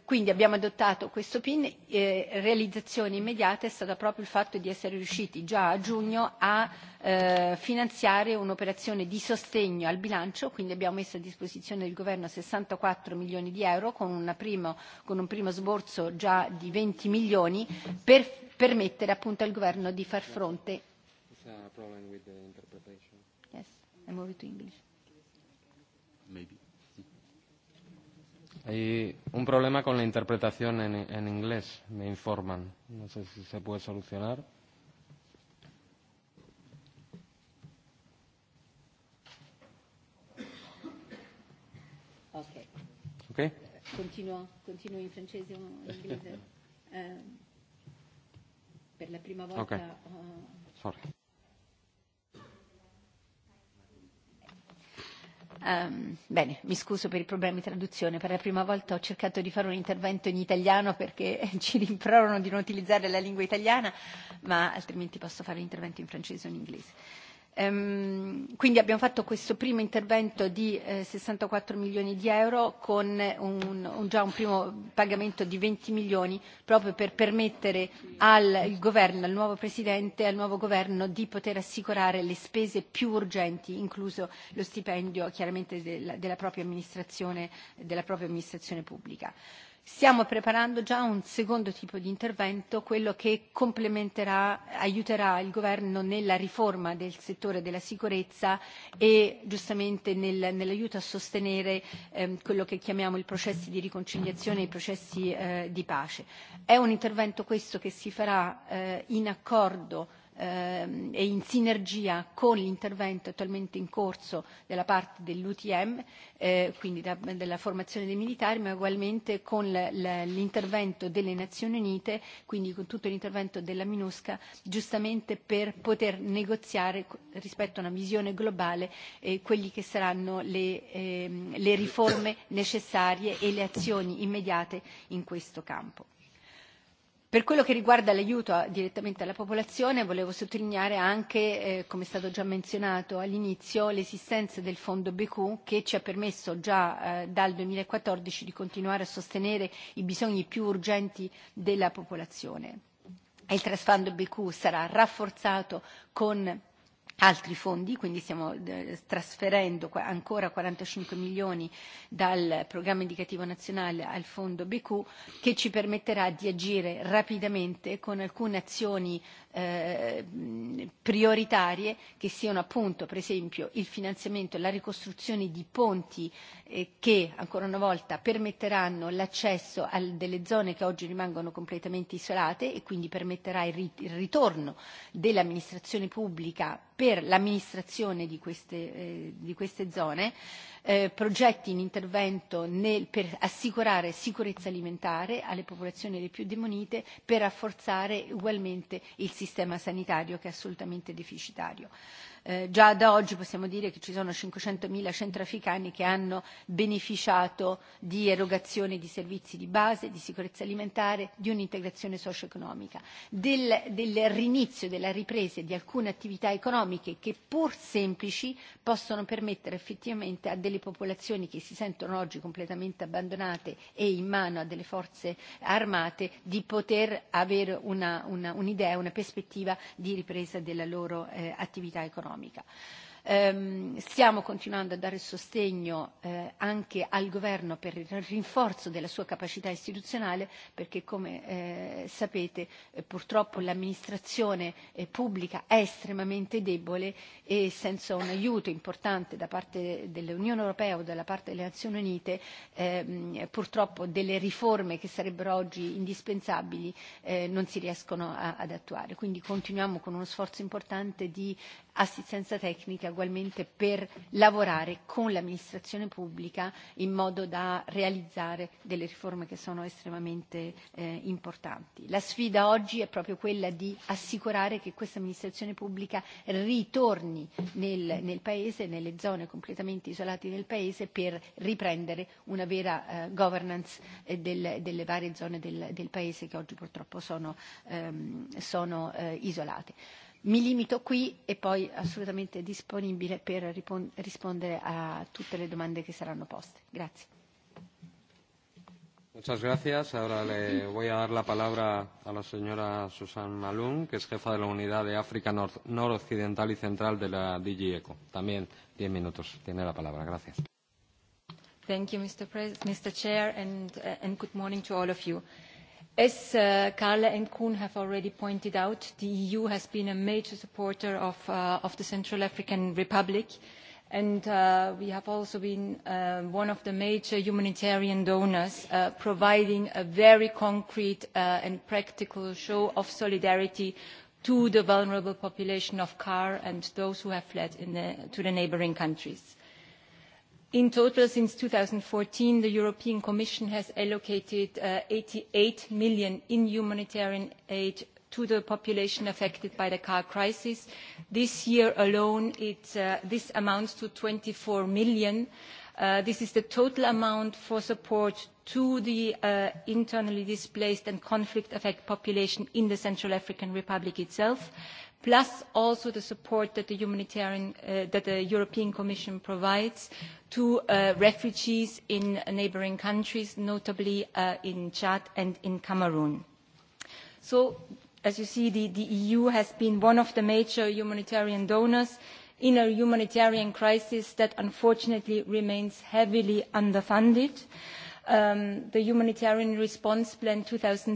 S28: quindi abbiamo adottato questo PIN e realizzazione immediata è stata proprio il fatto di essere riusciti già a giugno a finanziare un'operazione di sostegno al bilancio, quindi abbiamo messo a disposizione del governo 64 milioni di euro con, una primo, con un primo sborso già di 20 milioni per permettere appunto al governo di far fronte.
S1: Yes, I move it to English. Maybe. Hay un problema con la interpretación en, en inglés, me informan. No sé si se puede solucionar. Ok. Ok.
S28: Continuo, continuo in francese o in inglese. Eh, per la prima volta. Okay. Uh, Sorry. Um, bene, mi scuso per i problemi di traduzione. Per la prima volta ho cercato di fare un intervento in italiano perché ci rimproverano di non utilizzare la lingua italiana, ma altrimenti posso fare un intervento in francese o in inglese. Quindi abbiamo fatto questo primo intervento di 64 milioni di euro con un, già un primo pagamento di 20 milioni proprio per permettere al governo, al nuovo presidente, al nuovo governo di poter assicurare le spese più urgenti, incluso lo stipendio chiaramente della, della propria amministrazione, della propria amministrazione pubblica. Stiamo preparando già un secondo tipo di intervento, quello che complementerà, aiuterà il governo nella riforma del settore della sicurezza e giustamente nel, nell'aiuto a sostenere ehm, quello che chiamiamo i processi di riconciliazione e i processi eh, di pace. È un intervento questo che si farà eh, in accordo e in sinergia con l'intervento attualmente in corso della parte dell'UTM, eh, quindi da, della formazione dei militari, ma ugualmente con l'intervento delle Nazioni Unite, quindi con tutto l'intervento della MINUSCA, giustamente per poter negoziare rispetto a una visione globale eh, quelli che saranno le, eh, le riforme necessarie e le azioni immediate in questo campo. Per quello che riguarda l'aiuto direttamente alla popolazione, volevo sottolineare anche, come è stato già menzionato all'inizio, l'esistenza del fondo BQ che ci ha permesso già dal duemilaquattordici di continuare a sostenere i bisogni più urgenti della popolazione. Il Trust Fund BQ sarà rafforzato con altri fondi, quindi stiamo trasferendo ancora 45 milioni dal programma indicativo nazionale al fondo BQ che ci permetterà di agire rapidamente con alcune azioni prioritarie che siano appunto per esempio il finanziamento e la ricostruzione di ponti che ancora una volta permetteranno l'accesso a delle zone che oggi rimangono completamente isolate e quindi permetterà il ritorno dell'amministrazione pubblica per per l'amministrazione di queste, eh, di queste zone eh, progetti in intervento nel, per assicurare sicurezza alimentare alle popolazioni le più demonite per rafforzare ugualmente il sistema sanitario che è assolutamente deficitario. Eh, già ad oggi possiamo dire che ci sono 500.000 centrafricani che hanno beneficiato di erogazione di servizi di base, di sicurezza alimentare, di un'integrazione socio-economica, del, del rinizio, della ripresa di alcune attività economiche che pur semplici possono permettere effettivamente a delle popolazioni che si sentono oggi completamente abbandonate e in mano a delle forze armate di poter avere una, una, un'idea, una prospettiva di ripresa della loro eh, attività economica economica stiamo continuando a dare sostegno anche al governo per il rinforzo della sua capacità istituzionale perché come sapete purtroppo l'amministrazione pubblica è estremamente debole e senza un aiuto importante da parte dell'Unione Europea o da parte delle Nazioni Unite purtroppo delle riforme che sarebbero oggi indispensabili non si riescono ad attuare. Quindi continuiamo con uno sforzo importante di assistenza tecnica ugualmente per lavorare con l'amministrazione pubblica in modo da realizzare delle riforme che sono estremamente eh, importanti. La sfida oggi è proprio quella di assicurare che questa amministrazione pubblica ritorni nel, nel Paese, nelle zone completamente isolate del Paese, per riprendere una vera eh, governance eh, del, delle varie zone del, del Paese che oggi purtroppo sono, ehm, sono eh, isolate. Mi limito qui e poi assolutamente disponibile per rispondere a tutte le domande che saranno poste. Grazie.
S1: Muchas gracias. Ahora le voy a dar la palabra a la señora Susan Malung, que es jefa de la unidad de África Noroccidental y Central de la DG ECO. También diez minutos. Tiene la palabra. Gracias.
S18: Thank you, Mr. Pres Mr. Chair, and, uh, and good morning to all of you. As Carla and Kuhn have already pointed out, the EU has been a major supporter of, the Central African Republic, and we have also been one of the major humanitarian donors, providing a very concrete and practical show of solidarity to the vulnerable population of CAR and those who have fled to the neighbouring countries In total, since 2014, the European Commission has allocated uh, 88 million in humanitarian aid to the population affected by the car crisis. This year alone, this amounts to 24 million. this is the total amount for support to the internally displaced and conflict-affected population in the Central African Republic itself plus also the support that the humanitarian that the European Commission provides to refugees in neighbouring countries, notably in Chad and in Cameroon. So, as you see, the, the EU has been one of the major humanitarian donors in a humanitarian crisis that unfortunately remains heavily underfunded. Uh, the humanitarian response plan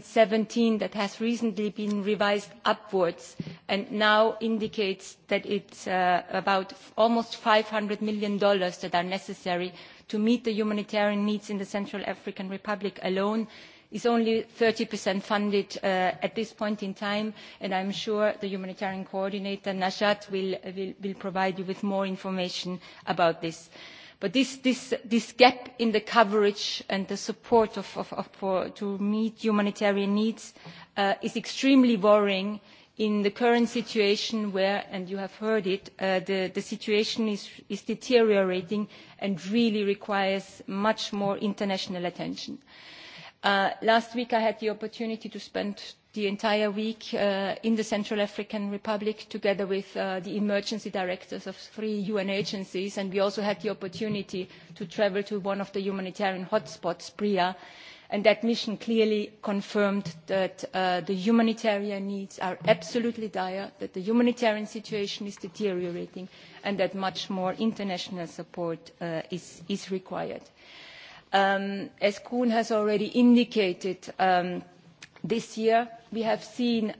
S18: seventeen that has recently been revised upwards and now indicates that it's uh, about almost $500 million that are necessary to meet the humanitarian needs in the Central African Republic alone is only 30% funded uh, at this point in time, and I'm sure the humanitarian coordinator, Najat, will, will, will provide you with more information about this. Uh, But this, this, this gap in the coverage and the support of, of, of, for, to meet humanitarian needs uh, is extremely worrying in the current situation where, and you have heard it, uh, the, the situation is, is deteriorating and really requires much more international attention. Uh, last week I had the opportunity to spend the entire week in the Central African Republic together with the emergency directors of three UN agencies. And we also had the opportunity to travel to one of the humanitarian hotspots, Bria. And that mission clearly confirmed that the humanitarian needs are absolutely dire, that the humanitarian situation is deteriorating, and that much more international support is, required. as Kuhn has already indicated, This year, we have seen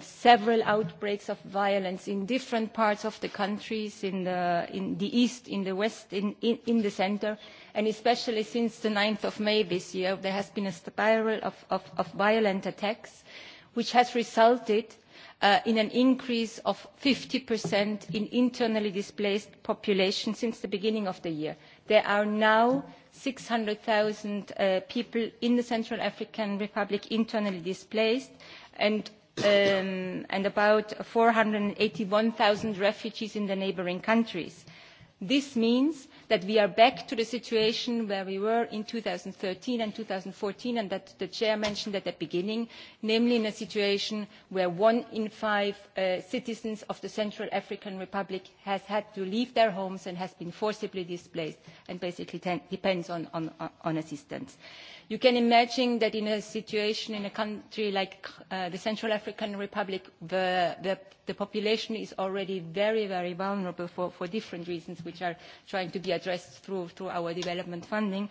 S18: several outbreaks of violence in different parts of the countries, in the, in the east, in the west, in, in, in the center, and especially since the 9th of May this year, there has been a spiral of, of, of violent attacks, which has resulted in an increase of 50% in internally displaced population since the beginning of the year. There are now 600,000 uh, people in the Central African Republic internally displaced and, um, and about 481,000 refugees in the neighboring countries. This means that we are back to the situation where we were in 2013 and 2014, and that the chair mentioned at the beginning, namely in a situation where one in five citizens of the Central African Republic has had to leave their homes and has been forcibly displaced and basically depends on assistance. You can imagine that in a situation in a country like uh, the Central African Republic, the, the, the population is already very, very vulnerable for, for different reasons which are trying to be addressed through, through our development funding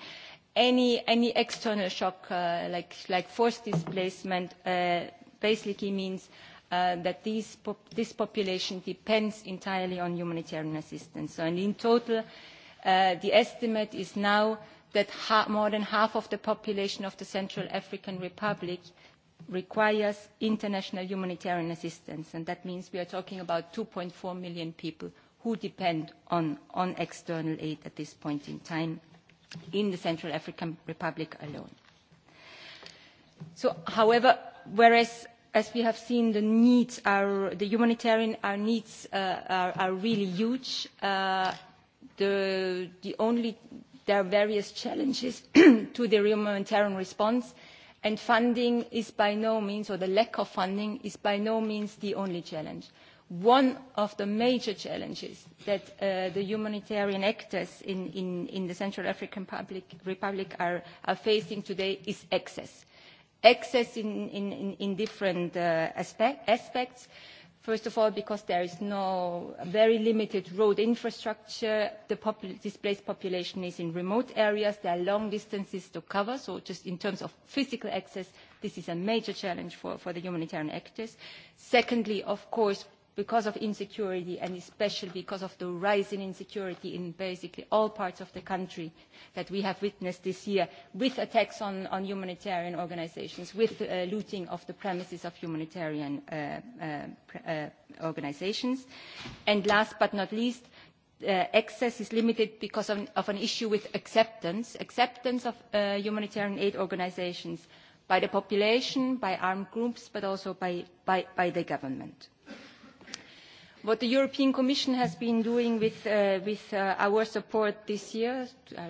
S18: any any external shock uh, like like forced displacement uh, basically means uh, that these pop this population depends entirely on humanitarian assistance. So, and in total, uh, the estimate is now that ha more than half of the population of the Central African Republic requires international humanitarian assistance, and that means we are talking about 2.4 million people who depend on, on external aid at this point in time in the Central African Republic alone. So, however, whereas as we have seen, the needs are, the humanitarian our needs uh, are, are really huge. Uh, the, the only there are various challenges to the humanitarian response and funding is by no means or the lack of funding is by no means the only challenge. one of the major challenges that the humanitarian actors in the central african republic are facing today is access access in different aspects First of all, because there is no very limited road infrastructure. The pop displaced population is in remote areas. There are long distances to cover. So just in terms of physical access, this is a major challenge for, for the humanitarian actors. Secondly, of course, because of insecurity and especially because of the rise in insecurity in basically all parts of the country that we have witnessed this year with attacks on, on humanitarian organizations, with uh, looting of the premises of humanitarian uh, uh, uh, organizations. And last but not least, uh, access is limited because of, of an issue with acceptance, acceptance of uh, humanitarian aid organizations by the population, by armed groups, but also by, by, by the government. What the European Commission has been doing with, uh, with uh, our support this year, uh,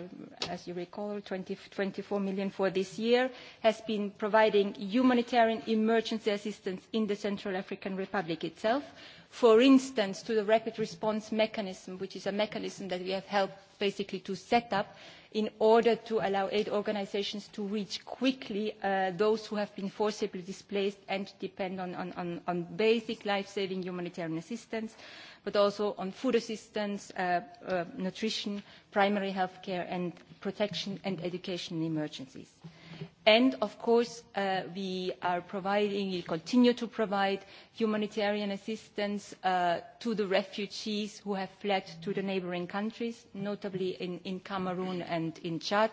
S18: as you recall, 20, 24 million for this year, has been providing humanitarian emergency assistance in the Central African Republic itself, for instance, to the rapid response mechanism, which is a mechanism that we have helped basically to set up in order to allow aid organisations to reach quickly those who have been forcibly displaced and depend on, basic life-saving humanitarian assistance, but also on food assistance, nutrition, primary health care and protection and education in emergencies. And of course, we are providing, we continue to provide humanitarian assistance to the refugees who have fled to the neighbouring countries, notably in, Cameroon and in Chad,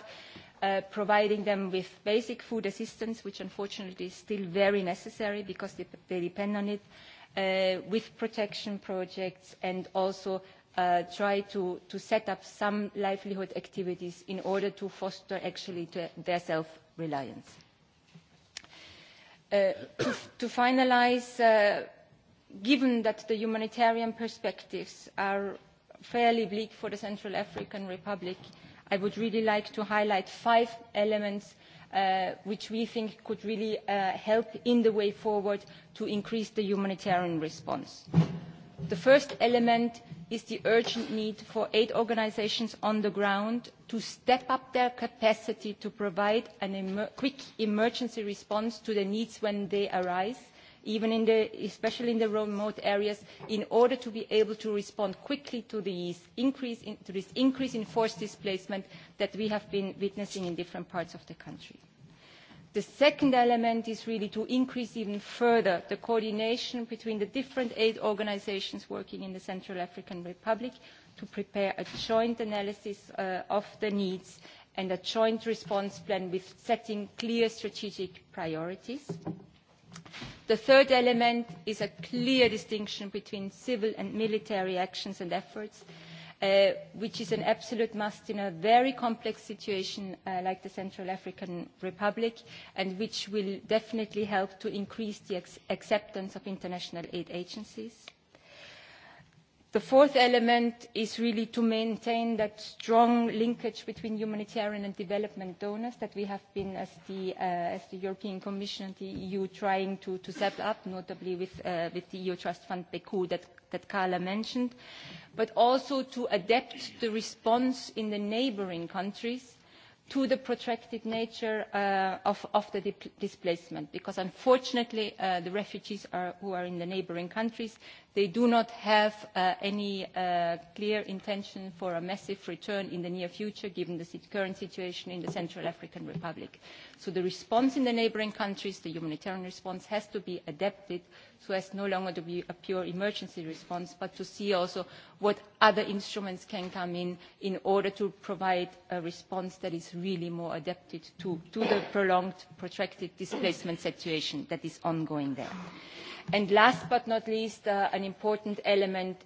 S18: providing them with basic food assistance, which unfortunately is still very necessary because they, they depend on it, with protection projects and also try to, set up some livelihood activities in order to foster actually their self reliance. to finalise, given that the humanitarian perspectives are fairly bleak for the Central African Republic, I would really like to highlight five elements which we think could really help in the way forward to increase the humanitarian response. The first element is the urgent need for aid organisations on the ground to step up their capacity to provide a quick emergency response to the needs when they arise, even in the, especially in the remote areas, in order to be able to respond quickly to, these increase in, to this increase in forced displacement that we have been witnessing in different parts of the country. The second element is really to increase even further the coordination between the different aid organisations working in the Central African Republic to prepare a joint analysis of the needs and a joint response plan with setting clear strategic priorities. The third element is a clear distinction between civil and military actions and efforts which is an absolute must in a very complex situation like the Central African Republic, and which will definitely help to increase the acceptance of international aid agencies. The fourth element is really to maintain that strong linkage between humanitarian and development donors that we have been, as the, uh, as the European Commission and the EU, trying to, to set up, notably with, uh, with the EU Trust Fund BECU that, that Carla mentioned, but also to adapt the response in the neighboring countries to the protracted nature uh, of, of the displacement, because unfortunately uh, the refugees are, who are in the neighboring countries They do not have uh, any uh, clear intention for a massive return in the near future, given the current situation in the Central African Republic. So the response in the neighboring countries, the humanitarian response, has to be adapted so as no longer to be a pure emergency response, but to see also what other instruments can come in in order to provide a response that is really more adapted to, to the prolonged, protracted displacement situation that is ongoing there. And last but not least, uh, an an important element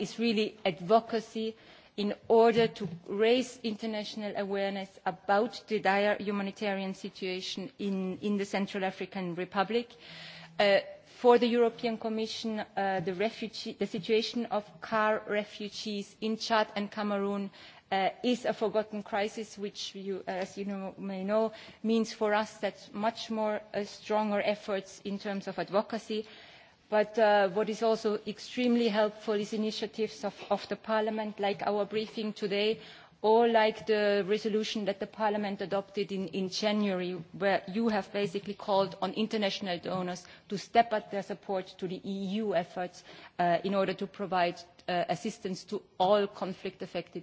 S18: is really advocacy in order to raise international awareness about the dire humanitarian situation in, the Central African Republic. for the European Commission, the, situation of car refugees in Chad and Cameroon is a forgotten crisis, which, you, as you may know, means for us that much more stronger efforts in terms of advocacy But what is also extremely helpful is initiatives of, the Parliament, like our briefing today, or like the resolution that the Parliament adopted in, January, where you have basically called on international donors to step up their support to the EU efforts in order to provide assistance to all conflict-affected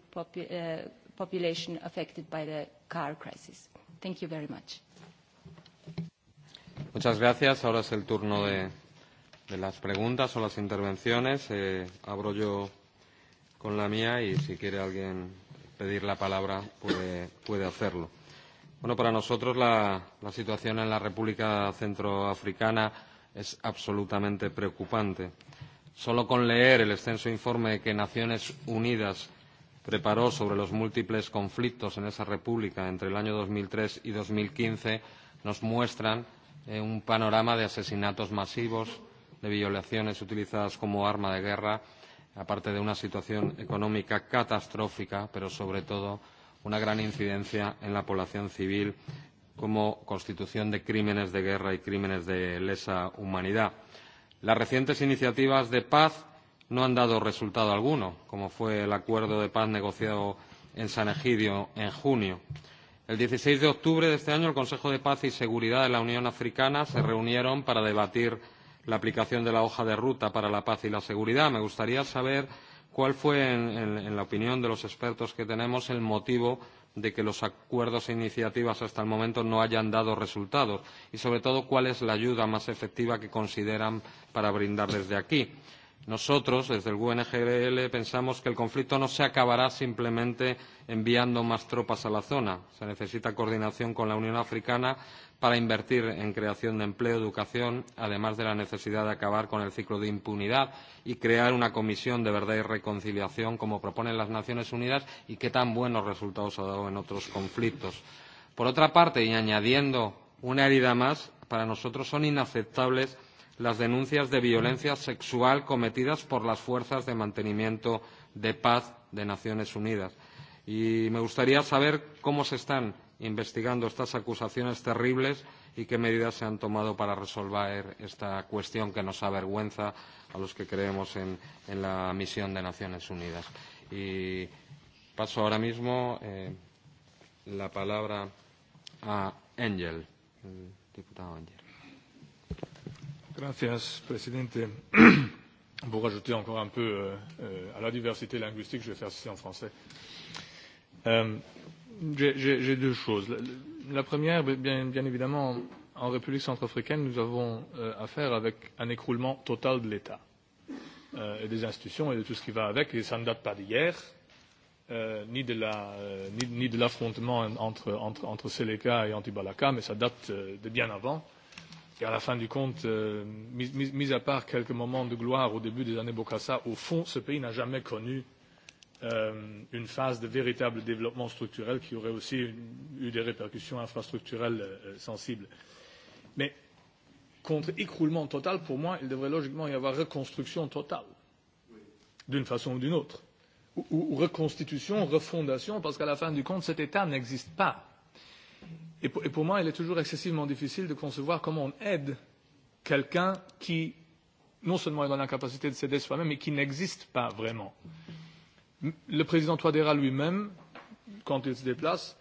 S18: population affected by the car crisis. Thank you very much.
S1: Muchas gracias. Ahora es el turno de de las preguntas o las intervenciones. Eh, abro yo con la mía y si quiere alguien pedir la palabra puede, puede hacerlo. Bueno, para nosotros la, la situación en la República Centroafricana es absolutamente preocupante. Solo con leer el extenso informe que Naciones Unidas preparó sobre los múltiples conflictos en esa república entre el año 2003 y 2015 nos muestran eh, un panorama de asesinatos masivos, de violaciones utilizadas como arma de guerra, aparte de una situación económica catastrófica, pero sobre todo una gran incidencia en la población civil como constitución de crímenes de guerra y crímenes de lesa humanidad. Las recientes iniciativas de paz no han dado resultado alguno, como fue el acuerdo de paz negociado en San Egidio en junio. El dieciseis de octubre de este año, el Consejo de Paz y Seguridad de la Unión Africana se reunieron para debatir la aplicación de la hoja de ruta para la paz y la seguridad. Me gustaría saber cuál fue, en, en, en la opinión de los expertos que tenemos, el motivo de que los acuerdos e iniciativas hasta el momento no hayan dado resultados y, sobre todo, cuál es la ayuda más efectiva que consideran para brindar desde aquí. Nosotros, desde el UNGL, pensamos que el conflicto no se acabará simplemente enviando más tropas a la zona. Se necesita coordinación con la Unión Africana para invertir en creación de empleo, educación, además de la necesidad de acabar con el ciclo de impunidad y crear una comisión de verdad y reconciliación, como proponen las Naciones Unidas, y qué tan buenos resultados ha dado en otros conflictos. Por otra parte, y añadiendo una herida más, para nosotros son inaceptables las denuncias de violencia sexual cometidas por las fuerzas de mantenimiento de paz de Naciones Unidas. Y me gustaría saber cómo se están investigando estas acusaciones terribles y qué medidas se han tomado para resolver esta cuestión que nos avergüenza a los que creemos en, en la misión de Naciones Unidas. Y paso ahora mismo eh, la palabra a Angel, el diputado Angel.
S29: Gracias, presidente. Pour rajouter encore un peu à la diversité linguistique, je vais faire ceci en français. J'ai deux choses. La première, bien, bien évidemment, en République centrafricaine, nous avons euh, affaire avec un écroulement total de l'État euh, et des institutions et de tout ce qui va avec. Et ça ne date pas d'hier, euh, ni de l'affrontement la, euh, entre, entre, entre Seleka et Antibalaka, mais ça date euh, de bien avant Et à la fin du compte, mis, à part quelques moments de gloire au début des années Bokassa, au fond, ce pays n'a jamais connu une phase de véritable développement structurel qui aurait aussi eu des répercussions infrastructurelles sensibles. Mais contre écroulement total, pour moi, il devrait logiquement y avoir reconstruction totale, d'une façon ou d'une autre, ou, reconstitution, refondation, parce qu'à la fin du compte, cet État n'existe pas Et pour, et pour moi, il est toujours excessivement difficile de concevoir comment on aide quelqu'un qui, non seulement est dans l'incapacité de s'aider soi-même, mais qui n'existe pas vraiment. Le président Toadera lui-même, quand il se déplace,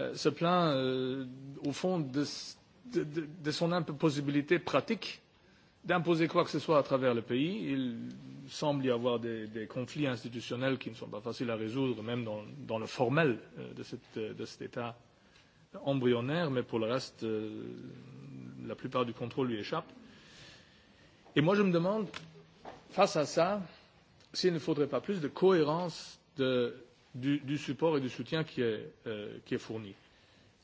S29: euh, se plaint euh, au fond de, de, de, de son impossibilité pratique d'imposer quoi que ce soit à travers le pays. Il semble y avoir des, des conflits institutionnels qui ne sont pas faciles à résoudre, même dans, dans le formel de, cette, de cet État embryonnaire, mais pour le reste, la plupart du contrôle lui échappe. Et moi, je me demande, face à ça, s'il ne faudrait pas plus de cohérence de, du, du support et du soutien qui est, euh, qui est fourni.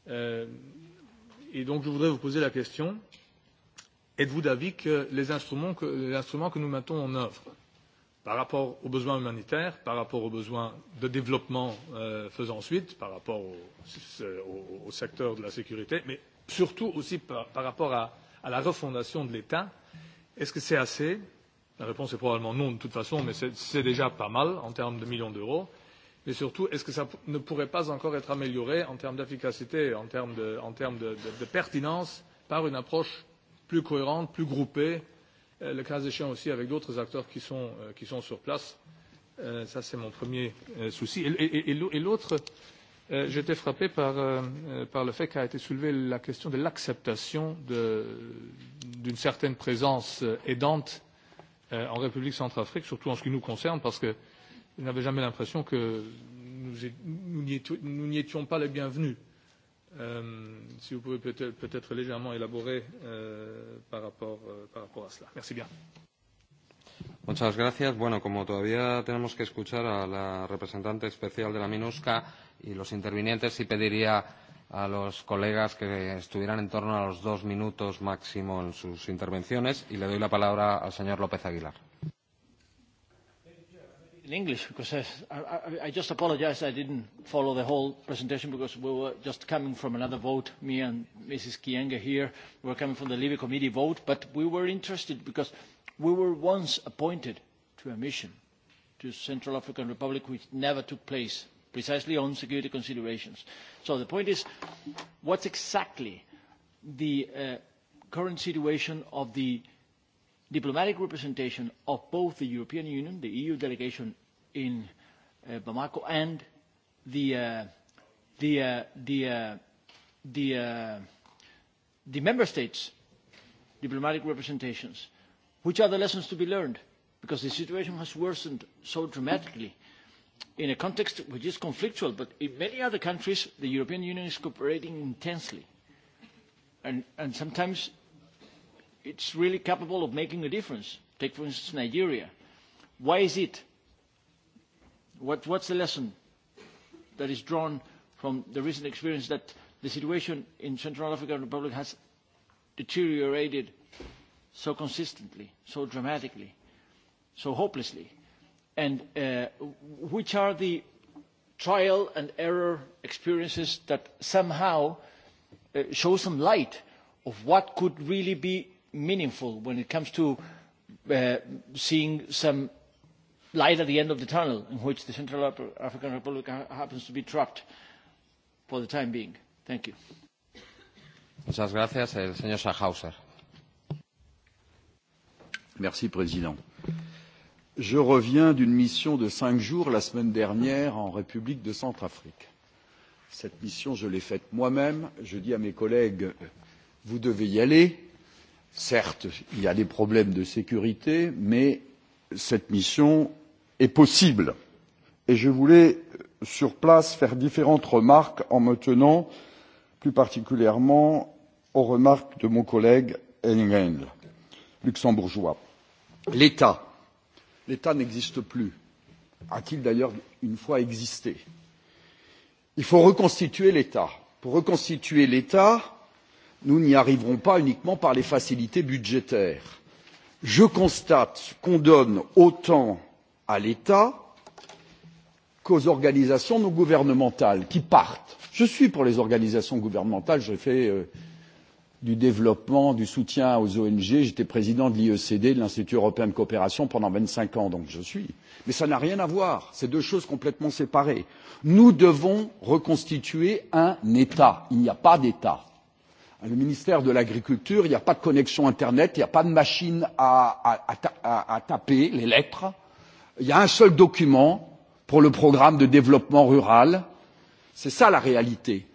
S29: Euh, et donc, je voudrais vous poser la question êtes-vous d'avis que les instruments que, les instruments que nous mettons en œuvre par rapport aux besoins humanitaires, par rapport aux besoins de développement faisant suite, par rapport au, secteur de la sécurité, mais surtout aussi par, rapport à, la refondation de l'État. Est-ce que c'est assez La réponse est probablement non de toute façon, mais c'est déjà pas mal en termes de millions d'euros. Mais surtout, est-ce que ça ne pourrait pas encore être amélioré en termes d'efficacité, en termes de, pertinence, par une approche plus cohérente, plus groupée, le cas échéant aussi avec d'autres acteurs qui sont, qui sont sur place. ça, c'est mon premier souci. Et, et, et, et l'autre, j'étais frappé par, par le fait qu'a été soulevée la question de l'acceptation d'une certaine présence aidante en République centrafricaine, surtout en ce qui nous concerne, parce que je n'avais jamais l'impression que nous n'y étions pas les bienvenus si vous pouvez peut-être légèrement élaborer par rapport à cela. Merci bien.
S1: Muchas gracias. Bueno, como todavía tenemos que escuchar a la representante especial de la MINUSCA y los intervinientes, sí pediría a los colegas que estuvieran en torno a los dos minutos máximo en sus intervenciones y le doy la palabra al señor López Aguilar
S30: in English because I, I, I just apologize I didn't follow the whole presentation because we were just coming from another vote. Me and Mrs. Kienge here were coming from the Libre Committee vote, but we were interested because we were once appointed to a mission to Central African Republic which never took place precisely on security considerations. So the point is, what's exactly the uh, current situation of the diplomatic representation of both the European Union, the EU delegation in uh, Bamako, and the uh, the uh, the uh, the uh, the member states' diplomatic representations. Which are the lessons to be learned? Because the situation has worsened so dramatically in a context which is conflictual, but in many other countries, the European Union is cooperating intensely. And, and sometimes it's really capable of making a difference. Take, for instance, Nigeria. Why is it? What, what's the lesson that is drawn from the recent experience that the situation in Central African Republic has deteriorated so consistently, so dramatically, so hopelessly? And uh, which are the trial and error experiences that somehow uh, show some light of what could really be meaningful when it comes to seeing some light at the end of the tunnel in which the Central African Republic happens to be trapped for the time being. Thank you.
S1: Muchas gracias. El señor
S10: Merci, Président. Je reviens d'une mission de cinq jours la semaine dernière en République de Centrafrique. Cette mission, je l'ai faite moi-même. Je dis à mes collègues, vous devez y aller Certes, il y a des problèmes de sécurité, mais cette mission est possible. Et je voulais, sur place, faire différentes remarques en me tenant plus particulièrement aux remarques de mon collègue Engel, luxembourgeois. L'État. L'État n'existe plus. A-t-il d'ailleurs une fois existé Il faut reconstituer l'État. Pour reconstituer l'État, nous n'y arriverons pas uniquement par les facilités budgétaires. je constate qu'on donne autant à l'état qu'aux organisations non gouvernementales qui partent. je suis pour les organisations gouvernementales j'ai fait du développement du soutien aux ong j'étais président de l'iecd de l'institut européen de coopération pendant vingt cinq ans donc je suis mais cela n'a rien à voir c'est deux choses complètement séparées. nous devons reconstituer un état il n'y a pas d'état le ministère de l'Agriculture, il n'y a pas de connexion Internet, il n'y a pas de machine à, à, à, à taper les lettres. Il y a un seul document pour le programme de développement rural. C'est ça la réalité.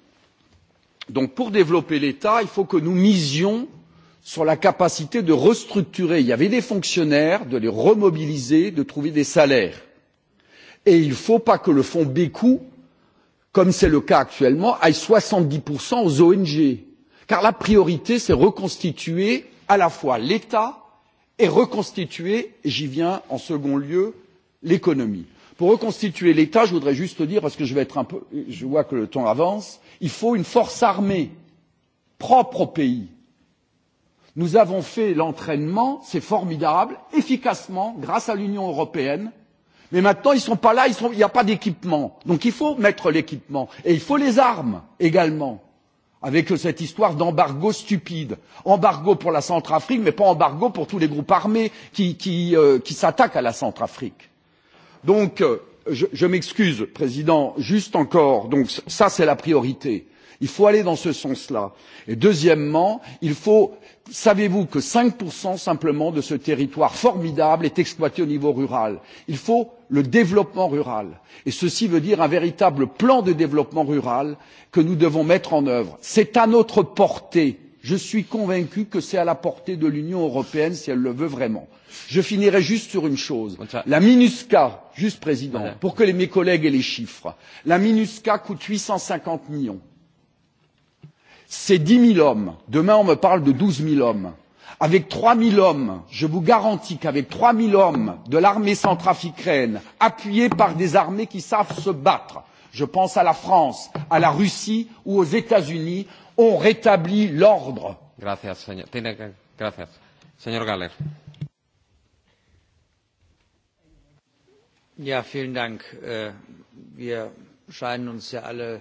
S10: Donc pour développer l'État, il faut que nous misions sur la capacité de restructurer. Il y avait des fonctionnaires, de les remobiliser, de trouver des salaires. Et il ne faut pas que le fonds Bécou, comme c'est le cas actuellement, aille soixante dix aux ONG car la priorité c'est reconstituer à la fois l'état et reconstituer et j'y viens en second lieu l'économie. pour reconstituer l'état je voudrais juste dire parce que je vois que le temps avance il faut une force armée propre au pays. nous avons fait l'entraînement c'est formidable efficacement grâce à l'union européenne mais maintenant ils ne sont pas là il n'y a pas d'équipement donc il faut mettre l'équipement et il faut les armes également avec cette histoire d'embargo stupide embargo pour la centrafrique mais pas embargo pour tous les groupes armés qui, s'attaquent à la centrafrique. donc je, m'excuse président juste encore donc ça c'est la priorité il faut aller dans ce sens là et deuxièmement il faut savez vous que cinq simplement de ce territoire formidable est exploité au niveau rural il faut le développement rural et ceci veut dire un véritable plan de développement rural que nous devons mettre en œuvre. c'est à notre portée je suis convaincu que c'est à la portée de l'union européenne si elle le veut vraiment. je finirai juste sur une chose la minusca juste président pour que mes collègues aient les chiffres la minusca coûte huit cent cinquante millions c'est dix zéro hommes demain on me parle de douze zéro hommes avec trois zéro hommes je vous garantis qu'avec trois zéro hommes de l'armée centrafricaine appuyés par des armées qui savent se battre je pense à la france à la russie ou aux états unis on rétablit l'ordre.
S12: wir scheinen uns ja alle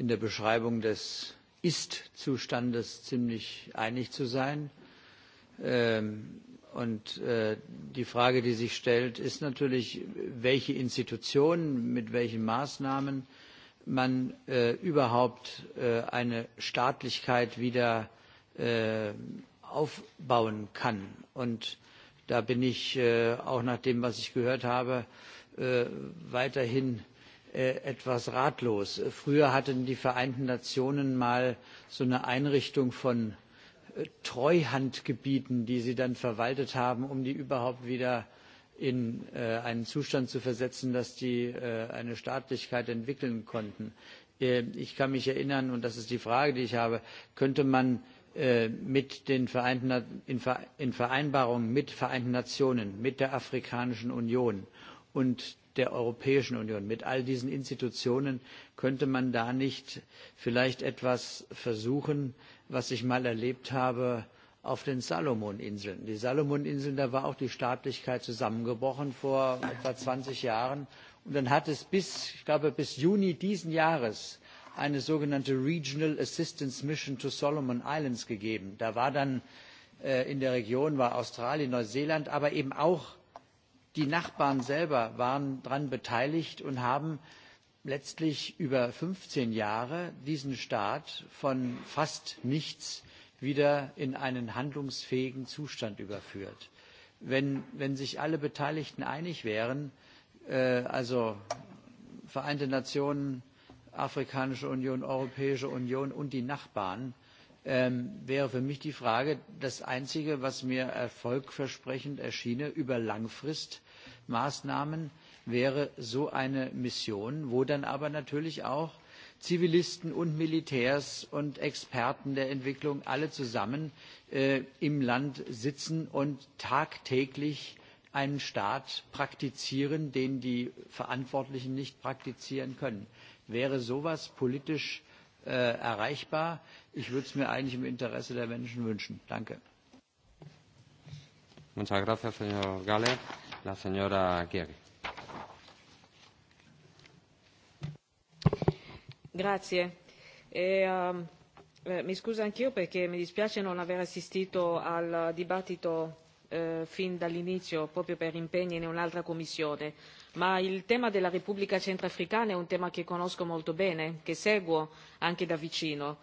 S12: in der beschreibung des ist zustandes ziemlich einig zu sein Und die Frage, die sich stellt, ist natürlich, welche Institutionen, mit welchen Maßnahmen man überhaupt eine Staatlichkeit wieder aufbauen kann. Und da bin ich auch nach dem, was ich gehört habe, weiterhin etwas ratlos. Früher hatten die Vereinten Nationen mal so eine Einrichtung von Treuhandgebieten, die sie dann verwaltet haben, um die überhaupt wieder in einen Zustand zu versetzen, dass die eine Staatlichkeit entwickeln konnten. Ich kann mich erinnern, und das ist die Frage, die ich habe, könnte man mit den Vereinten, in Vereinbarungen mit Vereinten Nationen, mit der Afrikanischen Union und der Europäischen Union, mit all diesen Institutionen, könnte man da nicht vielleicht etwas versuchen, was ich mal erlebt habe auf den Salomoninseln. Die Salomoninseln, da war auch die Staatlichkeit zusammengebrochen vor etwa zwanzig Jahren. Und dann hat es bis, ich glaube, bis Juni diesen Jahres eine sogenannte Regional Assistance Mission to Solomon Islands gegeben. Da war dann in der Region war Australien, Neuseeland, aber eben auch die Nachbarn selber waren daran beteiligt und haben letztlich über fünfzehn Jahre diesen Staat von fast nichts wieder in einen handlungsfähigen Zustand überführt. Wenn, sich alle Beteiligten einig wären, also Vereinte Nationen, Afrikanische Union, Europäische Union und die Nachbarn, wäre für mich die Frage das Einzige, was mir erfolgversprechend erschiene über Langfristmaßnahmen, wäre so eine Mission, wo dann aber natürlich auch Zivilisten und Militärs und Experten der Entwicklung alle zusammen im Land sitzen und tagtäglich einen Staat praktizieren, den die Verantwortlichen nicht praktizieren können. Wäre sowas politisch erreichbar? Ich würde es mir eigentlich im Interesse der Menschen wünschen. Danke.
S1: Muchas gracias, señor Gale. La señora
S17: Grazie. E, um, eh, mi scuso anch'io perché mi dispiace non aver assistito al dibattito eh, fin dall'inizio proprio per impegni in un'altra commissione, ma il tema della Repubblica Centrafricana è un tema che conosco molto bene, che seguo anche da vicino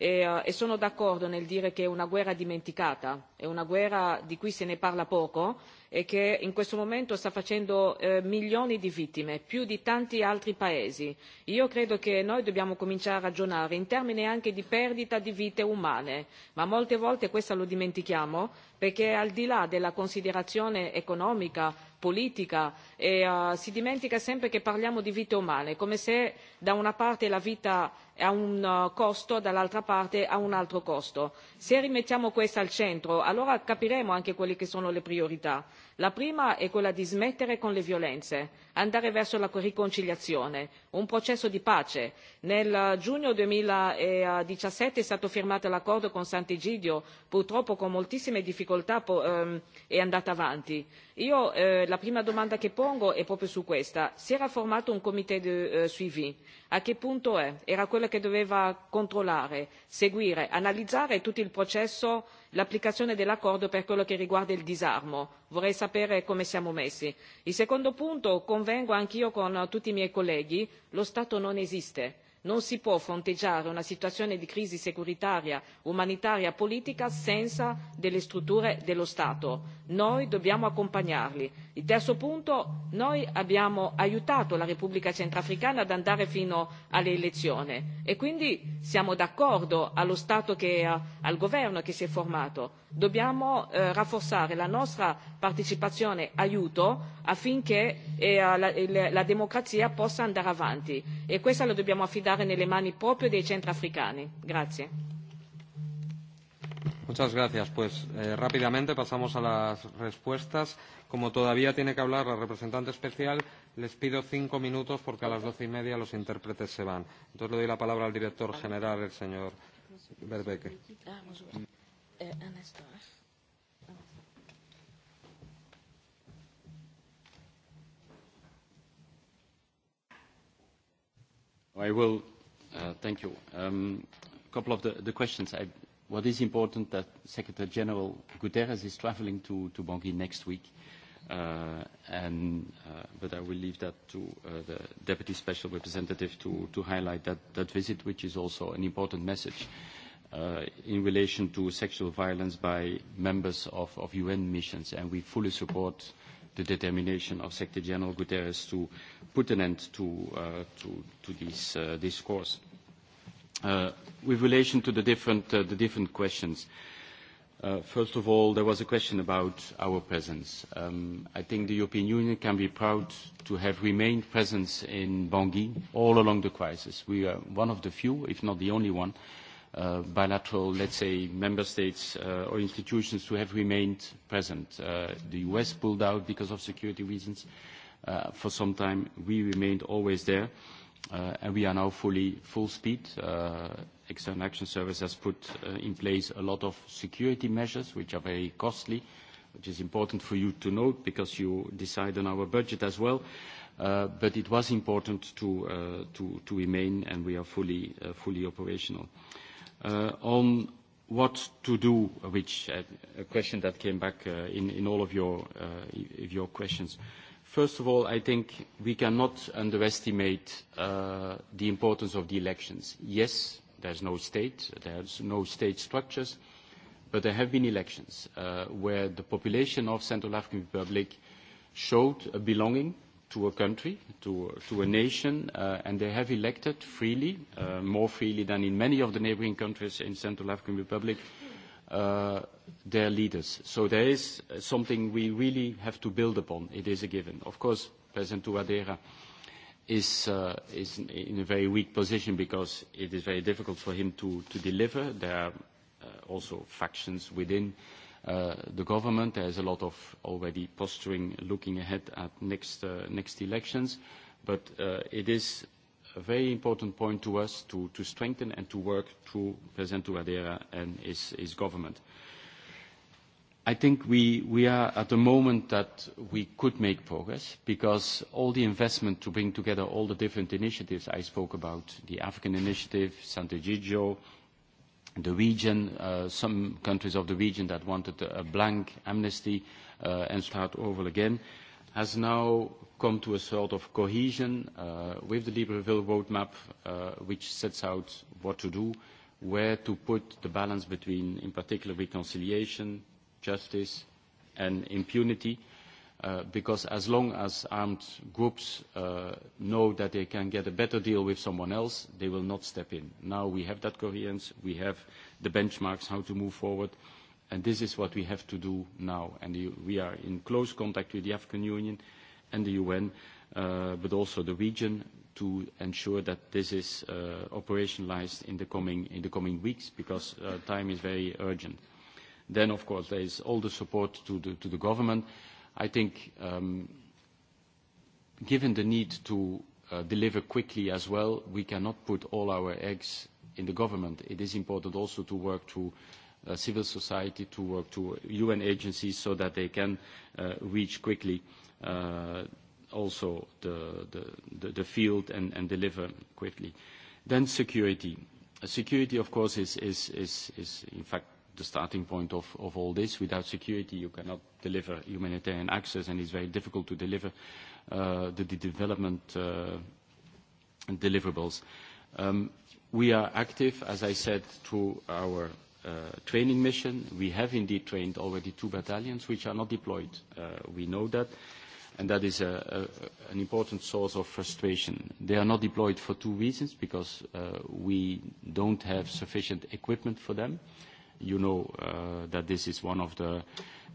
S17: e sono d'accordo nel dire che è una guerra dimenticata è una guerra di cui si parla poco e che in questo momento sta facendo milioni di vittime più di tanti altri paesi. io credo che noi dobbiamo cominciare a ragionare in termini anche di perdita di vite umane ma molte volte questo lo dimentichiamo perché al di là della considerazione economica politica e si dimentica sempre che parliamo di vite umane come se da una parte la vita ha un costo dall'altra parte ha un altro costo. se rimettiamo questo al centro allora capiremo anche quelle che sono le priorità la prima è quella di smettere con le violenze andare verso la riconciliazione un processo di pace nel giugno duemiladiciassette è stato firmato l'accordo con sant'egidio purtroppo con moltissime difficoltà è andato avanti. la prima domanda che pongo è proprio su questa si era formato un comitato di suivi a che punto è? era quella che doveva controllare seguire analizzare tutto il processo l'applicazione dell'accordo per quello che riguarda il disarmo vorrei sapere come siamo messi. il secondo punto convengo anch'io con tutti i miei colleghi lo stato non esiste non si può fronteggiare una situazione di crisi securitaria umanitaria e politica senza delle strutture dello stato noi dobbiamo accompagnarli. il terzo punto noi abbiamo aiutato la repubblica centrafricana ad andare fino alle elezioni e quindi siamo d'accordo allo stato al governo che si è formato dobbiamo rafforzare la nostra partecipazione e aiuto affinché la democrazia possa andare avanti e questo lo dobbiamo affidare dare nelle mani proprio dei centrafricani. Grazie.
S1: Muchas gracias. Pues eh, rápidamente pasamos a las respuestas. Como todavía tiene que hablar la representante especial, les pido cinco minutos porque a las doce y media los intérpretes se van. Entonces le doy la palabra al director general, el señor Berbeque.
S23: eh.
S27: I will. Uh, thank you. Um, a couple of the, the questions. I, what is important that Secretary General Guterres is traveling to, to Bangui next week, uh, and, uh, but I will leave that to uh, the Deputy Special Representative to, to highlight that, that visit, which is also an important message uh, in relation to sexual violence by members of, of UN missions, and we fully support the determination of Secretary General Guterres to put an end to, uh to this, uh course. with relation to the different, the different questions, first of all, there was a question about our presence. I think the European Union can be proud to have remained present in Bangui all along the crisis. We are one of the few, if not the only one, uh, bilateral, let's say, member states or institutions to have remained present. the U.S. pulled out because of security reasons for some time. We remained always there, and we are now fully full speed. External Action Service has put in place a lot of security measures, which are very costly, which is important for you to note because you decide on our budget as well. but it was important to, remain, and we are fully, operational on what to do, which a question that came back in all of your questions. First of all, I think we cannot underestimate the importance of the elections. Yes, there's no state, there's no state structures, but there have been elections where the population of Central African Republic showed a belonging to a country, to, to a nation, uh, and they have elected freely, uh, more freely than in many of the neighboring countries in Central African Republic, uh, their leaders. So there is something we really have to build upon. It is a given. Of course, President Touadera is, uh, is in a very weak position because it is very difficult for him to, to deliver. There are uh, also factions within uh, the government. There is a lot of already posturing, looking ahead at next elections. But it is a very important point to us to strengthen and to work through President Touadéra and his government. I think we are at the moment that we could make progress because all the investment to bring together all the different initiatives I spoke about, the African Initiative, Sant'Egidio, the region, uh, some countries of the region that wanted a blank amnesty uh, and start over again, has now come to a sort of cohesion uh, with the Libreville roadmap, uh, which sets out what to do, where to put the balance between, in particular, reconciliation, justice, and impunity because as long as armed groups know that they can get a better deal with someone else, they will not step in. Now we have that coherence, we have the benchmarks how to move forward, and this is what we have to do now. we are in close contact with the African Union and the UN, but also the region, to ensure that this is operationalized in the coming weeks, because time is very urgent. Then, of course, there is all the support to the government, I think, given the need to deliver quickly as well, we cannot put all our eggs in the government. It is important also to work to civil society, to work to UN agencies so that they can reach quickly also the field and deliver quickly. Then security. Security, of course, is in fact the starting point of, of all this. Without security, you cannot deliver humanitarian access, and it's very difficult to deliver uh, the, the development uh, deliverables. Um, we are active, as I said, through our uh, training mission. We have indeed trained already two battalions, which are not deployed. Uh, we know that and that is a, a, an important source of frustration. They are not deployed for two reasons, because uh, we don't have sufficient equipment for them, uh, You know uh, that this is one of the,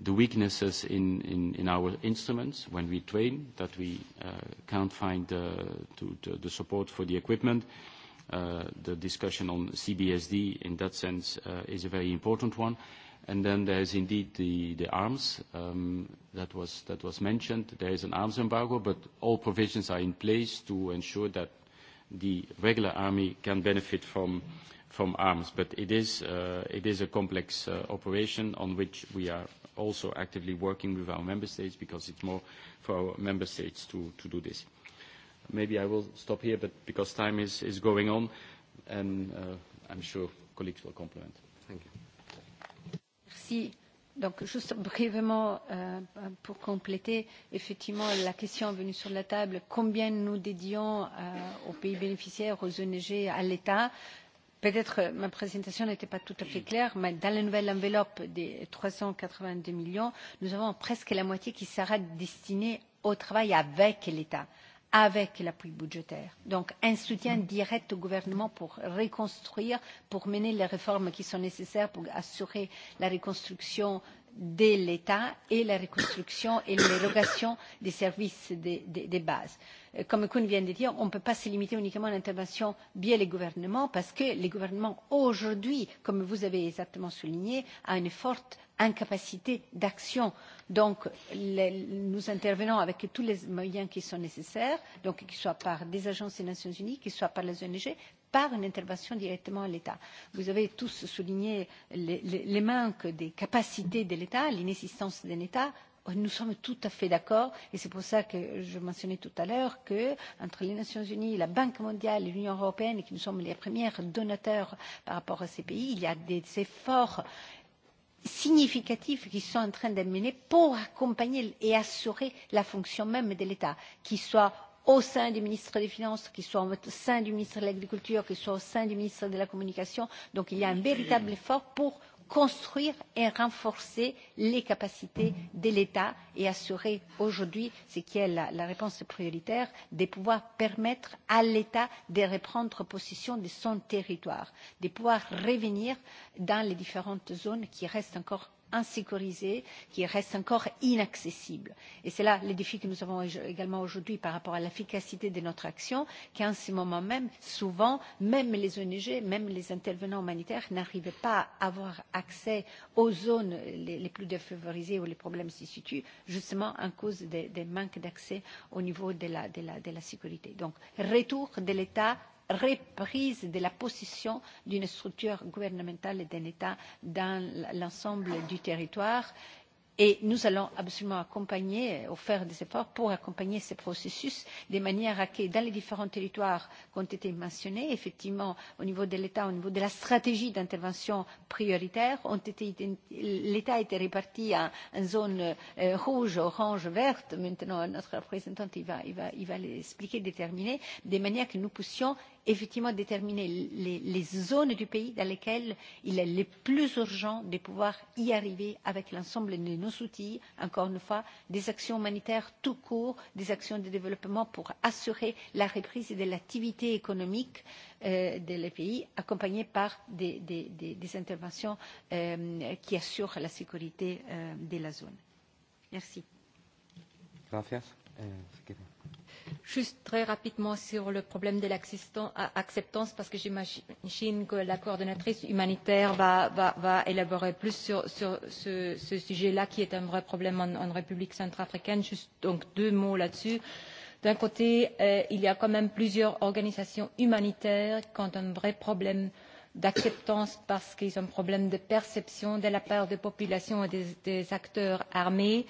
S27: the weaknesses in, in, in our instruments when we train, that we uh, can't find to, the support for the equipment. Uh, the discussion on CBSD in that sense uh, is a very important one. And then there's indeed the, the arms um, that, was, that was mentioned. There is an arms embargo, but all provisions are in place to ensure that the regular army can benefit from from arms. But it is a complex operation on which we are also actively working with our member states because it's more for our member states to do this. Maybe I will stop here, but because time is going on, and I'm sure colleagues will complement. Thank you.
S28: Merci. Donc, juste brièvement, pour compléter, effectivement, la question est venue sur la table, combien nous dédions aux pays bénéficiaires, aux ONG, à l'État Peut-être ma présentation n'était pas tout à fait claire, mais dans la nouvelle enveloppe des 382 millions, nous avons presque la moitié qui sera destinée au travail avec l'État, avec l'appui budgétaire. Donc un soutien direct au gouvernement pour reconstruire, pour mener les réformes qui sont nécessaires pour assurer la reconstruction de l'État et la reconstruction et l'érogation des services de, base. Comme Kuhn vient de dire, on ne peut pas se limiter uniquement à l'intervention via les gouvernements parce que les gouvernements aujourd'hui, comme vous avez exactement souligné, ont une forte incapacité d'action. Donc, nous intervenons avec tous les moyens qui sont nécessaires, donc qu'ils soient par des agences des Nations Unies, qu'ils soient par les ONG, par une intervention directement à l'État. Vous avez tous souligné les, les, les manques des capacités de l'État, l'inexistence d'un État. Nous sommes tout à fait d'accord et c'est pour ça que je mentionnais tout à l'heure que entre les Nations Unies, la Banque mondiale et l'Union européenne, et que nous sommes les premiers donateurs par rapport à ces pays, il y a des efforts significatifs qui sont en train d'être menés pour accompagner et assurer la fonction même de l'État, qu'il soit au sein du ministre des Finances, qu'il soit au sein du ministre de l'Agriculture, qu'il soit au sein du ministre de la Communication. Donc il y a un véritable effort pour construire et renforcer les capacités de l'État et assurer aujourd'hui ce qui est la, la réponse prioritaire de pouvoir permettre à l'État de reprendre possession de son territoire, de pouvoir revenir dans les différentes zones qui restent encore insécurisée, qui reste encore inaccessible. Et c'est là le défi que nous avons également aujourd'hui par rapport à l'efficacité de notre action, qu'en ce moment même, souvent, même les ONG, même les intervenants humanitaires n'arrivent pas à avoir accès aux zones les plus défavorisées où les problèmes se situent, justement à cause des manques d'accès au niveau de la sécurité. Donc, retour de l'État reprise de la position d'une structure gouvernementale et d'un État dans l'ensemble du territoire et nous allons absolument accompagner faire des efforts pour accompagner ce processus de manière à ce que dans les différents territoires qui ont été mentionnés effectivement au niveau de l'état au niveau de la stratégie d'intervention prioritaire l'état a été réparti en zones rouge orange verte maintenant notre représentante va l'expliquer déterminer de manière que nous puissions effectivement déterminer les zones du pays dans lesquelles il est le plus urgent de pouvoir y arriver avec l'ensemble de nos outils, encore une fois, des actions humanitaires tout court, des actions de développement pour assurer la reprise de l'activité économique euh, des pays, accompagnée par des, des, des, des interventions euh, qui assurent la sécurité euh, de la zone. Merci.
S1: Gracias. Eh,
S28: Juste très rapidement
S18: sur le problème de l'acceptance, parce que j'imagine que la coordonnatrice humanitaire va, va, va élaborer plus sur, sur ce, ce sujet-là, qui est un vrai problème en, en République centrafricaine. Juste donc deux mots là-dessus. D'un côté, euh, il y a quand même plusieurs organisations humanitaires qui ont un vrai problème d'acceptance parce qu'ils ont un problème de perception de la part des populations et des, des acteurs armés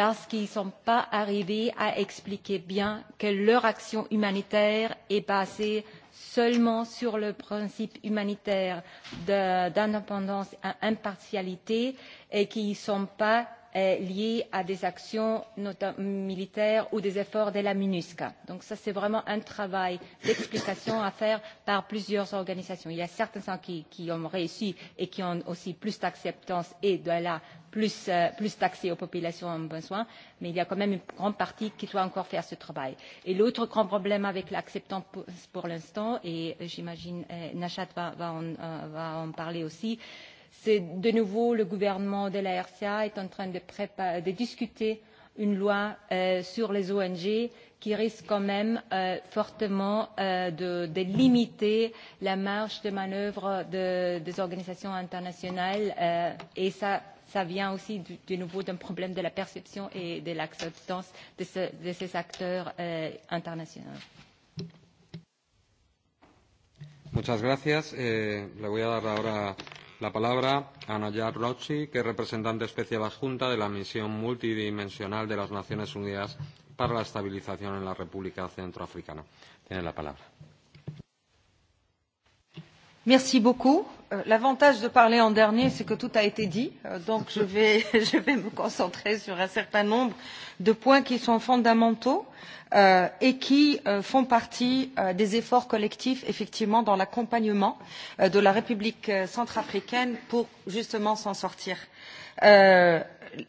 S18: parce qu'ils ne sont pas arrivés à expliquer bien que leur action humanitaire est basée seulement sur le principe humanitaire d'indépendance et d'impartialité et qu'ils ne sont pas liées à des actions militaires ou des efforts de la MINUSCA. Donc ça, c'est vraiment un travail d'explication à faire par plusieurs organisations. Il y a certains qui, qui ont réussi et qui ont aussi plus d'acceptance et de là plus, plus d'accès aux populations en besoin, mais il y a quand même une grande partie qui doit encore faire ce travail. Et l'autre grand problème avec l'acceptance pour l'instant, et j'imagine euh, Nachat va, va, en, va en parler aussi, euh, C'est de nouveau le gouvernement de la RCA est en train de, de discuter une loi euh, sur les ONG qui risque quand même euh, fortement euh, de, de limiter la marge de manœuvre de, des organisations internationales euh, et ça, ça vient aussi de nouveau d'un problème de la perception et de l'acceptance de, ce, de ces acteurs euh, internationaux.
S1: Muchas gracias. Eh, le voy a dar ahora la palabra a Nayar Rochi, que es representante especial adjunta de la misión multidimensional de las Naciones Unidas para la estabilización en la República Centroafricana. Tiene la palabra.
S31: Merci beaucoup. L'avantage de parler en dernier, c'est que tout a été dit, donc je vais, je vais me concentrer sur un certain nombre de points qui sont fondamentaux euh, et qui euh, font partie euh, des efforts collectifs, effectivement, dans l'accompagnement euh, de la République centrafricaine pour justement s'en sortir. Euh,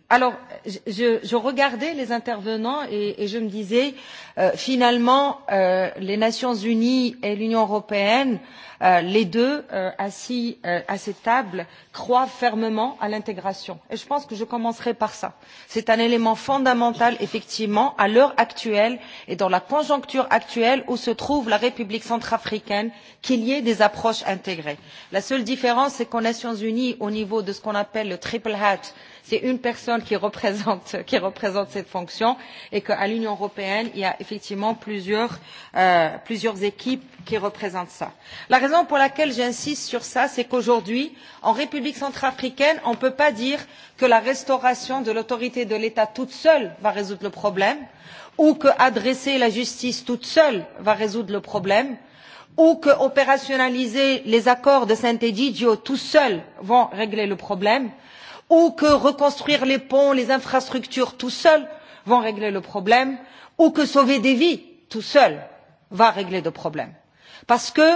S31: alors, je, je regardais les intervenants et, et je me disais, euh, finalement, euh, les Nations Unies et l'Union européenne, euh, les deux euh, assis euh, à cette table, croient fermement à l'intégration. Et je pense que je commencerai par ça. C'est un élément fondamental, effectivement, à l'heure actuelle et dans la conjoncture actuelle où se trouve la République centrafricaine, qu'il y ait des approches intégrées. La seule différence, c'est qu'aux Nations Unies, au niveau de ce qu'on appelle le triple hat, c'est une personne qui représente, qui représente cette fonction et qu'à l'Union européenne, il y a effectivement plusieurs, euh, plusieurs équipes qui représentent ça. La raison pour laquelle j'insiste sur ça, c'est qu'aujourd'hui, en République centrafricaine, on ne peut pas dire que la restauration de l'autorité de l'État toute seule va résoudre le problème ou que adresser la justice toute seule va résoudre le problème ou que opérationnaliser les accords de saint egidio tout seul va régler le problème ou que reconstruire les ponts les infrastructures tout seul va régler le problème ou que sauver des vies tout seul va régler le problème parce que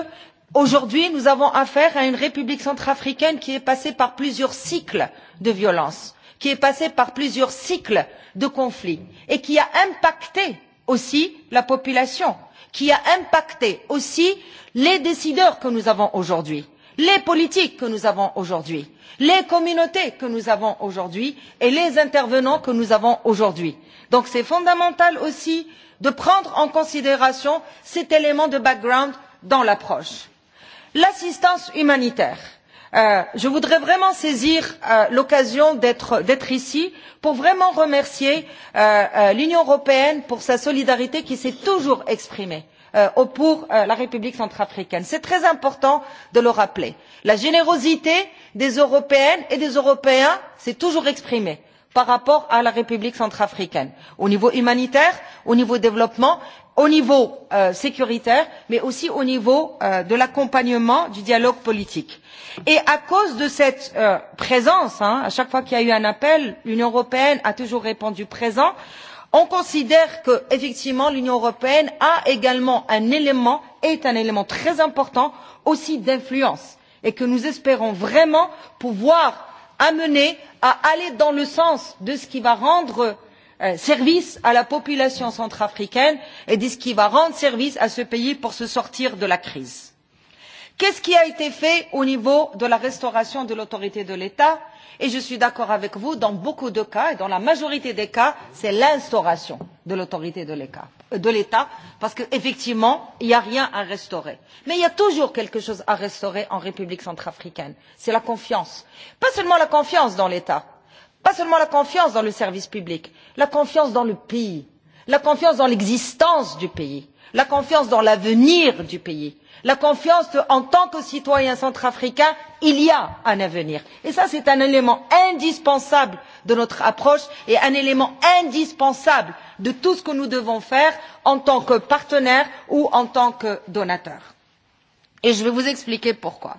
S31: aujourd'hui nous avons affaire à une république centrafricaine qui est passée par plusieurs cycles de violence qui est passée par plusieurs cycles de conflits et qui a impacté aussi la population qui a impacté aussi les décideurs que nous avons aujourd'hui les politiques que nous avons aujourd'hui les communautés que nous avons aujourd'hui et les intervenants que nous avons aujourd'hui. il est fondamental aussi de prendre en considération cet élément de background dans l'approche. l'assistance humanitaire je voudrais vraiment saisir l'occasion d'être ici pour vraiment remercier l'union européenne pour sa solidarité qui s'est toujours exprimée pour la république centrafricaine. c'est très important de le rappeler. la générosité des européennes et des européens s'est toujours exprimée par rapport à la république centrafricaine au niveau humanitaire au niveau développement au niveau sécuritaire mais aussi au niveau de l'accompagnement du dialogue politique. et à cause de cette présence à chaque fois qu'il y a eu un appel l'union européenne a toujours répondu présente on considère qu'effectivement l'union européenne a également un élément est un élément très important aussi d'influence et que nous espérons vraiment pouvoir amener à aller dans le sens de ce qui va rendre service à la population centrafricaine et de ce qui va rendre service à ce pays pour se sortir de la crise. qu'est ce qui a été fait au niveau de la restauration de l'autorité de l'état? et je suis d'accord avec vous dans beaucoup de cas et dans la majorité des cas c'est l'instauration de l'autorité de l'état parce qu'effectivement il n'y a rien à restaurer mais il y a toujours quelque chose à restaurer en république centrafricaine c'est la confiance pas seulement la confiance dans l'état pas seulement la confiance dans le service public la confiance dans le pays la confiance dans l'existence du pays la confiance dans l'avenir du pays la confiance en tant que citoyen centrafricain il y a un avenir et ça c'est un élément indispensable de notre approche et un élément indispensable de tout ce que nous devons faire en tant que partenaire ou en tant que donateur. Et je vais vous expliquer pourquoi.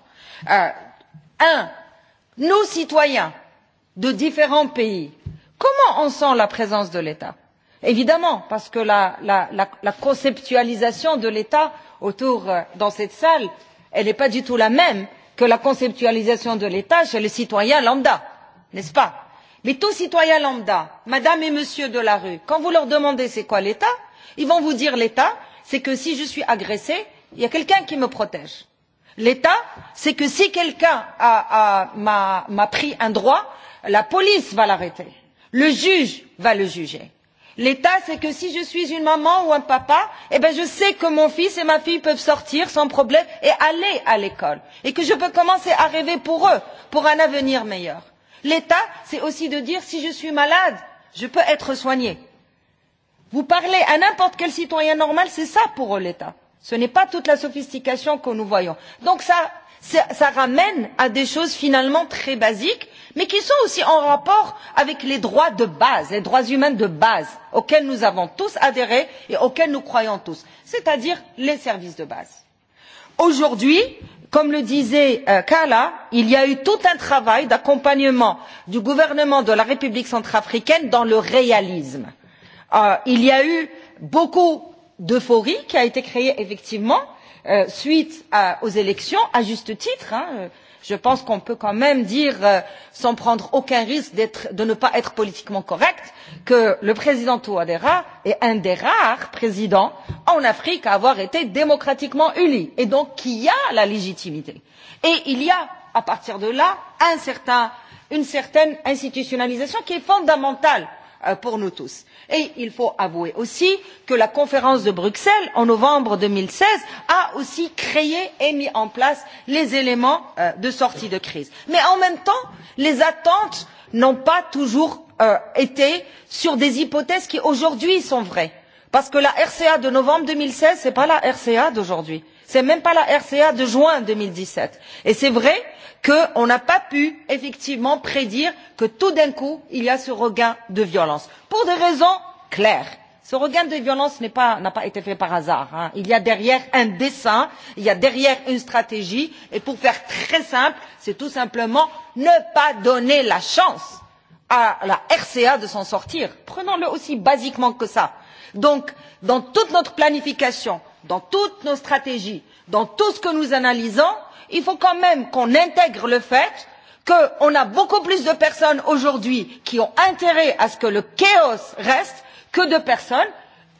S31: Euh, un, nous citoyens de différents pays, comment on sent la présence de l'État évidemment parce que la conceptualisation de l'état autour dans cette salle n'est pas du tout la même que la conceptualisation de l'état chez le citoyen lambda n'est ce pas? mais tout citoyen lambda madame et monsieur de la rue quand vous leur demandez c'est quoi l'état ils vont vous dire l'état c'est que si je suis agressé il y a quelqu'un qui me protège. l'état c'est que si quelqu'un m'a pris un droit la police va l'arrêter le juge va le juger l'état c'est que si je suis une maman ou un papa je sais que mon fils et ma fille peuvent sortir sans problème et aller à l'école et que je peux commencer à rêver pour eux pour un avenir meilleur. l'état c'est aussi de dire si je suis malade je peux être soigné. vous parlez à n'importe quel citoyen normal c'est ça pour eux l'état. ce n'est pas toute la sophistication que nous voyons. donc ça ramène à des choses finalement très basiques mais qui sont aussi en rapport avec les droits de base les droits humains de base auxquels nous avons tous adhéré et auxquels nous croyons tous c'est à dire les services de base. aujourd'hui comme le disait kala il y a eu tout un travail d'accompagnement du gouvernement de la république centrafricaine dans le réalisme. il y a eu beaucoup d'euphorie qui a été créée effectivement suite aux élections à juste titre hein, je pense qu'on peut quand même dire sans prendre aucun risque de ne pas être politiquement correct que le président touadéra est un des rares présidents en afrique à avoir été démocratiquement élu et donc qui a la légitimité. et il y a à partir de là une certaine institutionnalisation qui est fondamentale pour nous tous et il faut avouer aussi que la conférence de bruxelles en novembre deux mille seize a aussi créé et mis en place les éléments de sortie de crise. mais en même temps les attentes n'ont pas toujours été sur des hypothèses qui aujourd'hui sont vraies parce que la rca de novembre deux mille seize ce n'est pas la rca d'aujourd'hui ce n'est même pas la rca de juin deux mille dix sept et c'est vrai qu'on n'a pas pu effectivement prédire que tout d'un coup il y a ce regain de violence pour des raisons claires ce regain de violence n'a pas été fait par hasard il y a derrière un dessein il y a derrière une stratégie et pour faire très simple c'est tout simplement ne pas donner la chance à la rca de s'en sortir prenons le aussi basiquement que cela. donc dans toute notre planification dans toutes nos stratégies, dans tout ce que nous analysons, il faut quand même qu'on intègre le fait qu'on a beaucoup plus de personnes aujourd'hui qui ont intérêt à ce que le chaos reste que de personnes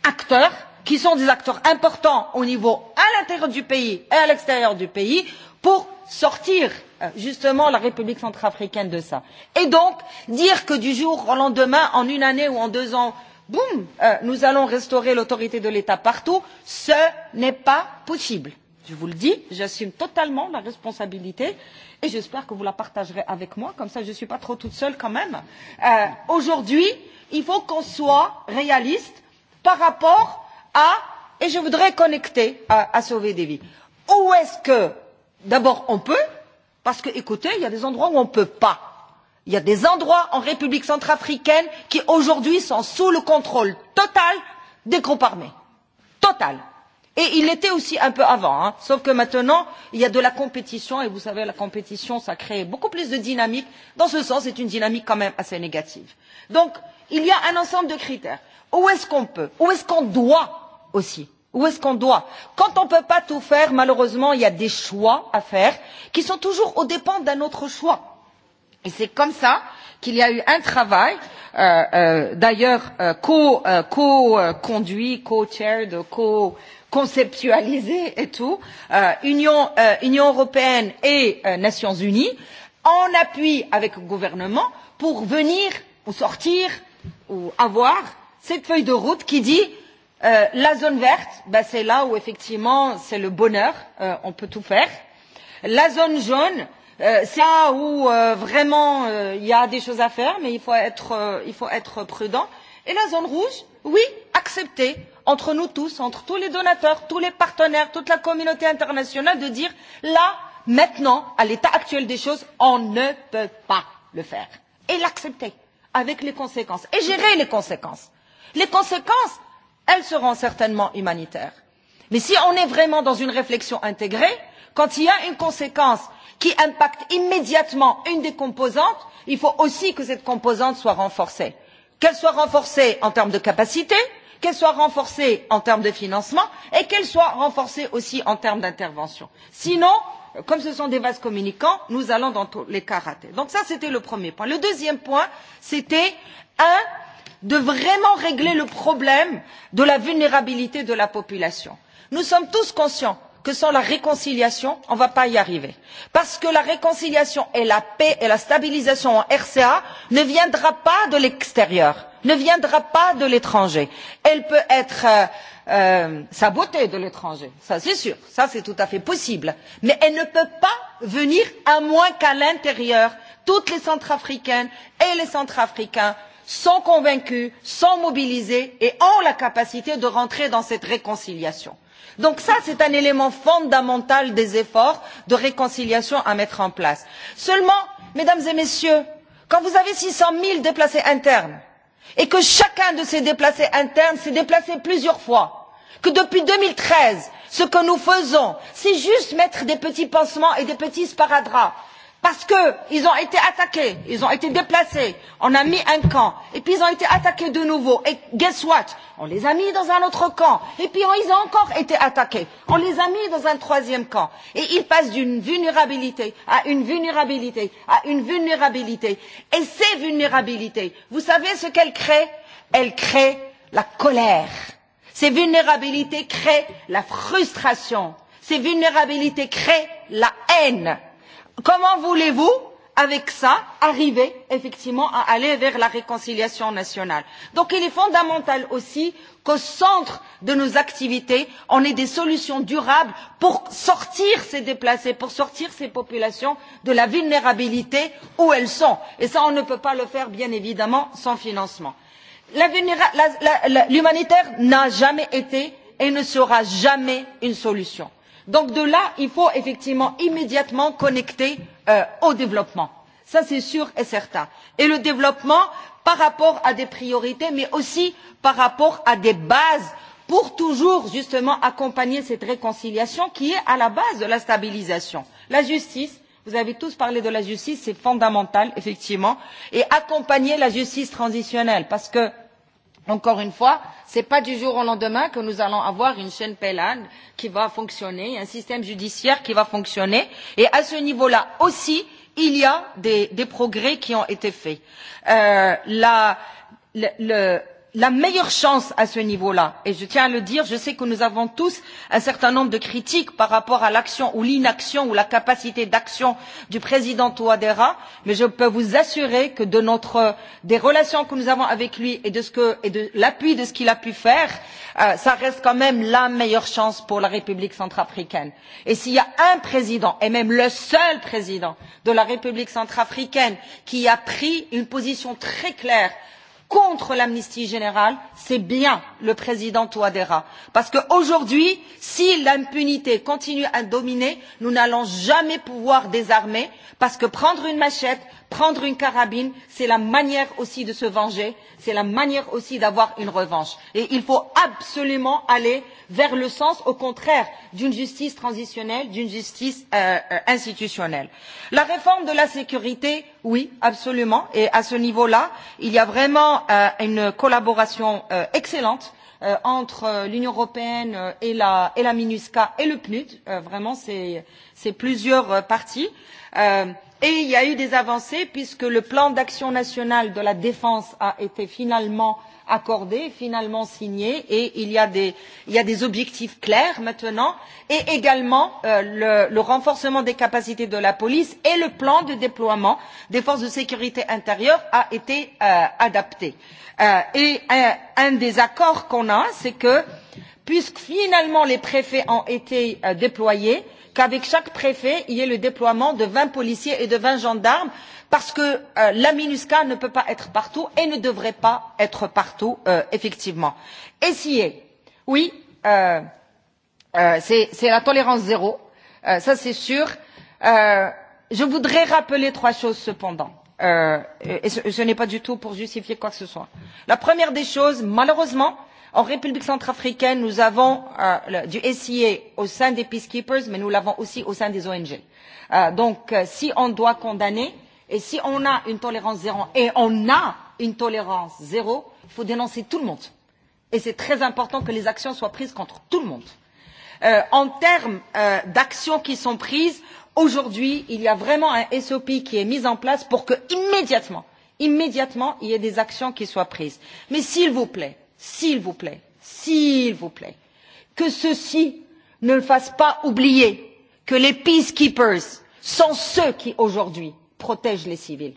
S31: acteurs qui sont des acteurs importants au niveau à l'intérieur du pays et à l'extérieur du pays pour sortir justement la République centrafricaine de ça. Et donc dire que du jour au lendemain, en une année ou en deux ans, boum nous allons restaurer l'autorité de l'état partout ce n'est pas possible je vous le dis j'assume totalement ma responsabilité et j'espère que vous la partagerez avec moi comme ça je ne suis pas trop toute seule quand même. aujourd'hui il faut qu'on soit réaliste par rapport à et je voudrais connecter à, sauver des vies où est ce que d'abord on peut parce que écoutez il y a des endroits où on ne peut pas Il y a des endroits en République centrafricaine qui aujourd'hui sont sous le contrôle total des groupes armés. Total. Et il l'était aussi un peu avant, sauf que maintenant, il y a de la compétition, et vous savez, la compétition, ça crée beaucoup plus de dynamique. Dans ce sens, c'est une dynamique quand même assez négative. Donc, il y a un ensemble de critères. Où est-ce qu'on peut Où est-ce qu'on doit aussi Où est-ce qu'on doit Quand on ne peut pas tout faire, malheureusement, il y a des choix à faire qui sont toujours aux dépens d'un autre choix Et c'est comme ça qu'il y a eu un travail, euh, euh, d'ailleurs euh, co-conduit, co co-chaired, co-conceptualisé et tout, euh, Union, euh, Union européenne et euh, Nations unies, en appui avec le gouvernement, pour venir ou sortir ou avoir cette feuille de route qui dit euh, la zone verte, ben c'est là où effectivement c'est le bonheur, euh, on peut tout faire. La zone jaune, C'est là où vraiment il y a des choses à faire, mais il faut être, prudent. Et la zone rouge, oui, acceptée entre nous tous, entre tous les donateurs, tous les partenaires, toute la communauté internationale, de dire là, maintenant, à l'état actuel des choses, on ne peut pas le faire. Et l'accepter avec les conséquences et gérer les conséquences. Les conséquences, elles seront certainement humanitaires. Mais si on est vraiment dans une réflexion intégrée, quand il y a une conséquence qui impacte immédiatement une des composantes, il faut aussi que cette composante soit renforcée. Qu'elle soit renforcée en termes de capacité, qu'elle soit renforcée en termes de financement et qu'elle soit renforcée aussi en termes d'intervention. Sinon, comme ce sont des vases communicants, nous allons dans tous les cas rater. Donc ça, c'était le premier point. Le deuxième point, c'était un de vraiment régler le problème de la vulnérabilité de la population. Nous sommes tous conscients que sans la réconciliation on ne va pas y arriver parce que la réconciliation et la paix et la stabilisation en rca ne viendront pas de l'extérieur ne viendront pas de l'étranger. elle peut être sabotée de l'étranger c'est sûr c'est tout à fait possible mais elle ne peut pas venir à moins qu'à l'intérieur toutes les centrafricaines et les centrafricains sont convaincus sont mobilisés et ont la capacité de rentrer dans cette réconciliation donc cela, c'est un élément fondamental des efforts de réconciliation à mettre en place. seulement mesdames et messieurs quand vous avez six cents zéro déplacés internes et que chacun de ces déplacés internes s'est déplacé plusieurs fois que depuis deux mille treize ce que nous faisons c'est juste mettre des petits pansements et des petits sparadraps parce qu'ils ont été attaqués, ils ont été déplacés, on a mis un camp, et puis ils ont été attaqués de nouveau, et guess what On les a mis dans un autre camp, et puis ils ont encore été attaqués, on les a mis dans un troisième camp, et ils passent d'une vulnérabilité à une vulnérabilité à une vulnérabilité, et ces vulnérabilités, vous savez ce qu'elles créent Elles créent la colère. Ces vulnérabilités créent la frustration. Ces vulnérabilités créent la haine comment voulez vous avec cela arriver effectivement à aller vers la réconciliation nationale? donc il est fondamental aussi qu'au centre de nos activités on ait des solutions durables pour sortir ces déplacés pour sortir ces populations de la vulnérabilité où elles sont et cela on ne peut pas le faire bien évidemment sans financement. l'humanitaire n'a jamais été et ne sera jamais une solution donc de là il faut effectivement immédiatement connecter au développement ça c'est sûr et certain et le développement par rapport à des priorités mais aussi par rapport à des bases pour toujours justement accompagner cette réconciliation qui est à la base de la stabilisation. la justice vous avez tous parlé de la justice c'est fondamental effectivement et accompagner la justice transitionnelle parce que encore une fois ce n'est pas du jour au lendemain que nous allons avoir une chaîne pénale qui va fonctionner un système judiciaire qui va fonctionner et à ce niveau là aussi il y a des progrès qui ont été faits la meilleure chance à ce niveau là et je tiens à le dire je sais que nous avons tous un certain nombre de critiques par rapport à l'action ou l'inaction ou la capacité d'action du président touadéra mais je peux vous assurer que des relations que nous avons avec lui et de l'appui de ce qu'il a pu faire ça reste quand même la meilleure chance pour la république centrafricaine. et s'il y a un président et même le seul président de la république centrafricaine qui a pris une position très claire contre l'amnistie générale c'est bien le président touadéra parce qu'aujourd'hui si l'impunité continue à dominer nous n'allons jamais pouvoir désarmer parce que prendre une machette prendre une carabine c'est la manière aussi de se venger c'est la manière aussi d'avoir une revanche et il faut absolument aller vers le sens au contraire d'une justice transitionnelle d'une justice institutionnelle. la réforme de la sécurité oui absolument et à ce niveau là il y a vraiment une collaboration excellente entre l'union européenne et la minusca et le pnud vraiment c'est plusieurs parties et il y a eu des avancées puisque le plan d'action national de la défense a été finalement accordé finalement signé et il y a des objectifs clairs maintenant et également le renforcement des capacités de la police et le plan de déploiement des forces de sécurité intérieure a été adapté. un des accords qu'on a c'est que puisque finalement les préfets ont été déployés qu'avec chaque préfet il y ait le déploiement de vingt policiers et de vingt gendarmes parce que la minusca ne peut pas être partout et ne devrait pas être partout effectivement. sis oui c'est la tolérance zéro ça c'est sûr. je voudrais rappeler trois choses cependant et ce n'est pas du tout pour justifier quoi que ce soit. la première des choses malheureusement en république centrafricaine nous avons du sia au sein des peacekeepers mais nous l'avons aussi au sein des ong. donc si on doit condamner et si on a une tolérance zéro et on a une tolérance zéro il faut dénoncer tout le monde et c'est très important que les actions soient prises contre tout le monde. en termes d'actions qui sont prises aujourd'hui il y a vraiment un sop qui est mis en place pour que immédiatement immédiatement il y ait des actions qui soient prises. mais s'il vous plaît s'il vous plaît, s'il vous plaît, que ceci ne fasse pas oublier que les peacekeepers sont ceux qui aujourd'hui protègent les civils,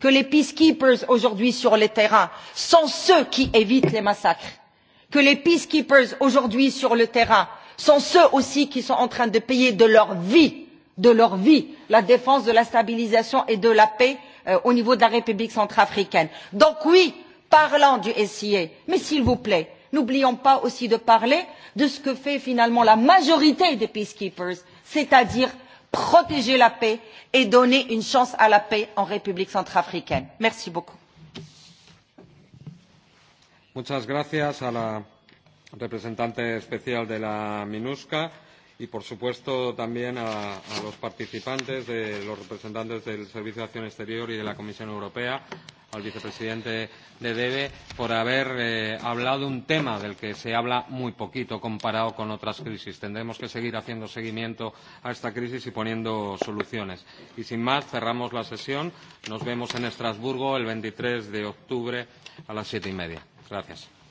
S31: que les peacekeepers aujourd'hui sur le terrain sont ceux qui évitent les massacres, que les peacekeepers aujourd'hui sur le terrain sont ceux aussi qui sont en train de payer de leur vie, de leur vie, la défense de la stabilisation et de la paix au niveau de la République centrafricaine. Donc oui, parlant du sia mais s'il vous plaît n'oublions pas aussi de parler de ce que fait finalement la majorité des peacekeepers c'est à dire protéger la paix et donner une chance à la paix en république centrafricaine. merci beaucoup.
S1: muchas gracias a la representante especial de la minusca y por supuesto también a, los participantes de los representantes del servicio de acción exterior y de la comisión europea al vicepresidente de DEBE por haber eh, hablado un tema del que se habla muy poquito comparado con otras crisis. Tendremos que seguir haciendo seguimiento a esta crisis y poniendo soluciones. Y sin más, cerramos la sesión. Nos vemos en Estrasburgo el 23 de octubre a las siete y media. Gracias.